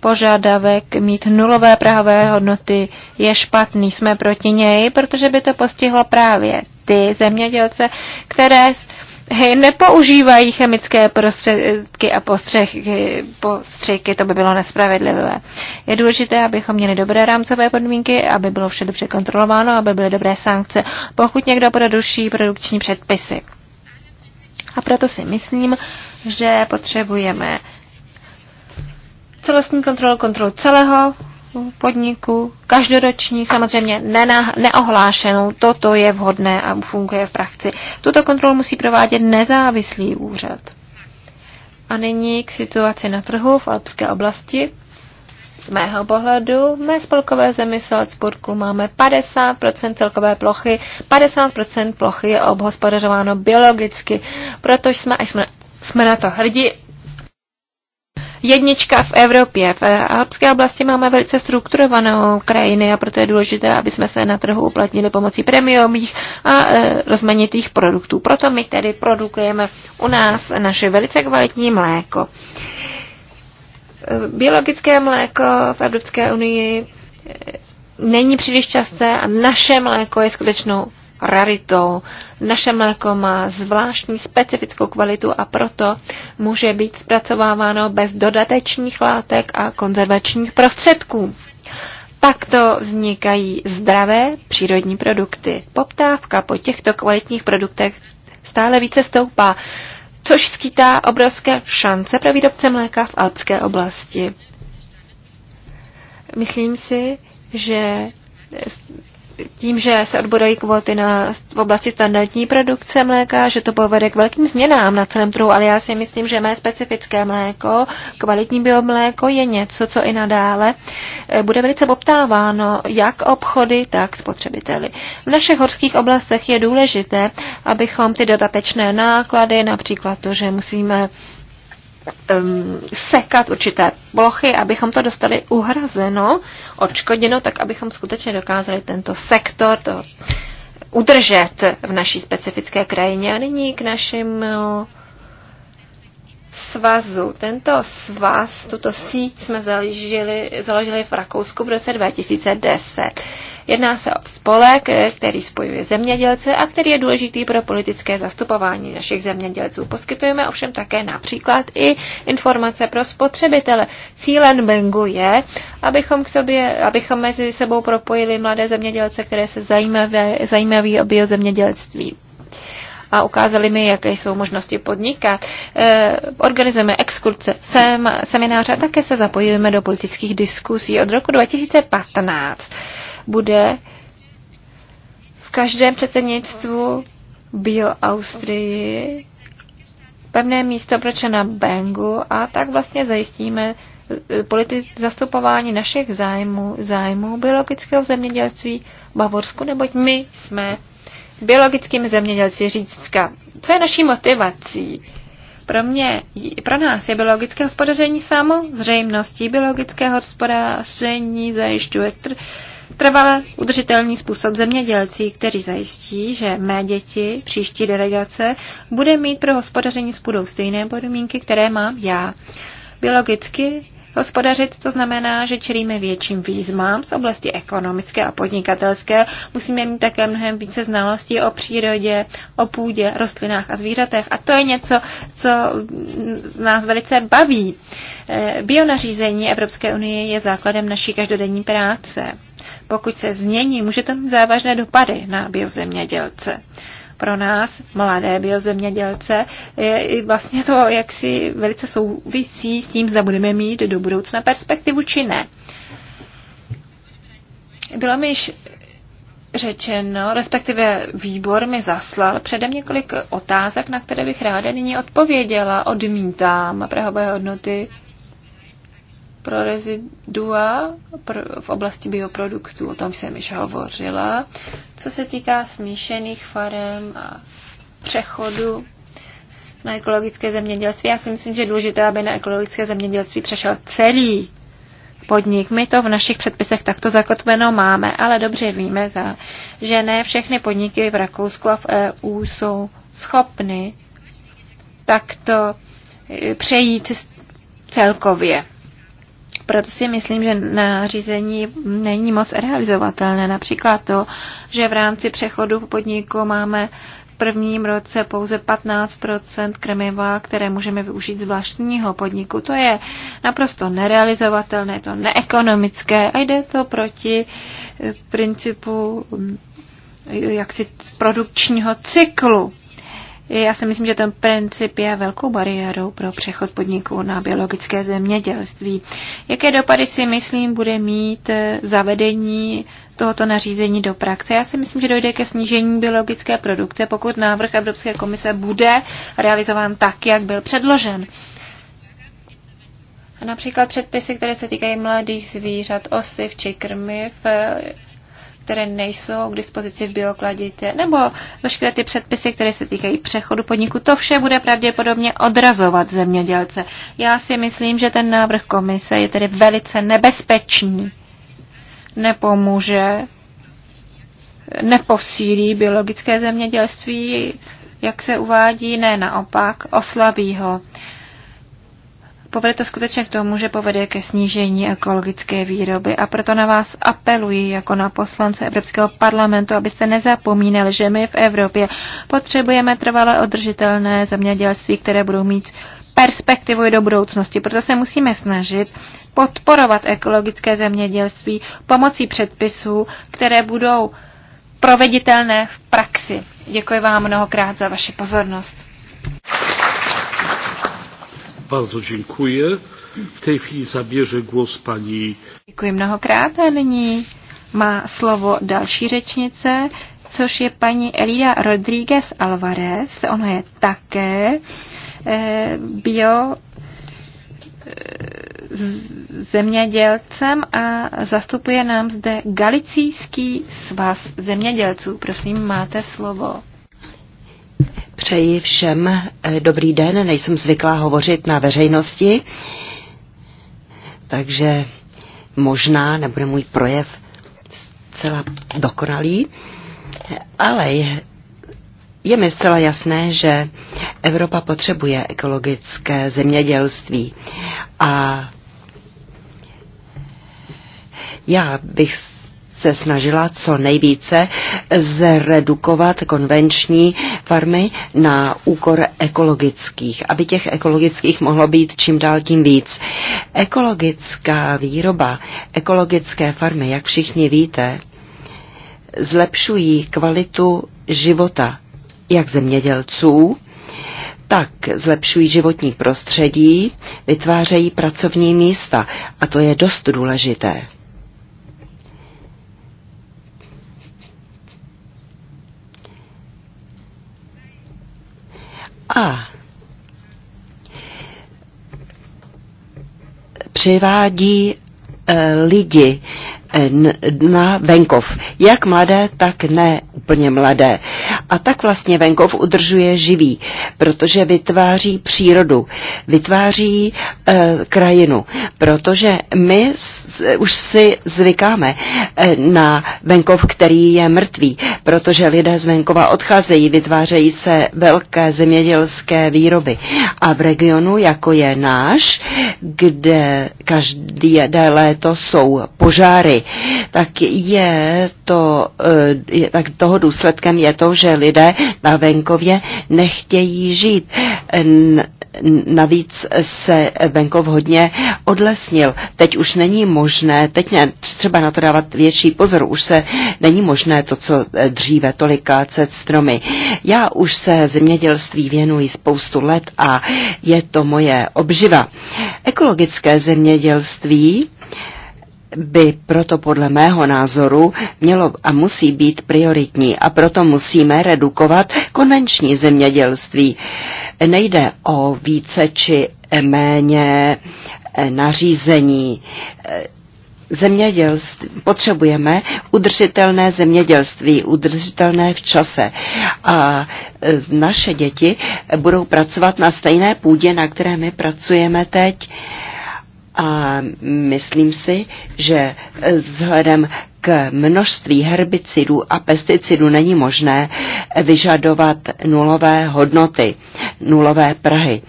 požadavek mít nulové prahové hodnoty je špatný. Jsme proti něj, protože by to postihlo právě ty zemědělce, které nepoužívají chemické prostředky a postřehy, postřiky, to by bylo nespravedlivé. Je důležité, abychom měli dobré rámcové podmínky, aby bylo vše dobře kontrolováno, aby byly dobré sankce, pokud někdo produší produkční předpisy. A proto si myslím, že potřebujeme celostní kontrolu, kontrolu celého podniku, každoroční, samozřejmě neohlášenou, toto je vhodné a funguje v praxi. Tuto kontrolu musí provádět nezávislý úřad. A nyní k situaci na trhu v alpské oblasti. Z mého pohledu v mé spolkové zemi Salzburgu máme 50% celkové plochy, 50% plochy je obhospodařováno biologicky, protože jsme, jsme, jsme na to hrdí, jednička v Evropě. V alpské oblasti máme velice strukturovanou krajiny a proto je důležité, aby jsme se na trhu uplatnili pomocí premiových a e, rozmanitých produktů. Proto my tedy produkujeme u nás naše velice kvalitní mléko. E, biologické mléko v Evropské unii e, není příliš časté a naše mléko je skutečnou raritou. Naše mléko má zvláštní specifickou kvalitu a proto může být zpracováváno bez dodatečných látek a konzervačních prostředků. Takto vznikají zdravé přírodní produkty. Poptávka po těchto kvalitních produktech stále více stoupá, což skýtá obrovské šance pro výrobce mléka v alpské oblasti. Myslím si, že tím, že se odbodají kvóty na, v oblasti standardní produkce mléka, že to povede k velkým změnám na celém trhu, ale já si myslím, že mé specifické mléko, kvalitní biomléko je něco, co i nadále eh, bude velice poptáváno jak obchody, tak spotřebiteli. V našich horských oblastech je důležité, abychom ty dodatečné náklady, například to, že musíme um, sekat určité plochy, abychom to dostali uhrazeno, odškoděno, tak abychom skutečně dokázali tento sektor, to udržet v naší specifické krajině. A nyní k našim eh, svazu. Tento svaz, tuto síť jsme založili, založili v Rakousku v roce 2010. Jedná se o spolek, který spojuje zemědělce a který je důležitý pro politické zastupování našich zemědělců. Poskytujeme ovšem také například i informace pro spotřebitele. Cílem Bengu je, abychom, k sobě, abychom mezi sebou propojili mladé zemědělce, které se zajímaví o biozemědělství a ukázali mi, jaké jsou možnosti podnikat. E, organizujeme exkurce, sem, semináře a také se zapojujeme do politických diskusí od roku 2015 bude v každém předsednictvu Bio Austrii pevné místo pro člena Bengu a tak vlastně zajistíme e, politi- zastupování našich zájmů, zájmů biologického zemědělství v Bavorsku, neboť my jsme biologickými zemědělci Řícka. Co je naší motivací? Pro mě, pro nás je biologické hospodaření samozřejmostí. Biologické hospodaření zajišťuje tr- trvale udržitelný způsob zemědělcí, který zajistí, že mé děti, příští delegace, bude mít pro hospodaření s půdou stejné podmínky, které mám já. Biologicky Hospodařit to znamená, že čelíme větším výzvám z oblasti ekonomické a podnikatelské. Musíme mít také mnohem více znalostí o přírodě, o půdě, rostlinách a zvířatech. A to je něco, co nás velice baví. Eh, bionařízení Evropské unie je základem naší každodenní práce pokud se změní, může to mít závažné dopady na biozemědělce. Pro nás, mladé biozemědělce, je vlastně to jak si velice souvisí s tím, zda budeme mít do budoucna perspektivu či ne. Bylo mi již řečeno, respektive výbor mi zaslal předem několik otázek, na které bych ráda nyní odpověděla. Odmítám prahové hodnoty pro rezidua v oblasti bioproduktů, o tom jsem již hovořila. Co se týká smíšených farem a přechodu na ekologické zemědělství, já si myslím, že je důležité, aby na ekologické zemědělství přešel celý podnik. My to v našich předpisech takto zakotveno máme, ale dobře víme, že ne všechny podniky v Rakousku a v EU jsou schopny takto eh, přejít celkově proto si myslím, že nařízení není moc realizovatelné. Například to, že v rámci přechodu podniku máme v prvním roce pouze 15 krmiva, které můžeme využít z vlastního podniku. To je naprosto nerealizovatelné, to neekonomické a jde to proti eh, principu hm, jaksi produkčního cyklu. Já si myslím, že ten princip je velkou bariérou pro přechod podniků na biologické zemědělství. Jaké dopady si myslím bude mít eh, zavedení tohoto nařízení do praxe. Já si myslím, že dojde ke snížení biologické produkce, pokud návrh Evropské komise bude realizován tak, jak byl předložen. Například předpisy, které se týkají mladých zvířat, osiv či krmiv, eh, které nejsou k dispozici v biokladitě, nebo veškeré ty předpisy, které se týkají přechodu podniku, to vše bude pravděpodobně odrazovat zemědělce. Já si myslím, že ten návrh komise je tedy velice nebezpečný. Nepomůže, neposílí biologické zemědělství, jak se uvádí, ne naopak, oslabí ho. Povede to skutečně k tomu, že povede ke snížení ekologické výroby a proto na vás apeluji jako na poslance Evropského parlamentu, abyste nezapomínali, že my v Evropě potřebujeme trvalé održitelné zemědělství, které budou mít perspektivu i do budoucnosti. Proto se musíme snažit podporovat ekologické zemědělství pomocí předpisů, které budou proveditelné v praxi. Děkuji vám mnohokrát za vaši pozornost. Bardzo dziękuję. zabierze głos Děkuji mnohokrát a nyní má slovo další řečnice, což je paní Elida Rodríguez Alvarez. Ona je také eh, bio eh, zemědělcem a zastupuje nám zde galicijský svaz zemědělců. Prosím, máte slovo. Přeji všem eh, dobrý den, nejsem zvyklá hovořit na veřejnosti, takže možná nebude můj projev zcela dokonalý, ale je, je mi zcela jasné, že Evropa potřebuje ekologické zemědělství a já bych se snažila co nejvíce zredukovat konvenční farmy na úkor ekologických, aby těch ekologických mohlo být čím dál tím víc. Ekologická výroba, ekologické farmy, jak všichni víte, zlepšují kvalitu života jak zemědělců, tak zlepšují životní prostředí, vytvářejí pracovní místa a to je dost důležité. a přivádí eh, lidi na venkov. Jak mladé, tak ne úplně mladé. A tak vlastně venkov udržuje živý, protože vytváří přírodu, vytváří e, krajinu, protože my s, už si zvykáme e, na venkov, který je mrtvý, protože lidé z venkova odcházejí, vytvářejí se velké zemědělské výroby. A v regionu, jako je náš, kde každé léto jsou požáry, tak je to, eh, tak toho důsledkem je to, že lidé na venkově nechtějí žít. Navíc se venkov hodně odlesnil. Teď už není možné, teď ne, třeba na to dávat větší pozor, už se není možné to, co eh, dříve tolik kácet stromy. Já už se zemědělství věnuji spoustu let a je to moje obživa. Ekologické zemědělství by proto podle mého názoru mělo a musí být prioritní a proto musíme redukovat konvenční zemědělství. Nejde o více či méně eh, nařízení eh, zemědělství, potřebujeme udržitelné zemědělství, udržitelné v čase. A eh, naše děti budou pracovat na stejné půdě, na které my pracujeme teď. A myslím si, že vzhledem k množství herbicidů a pesticidů není možné vyžadovat nulové hodnoty, nulové prahy.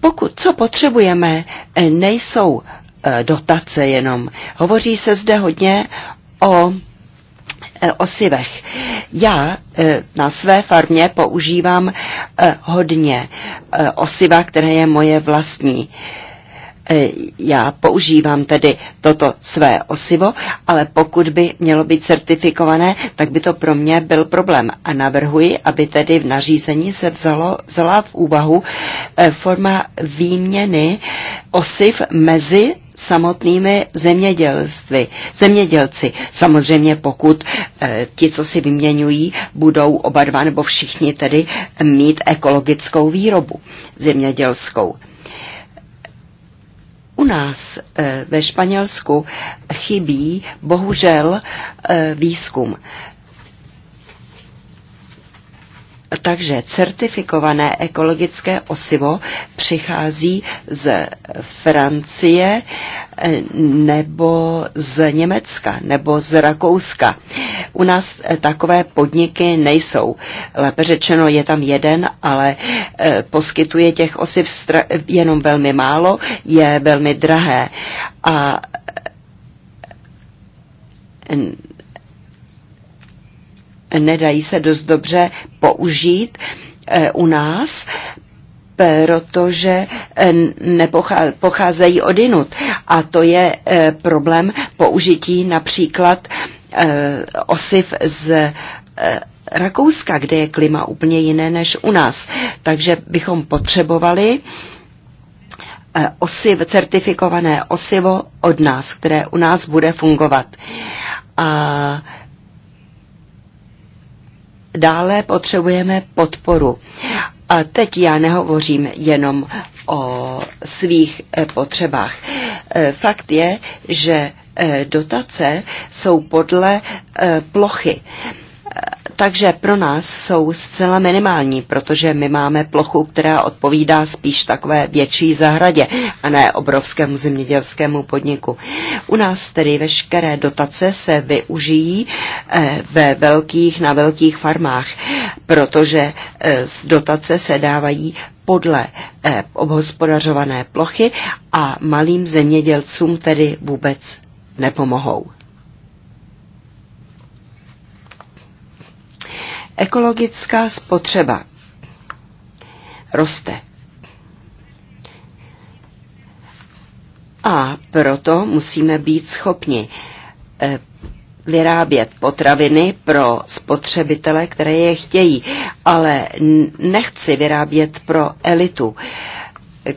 Pokud co potřebujeme, nejsou eh, dotace jenom. Hovoří se zde hodně o Eh, osivech. Já eh, na své farmě používám eh, hodně osiva, které je moje vlastní. Já používám tedy toto své osivo, ale pokud by mělo být certifikované, tak by to pro mě byl problém. A navrhuji, aby tedy v nařízení se vzalo, vzala v úvahu forma výměny osiv mezi samotnými zemědělství, zemědělci. Samozřejmě pokud e, ti, co si vyměňují, budou oba dva nebo všichni tedy mít ekologickou výrobu zemědělskou. U nás e, ve Španělsku chybí bohužel e, výzkum takže certifikované ekologické osivo přichází z Francie eh, nebo z Německa nebo z Rakouska. U nás eh, takové podniky nejsou. Lépe řečeno je tam jeden, ale eh, poskytuje těch osiv jenom velmi málo, je velmi drahé. A nedají se dost dobře použít eh, u nás, protože eh, nepocházejí od jinut. A to je eh, problém použití například osiv z Rakouska, kde je klima úplně jiné než u nás. Takže bychom potřebovali osiv, certifikované osivo od nás, které u nás bude fungovat. A Dále potřebujeme podporu. A teď já nehovořím jenom o svých eh, potřebách. Eh, fakt je, že eh, dotace jsou podle plochy takže pro nás jsou zcela minimální, protože my máme plochu, která odpovídá spíš takové větší zahradě a ne obrovskému zemědělskému podniku. U nás tedy veškeré dotace se využijí eh, ve velkých, na velkých farmách, protože eh, z dotace se dávají podle eh, obhospodařované plochy a malým zemědělcům tedy vůbec nepomohou. Ekologická spotřeba roste. A proto musíme být schopni eh, vyrábět potraviny pro spotřebitele, které je chtějí, ale nechci vyrábět pro elitu,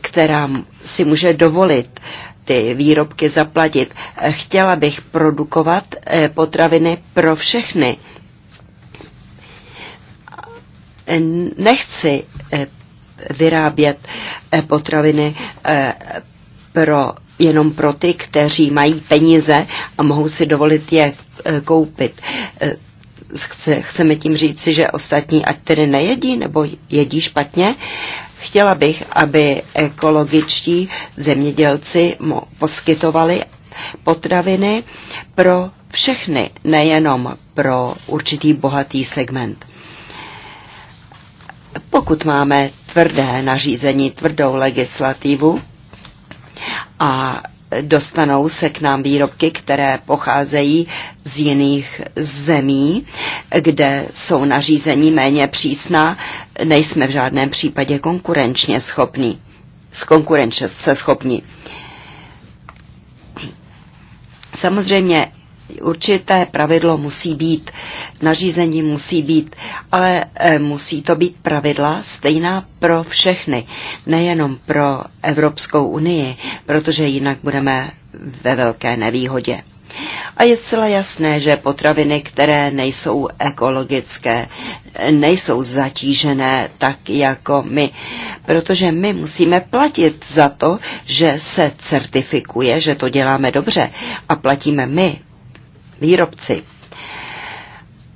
která si může dovolit ty výrobky zaplatit. Eh, chtěla bych produkovat eh, potraviny pro všechny nechci eh, vyrábět eh, potraviny eh, pro, jenom pro ty, kteří mají peníze a mohou si dovolit je koupit. Chce, chceme tím říci, že ostatní ať tedy nejedí nebo jedí špatně. Chtěla bych, aby ekologičtí zemědělci poskytovali potraviny pro všechny, nejenom pro určitý bohatý segment. Pokud máme tvrdé nařízení, tvrdou legislativu a dostanou se k nám výrobky, které pocházejí z jiných zemí, kde jsou nařízení méně přísná, nejsme v žádném případě konkurenčně schopní, z konkurenčně se schopní. Samozřejmě určité pravidlo musí být, nařízení musí být, ale eh, musí to být pravidla stejná pro všechny, nejenom pro Evropskou unii, protože jinak budeme ve velké nevýhodě. A je zcela jasné, že potraviny, které nejsou ekologické, nejsou zatížené tak jako my, protože my musíme platit za to, že se certifikuje, že to děláme dobře a platíme my, výrobci.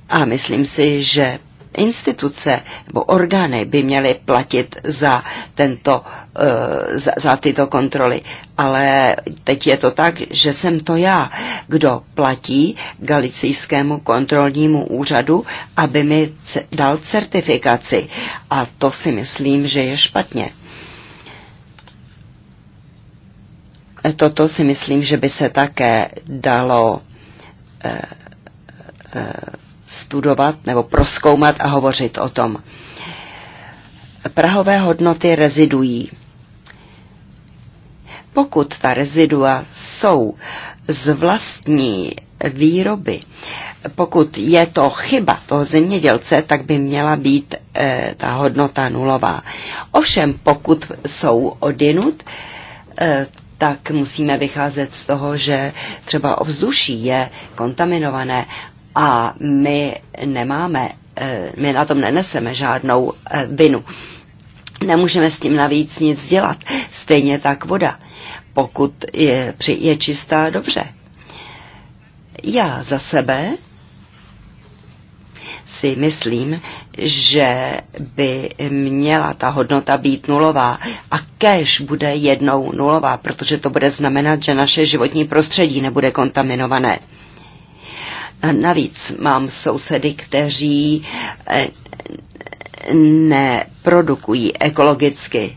A myslím si, že instituce nebo orgány by měly platit za, tento, eh, za, za tyto kontroly. Ale teď je to tak, že jsem to já, kdo platí galicijskému kontrolnímu úřadu, aby mi dal certifikaci. A to si myslím, že je špatně. Toto si myslím, že by se také dalo Eh, eh, studovat nebo proskoumat a hovořit o tom. Prahové hodnoty rezidují. Pokud ta rezidua jsou z vlastní výroby, pokud je to chyba toho zemědělce, tak by měla být e, ta hodnota nulová. Ovšem, pokud jsou odinut, e, tak musíme vycházet z toho, že třeba ovzduší je kontaminované a my nemáme, eh, my na tom neneseme žádnou eh, vinu. Nemůžeme s tím navíc nic dělat. Stejně tak voda. Pokud je, je čistá, dobře. Já za sebe si myslím, že by měla ta hodnota být nulová a kež bude jednou nulová, protože to bude znamenat, že naše životní prostředí nebude kontaminované. Navíc mám sousedy, kteří eh, neprodukují ekologicky.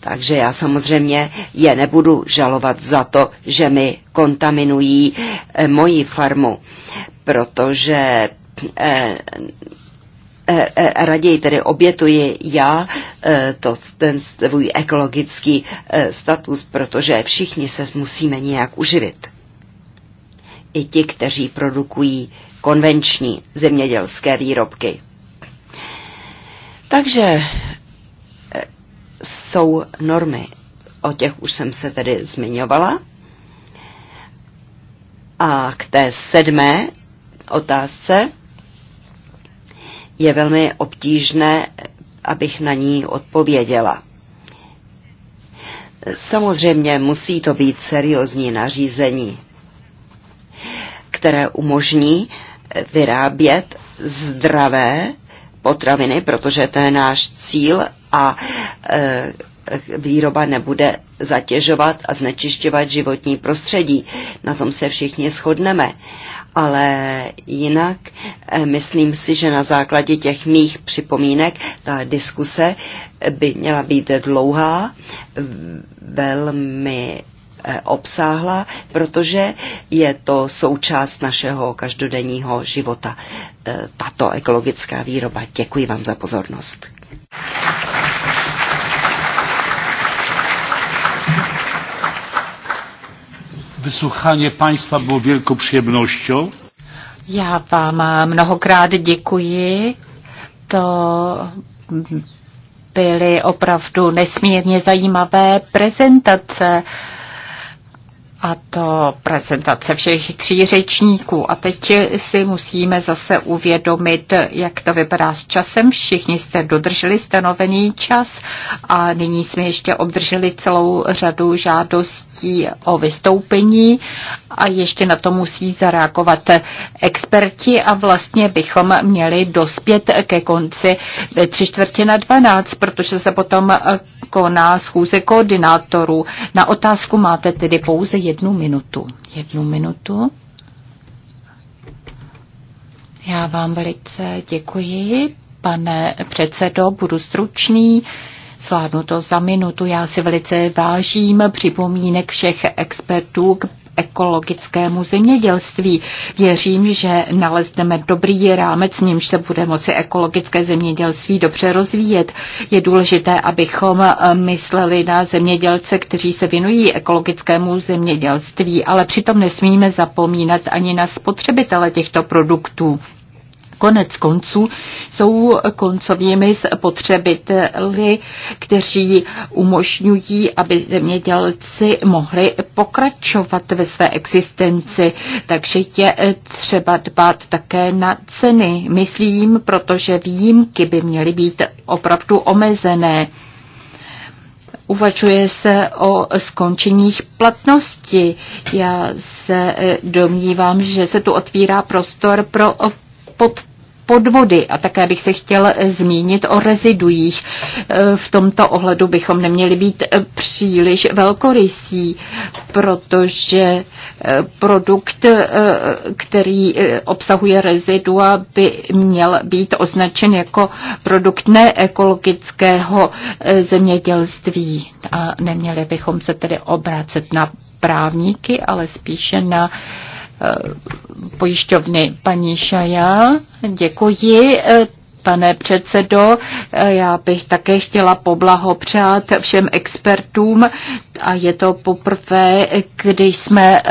Takže já samozřejmě je nebudu žalovat za to, že mi kontaminují eh, moji farmu, protože Eh, eh, eh, raději tedy obětuji já to, ten svůj ekologický status, protože všichni se musíme nějak uživit. I ti, kteří produkují konvenční zemědělské výrobky. Takže jsou normy, o těch už jsem se tedy zmiňovala. A k té sedmé otázce je velmi obtížné, abych na ní odpověděla. Samozřejmě musí to být seriózní nařízení, které umožní vyrábět zdravé potraviny, protože to je náš cíl a e, výroba nebude zatěžovat a znečišťovat životní prostředí. Na tom se všichni shodneme ale jinak eh, myslím si, že na základě těch mých připomínek ta diskuse by měla být dlouhá, velmi eh, obsáhla, protože je to součást našeho každodenního života, eh, tato ekologická výroba. Děkuji vám za pozornost. Wysłuchanie Państwa było wielką przyjemnością. Já vám eh, mnohokrát děkuji. To byly opravdu nesmírně zajímavé prezentace a to prezentace všech tří řečníků. A teď si musíme zase uvědomit, jak to vypadá s časem. Všichni jste dodrželi stanovený čas a nyní jsme ještě obdrželi celou řadu žádostí o vystoupení a ještě na to musí zareagovat experti a vlastně bychom měli dospět ke konci ve tři čtvrtě na dvanáct, protože se potom koná schůze koordinátorů. Na otázku máte tedy pouze jednu jednu minutu. Jednu minutu. Já vám velice děkuji, pane předsedo, budu stručný. Zvládnu to za minutu. Já si velice vážím připomínek všech expertů k ekologickému zemědělství. Věřím, že nalezneme dobrý rámec, s nímž se bude moci ekologické zemědělství dobře rozvíjet. Je důležité, abychom eh, mysleli na zemědělce, kteří se věnují ekologickému zemědělství, ale přitom nesmíme zapomínat ani na spotřebitele těchto produktů. Konec konců jsou koncovými spotřebiteli, kteří umožňují, aby zemědělci mohli pokračovat ve své existenci. Takže je třeba dbát také na ceny, myslím, protože výjimky by měly být opravdu omezené. Uvažuje se o skončeních platnosti. Já se domnívám, že se tu otvírá prostor pro pod podvody a také bych se chtěl zmínit o reziduích. E, v tomto ohledu bychom neměli být e, příliš velkorysí, protože e, produkt, který obsahuje rezidua, by měl být označen jako produkt neekologického zemědělství. A neměli bychom se tedy obrácet na právníky, ale spíše na uh, Eh, pojišťovny. Paní Šaja, děkuji. Eh, pane předsedo, eh, já bych také chtěla poblahopřát všem expertům a je to poprvé, když jsme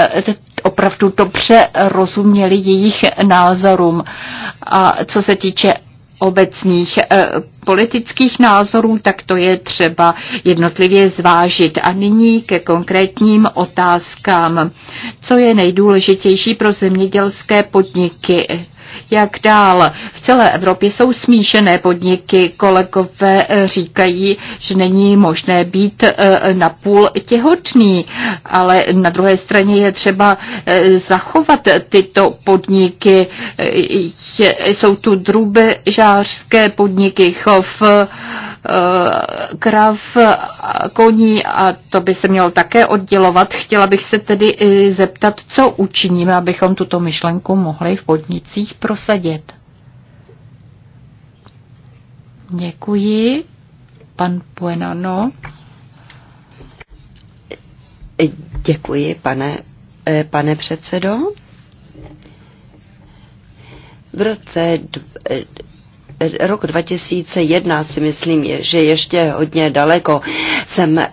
opravdu dobře rozuměli jejich názorům. A co se týče obecných politických názorů, tak to je třeba jednotlivě zvážit. A nyní ke konkrétním otázkám co je nejdůležitější pro zemědělské podniky jak dál. V celé Evropě jsou smíšené podniky. Kolegové eh, říkají, že není možné být eh, napůl těhotný, ale na druhé straně je třeba eh, zachovat tyto podniky. Jsou tu drůbežářské podniky, chov, Eh, krav koní a to by se mělo také oddělovat. Chtěla bych se tedy i zeptat, co učiníme, abychom tuto myšlenku mohli v podnicích prosadit. Děkuji. Pan Puenano. Děkuji, pane, eh, pane předsedo. V roce eh, Rok 2001 si myslím, že ještě hodně daleko jsem eh,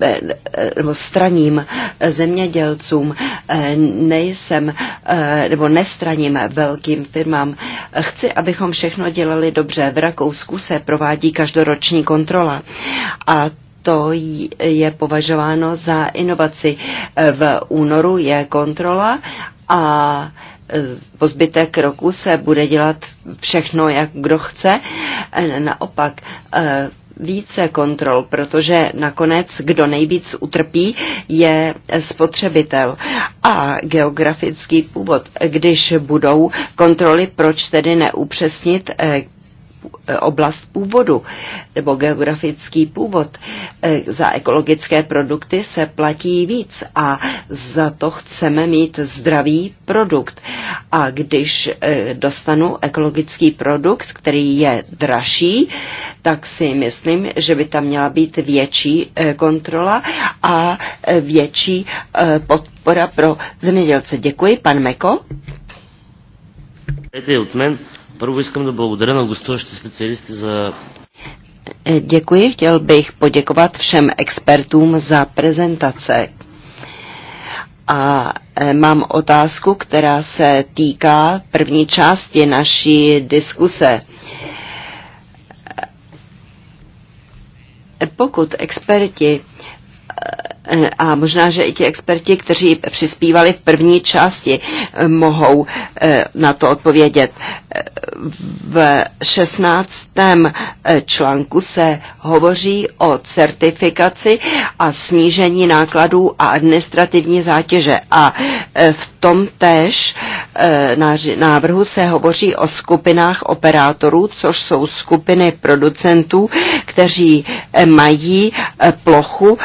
eh, nebo straním eh, zemědělcům, nejsem nebo nestraním velkým firmám. Chci, abychom všechno dělali dobře. V Rakousku se provádí každoroční kontrola a to je považováno za inovaci. V únoru je kontrola a po zbytek roku se bude dělat všechno, jak kdo chce. Naopak eh, více kontrol, protože nakonec kdo nejvíc utrpí, je spotřebitel. A geografický původ, když budou kontroly, proč tedy neupřesnit eh, Eh, oblast původu nebo geografický původ. Eh, za ekologické produkty se platí víc a za to chceme mít zdravý produkt. A když eh, dostanu ekologický produkt, který je dražší, tak si myslím, že by tam měla být větší kontrola a větší podpora pro zemědělce. Děkuji, pan Meko. Děkuji, Първо искам да благодаря на гостуващите специалисти за... Děkuji, chtěl bych poděkovat všem expertům za prezentace. A e, mám otázku, která se týká první části naší diskuse. E, pokud experti e, a možná, že i ti experti, kteří přispívali v první části, mohou eh, na to odpovědět. V 16. Eh, článku se hovoří o certifikaci a snížení nákladů a administrativní zátěže. A eh, v tom též návrhu se hovoří o skupinách operátorů, což jsou skupiny producentů, kteří mají plochu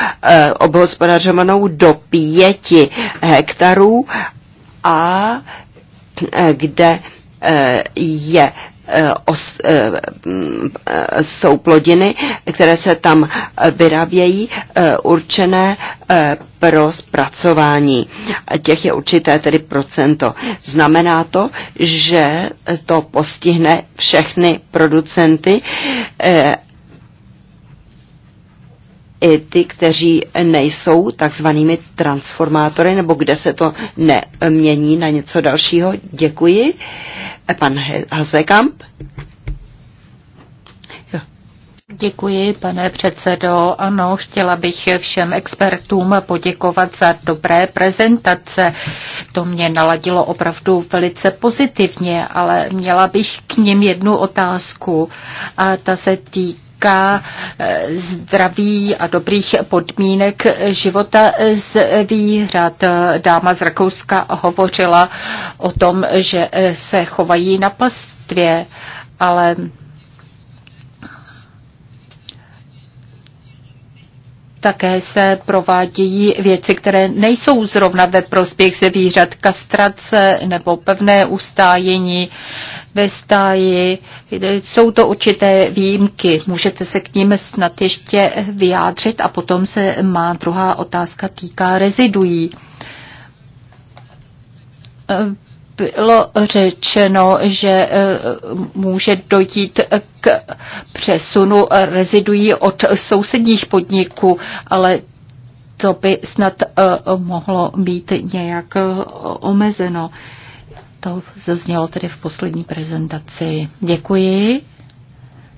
obhospodářství obhospodařovanou do pěti hektarů a e, kde e, je e, os, jsou plodiny, které se tam vyrábějí, určené pro zpracování. Těch je určité tedy procento. Znamená to, že to postihne všechny producenty i ty, kteří nejsou takzvanými transformátory, nebo kde se to nemění na něco dalšího. Děkuji. Pan Hazekamp. Děkuji, pane předsedo. Ano, chtěla bych všem expertům poděkovat za dobré prezentace. To mě naladilo opravdu velice pozitivně, ale měla bych k ním jednu otázku. A ta se týká týká eh, zdraví a dobrých podmínek života zvířat. Dáma z Rakouska hovořila o tom, že se chovají na pastvě, ale Také se provádějí věci, které nejsou zrovna ve prospěch zvířat, kastrace nebo pevné ustájení ve stáji. Jsou to určité výjimky. Můžete se k ním snad ještě vyjádřit a potom se má druhá otázka týká rezidují bylo řečeno, že e, může dojít k přesunu e, rezidují od sousedních podniků, ale to by snad e, mohlo být nějak omezeno. To zaznělo tedy v poslední prezentaci. Děkuji.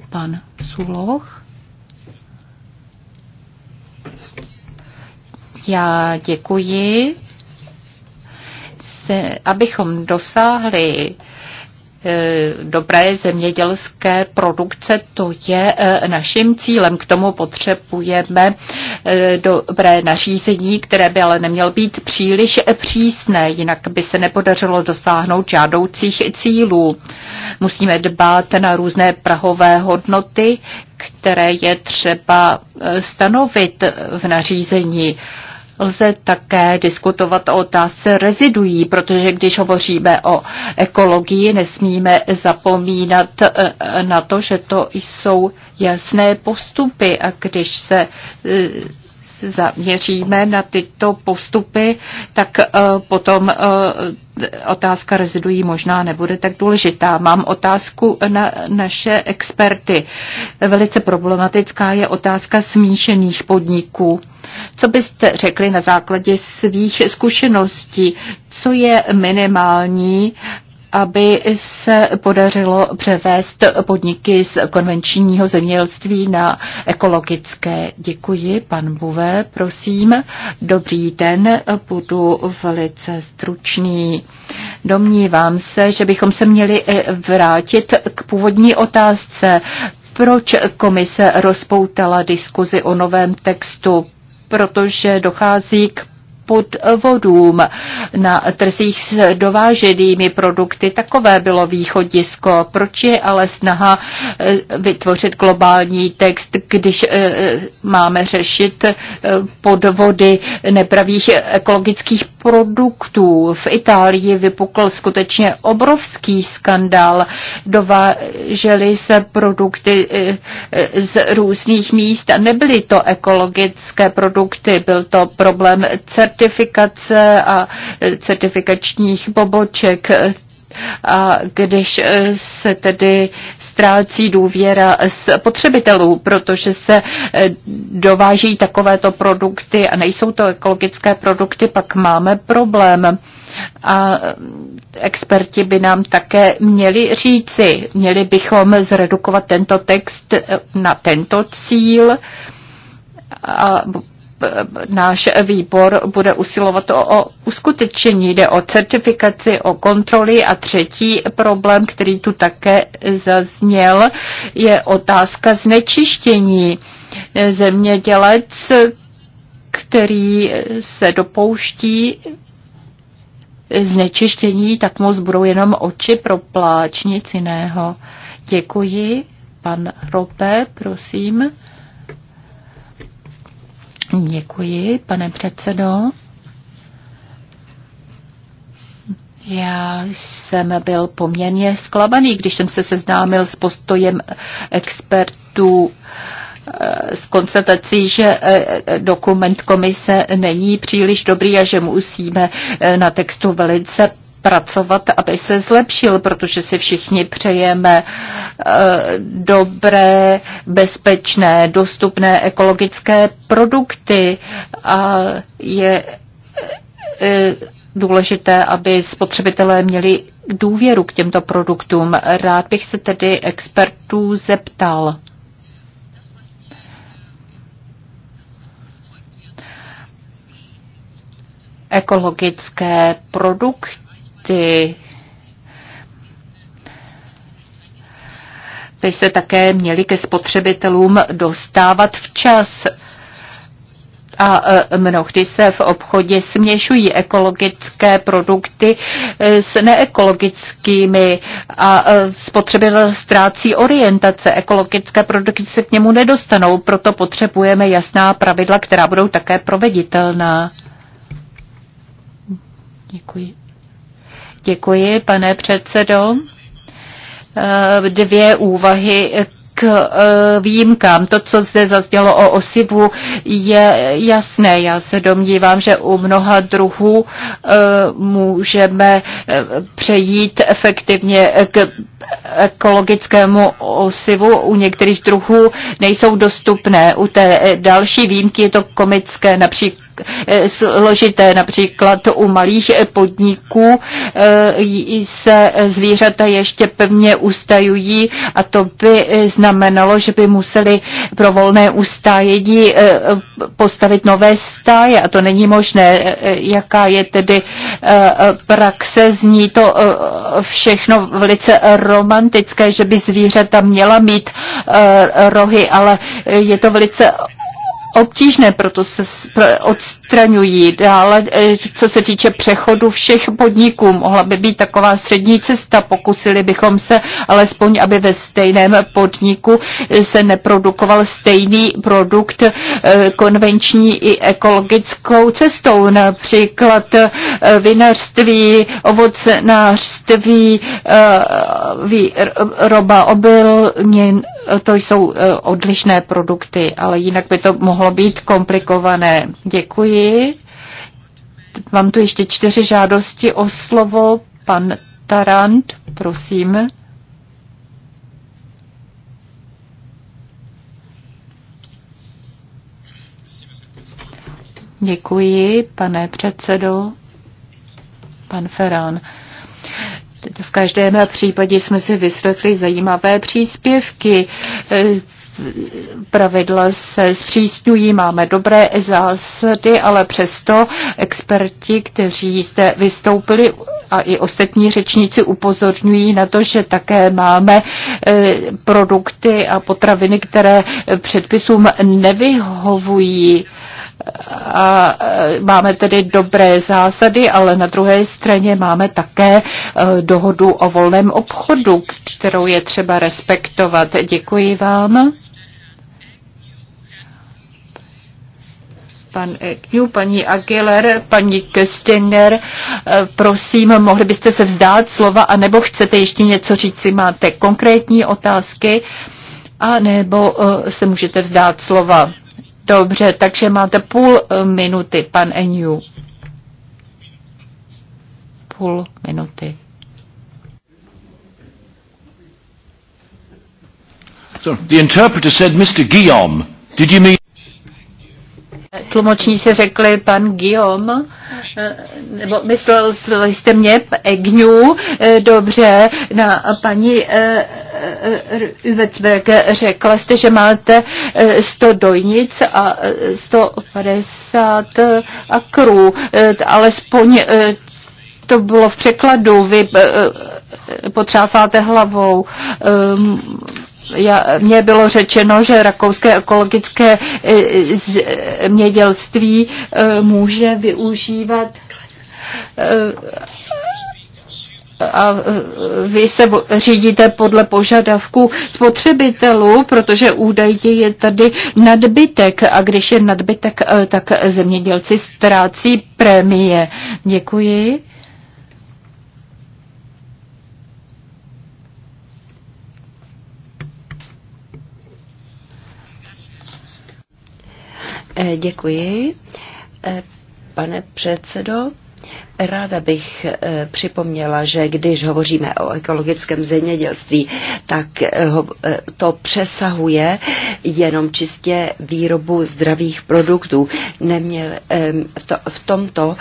Pan Suloch. Já děkuji se, abychom dosáhli e, dobré zemědělské produkce, to je e, naším cílem. K tomu potřebujeme e, dobré nařízení, které by ale nemělo být příliš přísné, jinak by se nepodařilo dosáhnout žádoucích cílů. Musíme dbát na různé prahové hodnoty, které je třeba stanovit v nařízení Lze také diskutovat o otázce rezidují, protože když hovoříme o ekologii, nesmíme zapomínat eh, eh, na to, že to jsou jasné postupy a když se eh, zaměříme na tyto postupy, tak potom otázka rezidují možná nebude tak důležitá. Mám otázku na naše experty. Velice problematická je otázka smíšených podniků. Co byste řekli na základě svých zkušeností? Co je minimální, aby se podařilo převést podniky z konvenčního zemědělství na ekologické. Děkuji, pan Buve, prosím. Dobrý den, budu velice stručný. Domnívám se, že bychom se měli eh, vrátit k původní otázce proč komise rozpoutala diskuzi o novém textu, protože dochází k podvodům na trzích s dováženými produkty. Takové bylo východisko. Proč je ale snaha eh, vytvořit globální text, když eh, máme řešit eh, podvody nepravých ekologických produktů. V Itálii vypukl skutečně obrovský skandál. Dováželi se produkty z různých míst a nebyly to ekologické produkty, byl to problém CERT certifikace a e, certifikačních poboček. E, a když e, se tedy ztrácí důvěra potřebitelů, protože se dováží takovéto produkty a nejsou to ekologické produkty, pak máme problém. A experti by nám také měli říci, měli bychom zredukovat tento text na tento cíl a náš výbor bude usilovat o, o uskutečení. Jde o certifikaci, o kontroly a třetí problém, který tu také zazněl, je otázka znečištění. Zemědělec, který se dopouští znečištění, tak mu zbudou jenom oči pro pláč, nic jiného. Děkuji. Pan Rope, prosím. Děkuji, pane předsedo. Já jsem byl poměrně sklabaný, když jsem se seznámil s postojem expertů eh, s konstatací, že eh, dokument komise není příliš dobrý a že musíme eh, na textu velice pracovat, aby se zlepšil, protože si všichni přejeme eh, dobré, bezpečné, dostupné ekologické produkty a je eh, důležité, aby spotřebitelé měli důvěru k těmto produktům. Rád bych se tedy expertů zeptal. Ekologické produkty ty by se také měly ke spotřebitelům dostávat včas. A e, mnohdy se v obchodě směšují ekologické produkty e, s neekologickými a e, spotřebitel ztrácí orientace. Ekologické produkty se k němu nedostanou, proto potřebujeme jasná pravidla, která budou také proveditelná. Děkuji. Děkuji, pane předsedo. Eh, dvě úvahy k eh, výjimkám. To, co zde zaznělo o osivu, je jasné. Já se domnívám, že u mnoha druhů eh, můžeme přejít efektivně k ekologickému osivu. U některých druhů nejsou dostupné. U té další výjimky je to komické, například složité. Například u malých podniků eh, se zvířata ještě pevně ustajují a to by znamenalo, že by museli pro volné ustájení eh, postavit nové stáje a to není možné. Eh, jaká je tedy praxe? Zní to všechno velice romantické, že by zvířata měla mít rohy, ale je to velice obtížné, proto se odstraňují. Dále, eh, co se týče přechodu všech podniků, mohla by být taková střední cesta. Pokusili bychom se alespoň, aby ve stejném podniku eh, se neprodukoval stejný produkt eh, konvenční i ekologickou cestou, například vinařství, ovocnářství, výroba obilnin, to jsou eh, odlišné produkty, ale jinak by to mohlo být komplikované. Děkuji. Mám tu ještě čtyři žádosti o slovo. Pan Tarant, prosím. Děkuji, pane předsedo. Pan Ferán. V každém případě jsme si vyslechli zajímavé příspěvky e, pravidla se zpřísňují, máme dobré zásady, ale přesto experti, kteří zde vystoupili a i ostatní řečníci upozorňují na to, že také máme e, produkty a potraviny, které předpisům nevyhovují a e, máme tedy dobré zásady, ale na druhé straně máme také e, dohodu o volném obchodu, kterou je třeba respektovat. Děkuji vám. pan e, Kňu, paní Aguiler, paní Köstinger, prosím, mohli byste se vzdát slova, anebo chcete ještě něco říct, si máte konkrétní otázky, anebo se můžete vzdát slova. Dobře, takže máte půl eh, minuty, pan Enju. Půl minuty. So, the interpreter said, Mr. Guillaume, did you mean... Tlumočníci řekli pan Guillaume, eh, nebo myslel jste mě, Egnu, eh, dobře, na paní eh, Uvecberg řekla jste, že máte 100 dojnic a 150 akrů, alespoň to bylo v překladu, vy potřásáte hlavou já, mně bylo řečeno, že rakouské ekologické e, e, mědělství e, může využívat a vy se řídíte podle požadavku spotřebitelů, protože údajně je tady nadbytek a když je nadbytek, tak zemědělci ztrácí prémie. Děkuji. Eh, děkuji. Eh, pane předsedo, Ráda bych eh, připomněla, že když hovoříme o ekologickém zemědělství, tak to přesahuje jenom čistě výrobu zdravých produktů. Neměl, v tomto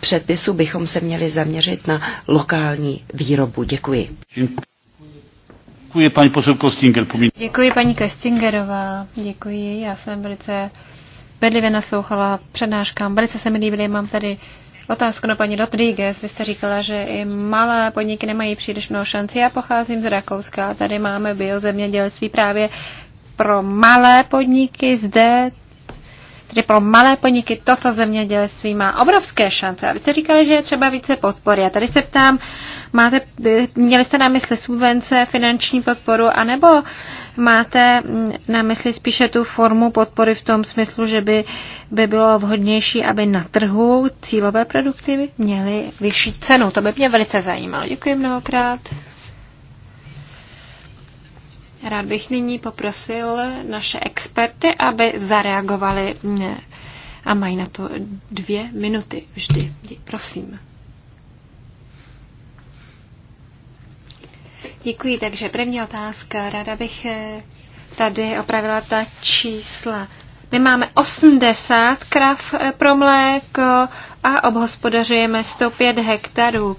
předpisu bychom se měli zaměřit na lokální výrobu. Děkuji. Děkuji paní Kostinger. Děkuji paní Kostingerová. Děkuji. Já jsem velice bedlivě naslouchala přednáškám, velice se mi líbily, mám tady Otázku na paní Rodríguez. Vy jste říkala, že i malé podniky nemají příliš mnoho šanci. Já pocházím z Rakouska. Tady máme biozemědělství právě pro malé podniky. Zde, tedy pro malé podniky, toto zemědělství má obrovské šance. A vy jste říkali, že je třeba více podpory. A tady se ptám, máte, měli jste na mysli subvence, finanční podporu, anebo uh, Máte na mysli spíše tu formu podpory v tom smyslu, že by, by bylo vhodnější, aby na trhu cílové produkty měly vyšší cenu. To by mě velice zajímalo. Děkuji mnohokrát. Rád bych nyní poprosil naše experty, aby zareagovali mm, a mají na to dvě minuty vždy. Prosím. Děkuji, takže první otázka. Ráda bych eh, tady opravila ta čísla. My máme 80 krav eh, pro mléko a obhospodařujeme 105 hektarů.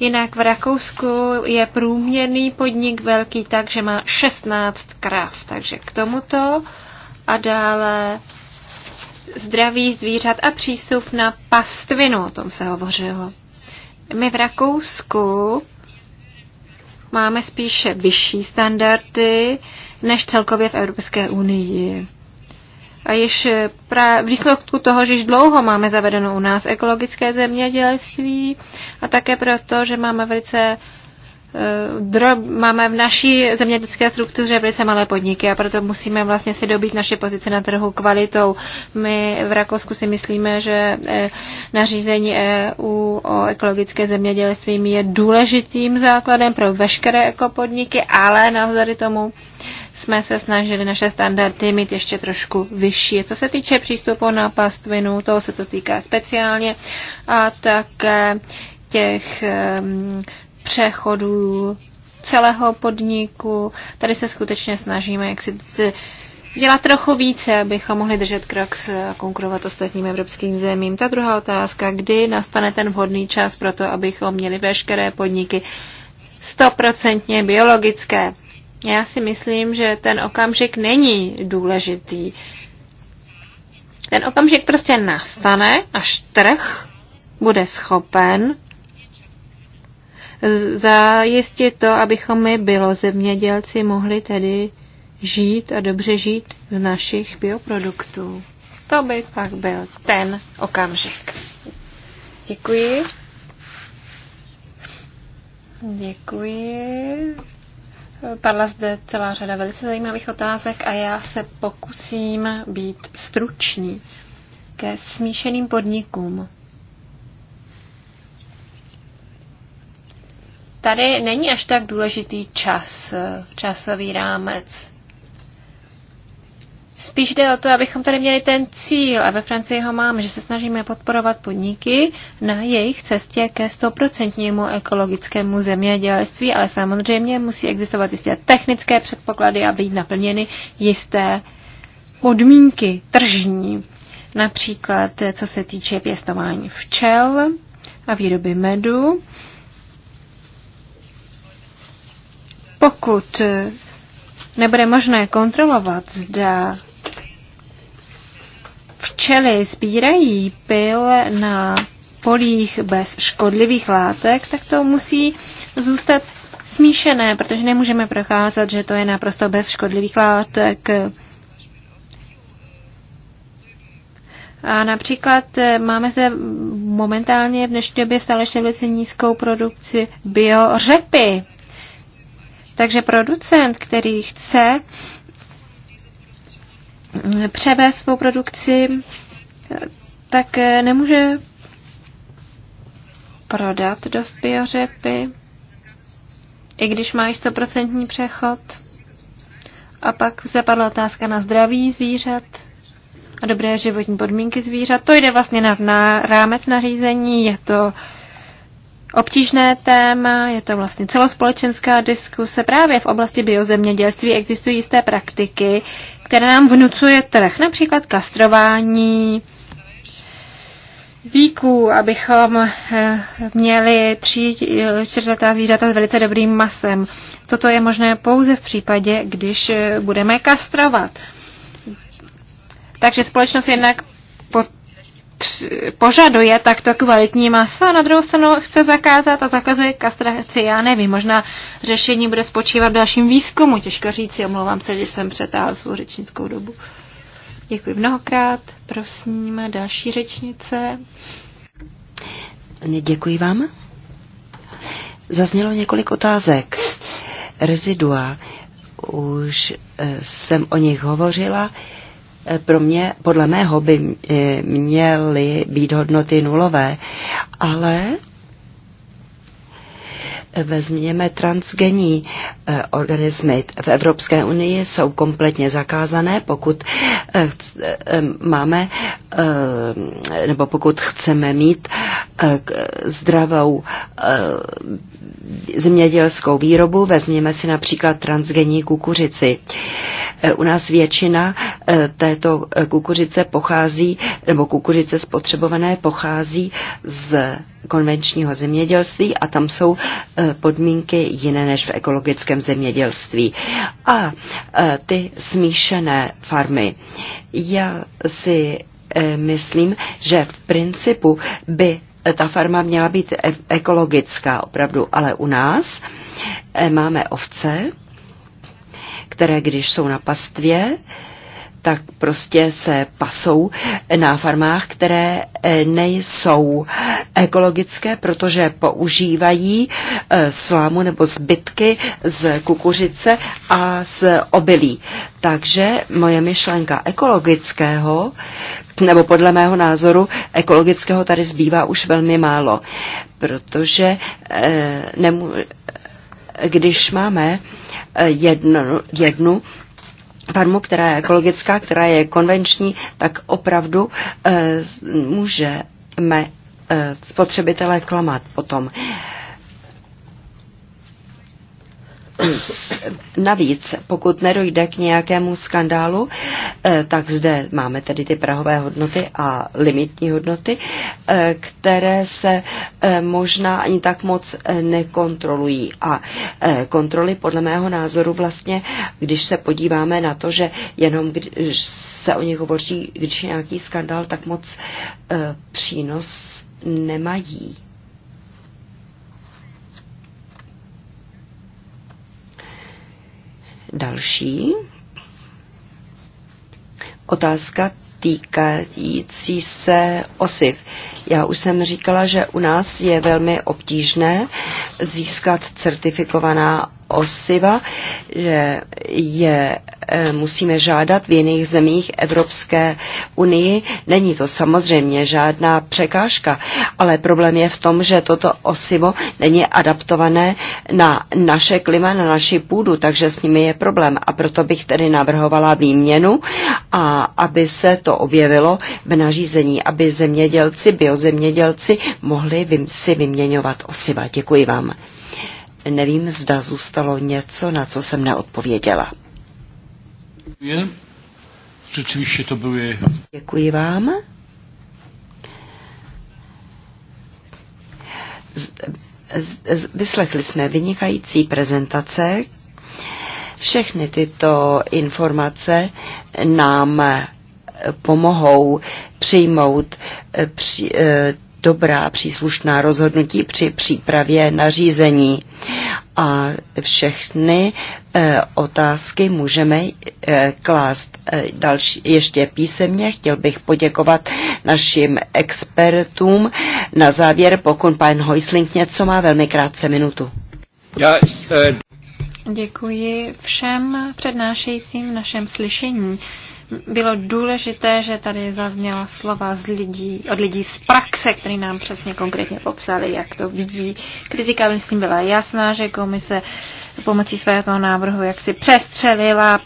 Jinak v Rakousku je průměrný podnik velký tak, že má 16 krav. Takže k tomuto a dále zdraví zvířat a přístup na pastvinu, o tom se hovořilo. My v Rakousku máme spíše vyšší standardy než celkově v Evropské unii. A již v výsledku toho, že již dlouho máme zavedeno u nás ekologické zemědělství a také proto, že máme velice Eh, drob, máme v naší zemědělské struktuře velice malé podniky a proto musíme vlastně si dobít naše pozice na trhu kvalitou. My v Rakousku si myslíme, že eh, nařízení EU o ekologické zemědělství je důležitým základem pro veškeré ekopodniky, ale navzory tomu jsme se snažili naše standardy mít ještě trošku vyšší. Co se týče přístupu na pastvinu, toho se to týká speciálně a také eh, těch um, přechodů celého podniku. Tady se skutečně snažíme, jak si dělat trochu více, abychom mohli držet krok s konkurovat ostatním evropským zemím. Ta druhá otázka, kdy nastane ten vhodný čas pro to, abychom měli veškeré podniky stoprocentně biologické. Já si myslím, že ten okamžik není důležitý. Ten okamžik prostě nastane, až trh bude schopen zajistit to, abychom my bylo zemědělci mohli tedy žít a dobře žít z našich bioproduktů. To by pak byl ten okamžik. Děkuji. Děkuji. Padla zde celá řada velice zajímavých otázek a já se pokusím být stručný ke smíšeným podnikům. Tady není až tak důležitý čas, časový rámec. Spíš jde o to, abychom tady měli ten cíl, a ve Francii ho máme, že se snažíme podporovat podniky na jejich cestě ke stoprocentnímu ekologickému zemědělství, ale samozřejmě musí existovat jisté technické předpoklady a být naplněny jisté podmínky tržní. Například co se týče pěstování včel a výroby medu. Pokud eh, nebude možné kontrolovat, zda včely sbírají pil na polích bez škodlivých látek, tak to musí zůstat smíšené, protože nemůžeme procházet, že to je naprosto bez škodlivých látek. A například eh, máme se momentálně v dnešní době stále ještě velice nízkou produkci biořepy. Takže producent, který chce převést svou produkci, tak nemůže prodat dost biořepy, i když má již 100% přechod. A pak se padla otázka na zdraví zvířat a dobré životní podmínky zvířat. To jde vlastně na, na rámec nařízení, je to obtížné téma, je to vlastně celospolečenská diskuse. Právě v oblasti biozemědělství existují jisté praktiky, které nám vnucuje trh, například kastrování víků, abychom eh, měli tři eh, čtyřletá zvířata s velice dobrým masem. Toto je možné pouze v případě, když eh, budeme kastrovat. Takže společnost jednak požaduje takto kvalitní maso a na druhou stranu chce zakázat a zakazuje kastraci. Já nevím, možná řešení bude spočívat v dalším výzkumu, těžko říct, omlouvám se, že jsem přetáhl svou řečnickou dobu. Děkuji mnohokrát, prosím, další řečnice. Děkuji vám. Zaznělo několik otázek. Rezidua, už eh, jsem o nich hovořila pro mě, podle mého by eh, měly být hodnoty nulové, ale Vezměme transgenní eh, organismy. V Evropské unii jsou kompletně zakázané, pokud eh, máme nebo pokud chceme mít zdravou zemědělskou výrobu, vezměme si například transgenní kukuřici. E, u nás většina e, této e, kukuřice pochází, nebo kukuřice spotřebované pochází z konvenčního zemědělství a tam jsou podmínky jiné než v ekologickém zemědělství. A ty smíšené farmy. Já si myslím, že v principu by ta farma měla být e, ekologická opravdu, ale u nás e, máme ovce, které když jsou na pastvě, tak prostě se pasou na farmách, které eh, nejsou ekologické, protože používají eh, slámu nebo zbytky z kukuřice a z obilí. Takže moje myšlenka ekologického, nebo podle mého názoru ekologického tady zbývá už velmi málo, protože eh, nemů- když máme jednu, jednu farmu, která je ekologická, která je konvenční, tak opravdu e, můžeme e, spotřebitele klamat potom. E, Navíc, pokud nedojde k nějakému skandálu, eh, tak zde máme tedy ty prahové hodnoty a limitní hodnoty, eh, které se eh, možná ani tak moc nekontrolují. A kontroly podle mého názoru vlastně, když se podíváme na to, že jenom když se o nich hovoří, když je nějaký skandál, tak moc přínos nemají. Další otázka týkající se osiv. Já už jsem říkala, že u nás je velmi obtížné získat certifikovaná osiva, že je e, musíme žádat v jiných zemích Evropské unii. Není to samozřejmě žádná překážka, ale problém je v tom, že toto osivo není adaptované na naše klima, na naši půdu, takže s nimi je problém. A proto bych tedy navrhovala výměnu, a aby se to objevilo v nařízení, aby zemědělci, biozemědělci mohli si vyměňovat osiva. Děkuji vám. Nevím, zda zůstalo něco, na co jsem neodpověděla. Děkuji. to bylo. Děkuji vám. Z, z, z, vyslechli jsme vynikající prezentace. Všechny tyto informace nám eh, pomohou přijmout eh, při, eh, dobrá příslušná rozhodnutí při přípravě nařízení. A všechny e, otázky můžeme e, klást e, další, ještě písemně. Chtěl bych poděkovat našim expertům. Na závěr, pokud pan Hojsling něco má, velmi krátce minutu. Já, e... Děkuji všem přednášejícím v našem slyšení bylo důležité, že tady zazněla slova z lidí, od lidí z praxe, který nám přesně konkrétně popsali, jak to vidí. Kritika by s tím byla jasná, že komise pomocí svého návrhu jak si přestřelila,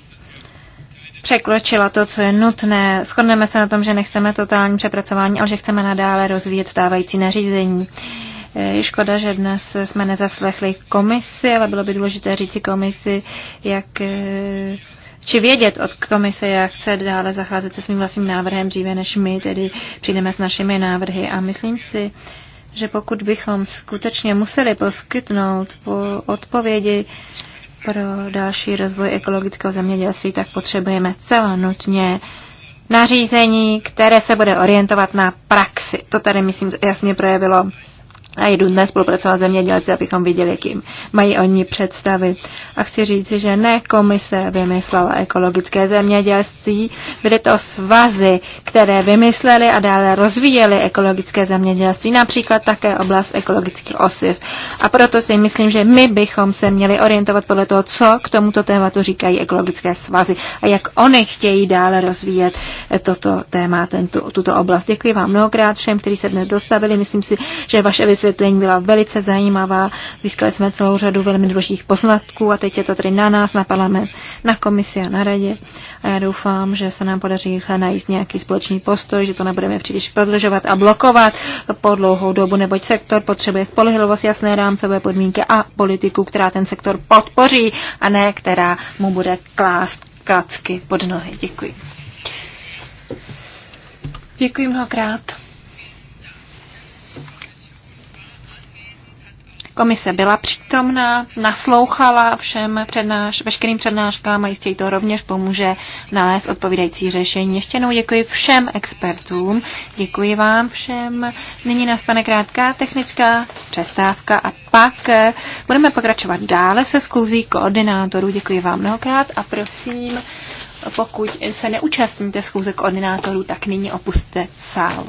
překročila to, co je nutné. Shodneme se na tom, že nechceme totální přepracování, ale že chceme nadále rozvíjet stávající nařízení. E, je škoda, že dnes jsme nezaslechli komisi, ale bylo by důležité říci komisi, jak e, či vědět od komise, jak chce dále zacházet se svým vlastním návrhem dříve, než my tedy přijdeme s našimi návrhy. A myslím si, že pokud bychom skutečně museli poskytnout po odpovědi pro další rozvoj ekologického zemědělství, tak potřebujeme nutně nařízení, které se bude orientovat na praxi. To tady, myslím, jasně projevilo a je nutné spolupracovat zemědělci, abychom viděli, jaký mají oni představy. A chci říci, že ne komise vymyslela ekologické zemědělství, byly to svazy, které vymysleli a dále rozvíjeli ekologické zemědělství, například také oblast ekologických osiv. A proto si myslím, že my bychom se měli orientovat podle toho, co k tomuto tématu říkají ekologické svazy a jak oni chtějí dále rozvíjet toto téma, tento, tuto oblast. Děkuji vám mnohokrát všem, kteří se dnes dostavili. Myslím si, že vaše vysvětlení byla velice zajímavá. Získali jsme celou řadu velmi důležitých poznatků a teď je to tedy na nás, na parlament, na komisi a na radě. A já doufám, že se nám podaří rychle najít nějaký společný postoj, že to nebudeme příliš prodlužovat a blokovat po dlouhou dobu, neboť sektor potřebuje spolehlivost, jasné rámcové podmínky a politiku, která ten sektor podpoří a ne která mu bude klást klacky pod nohy. Děkuji. Děkuji mnohokrát. Komise byla přítomná, naslouchala všem přednáš, veškerým přednáškám a jistě jí to rovněž pomůže nalézt odpovídající řešení. Ještě jednou děkuji všem expertům, děkuji vám všem. Nyní nastane krátká technická přestávka a pak eh, budeme pokračovat dále se zkouzí koordinátorů. Děkuji vám mnohokrát a prosím, pokud se neúčastníte schůze koordinátorů, tak nyní opuste sál.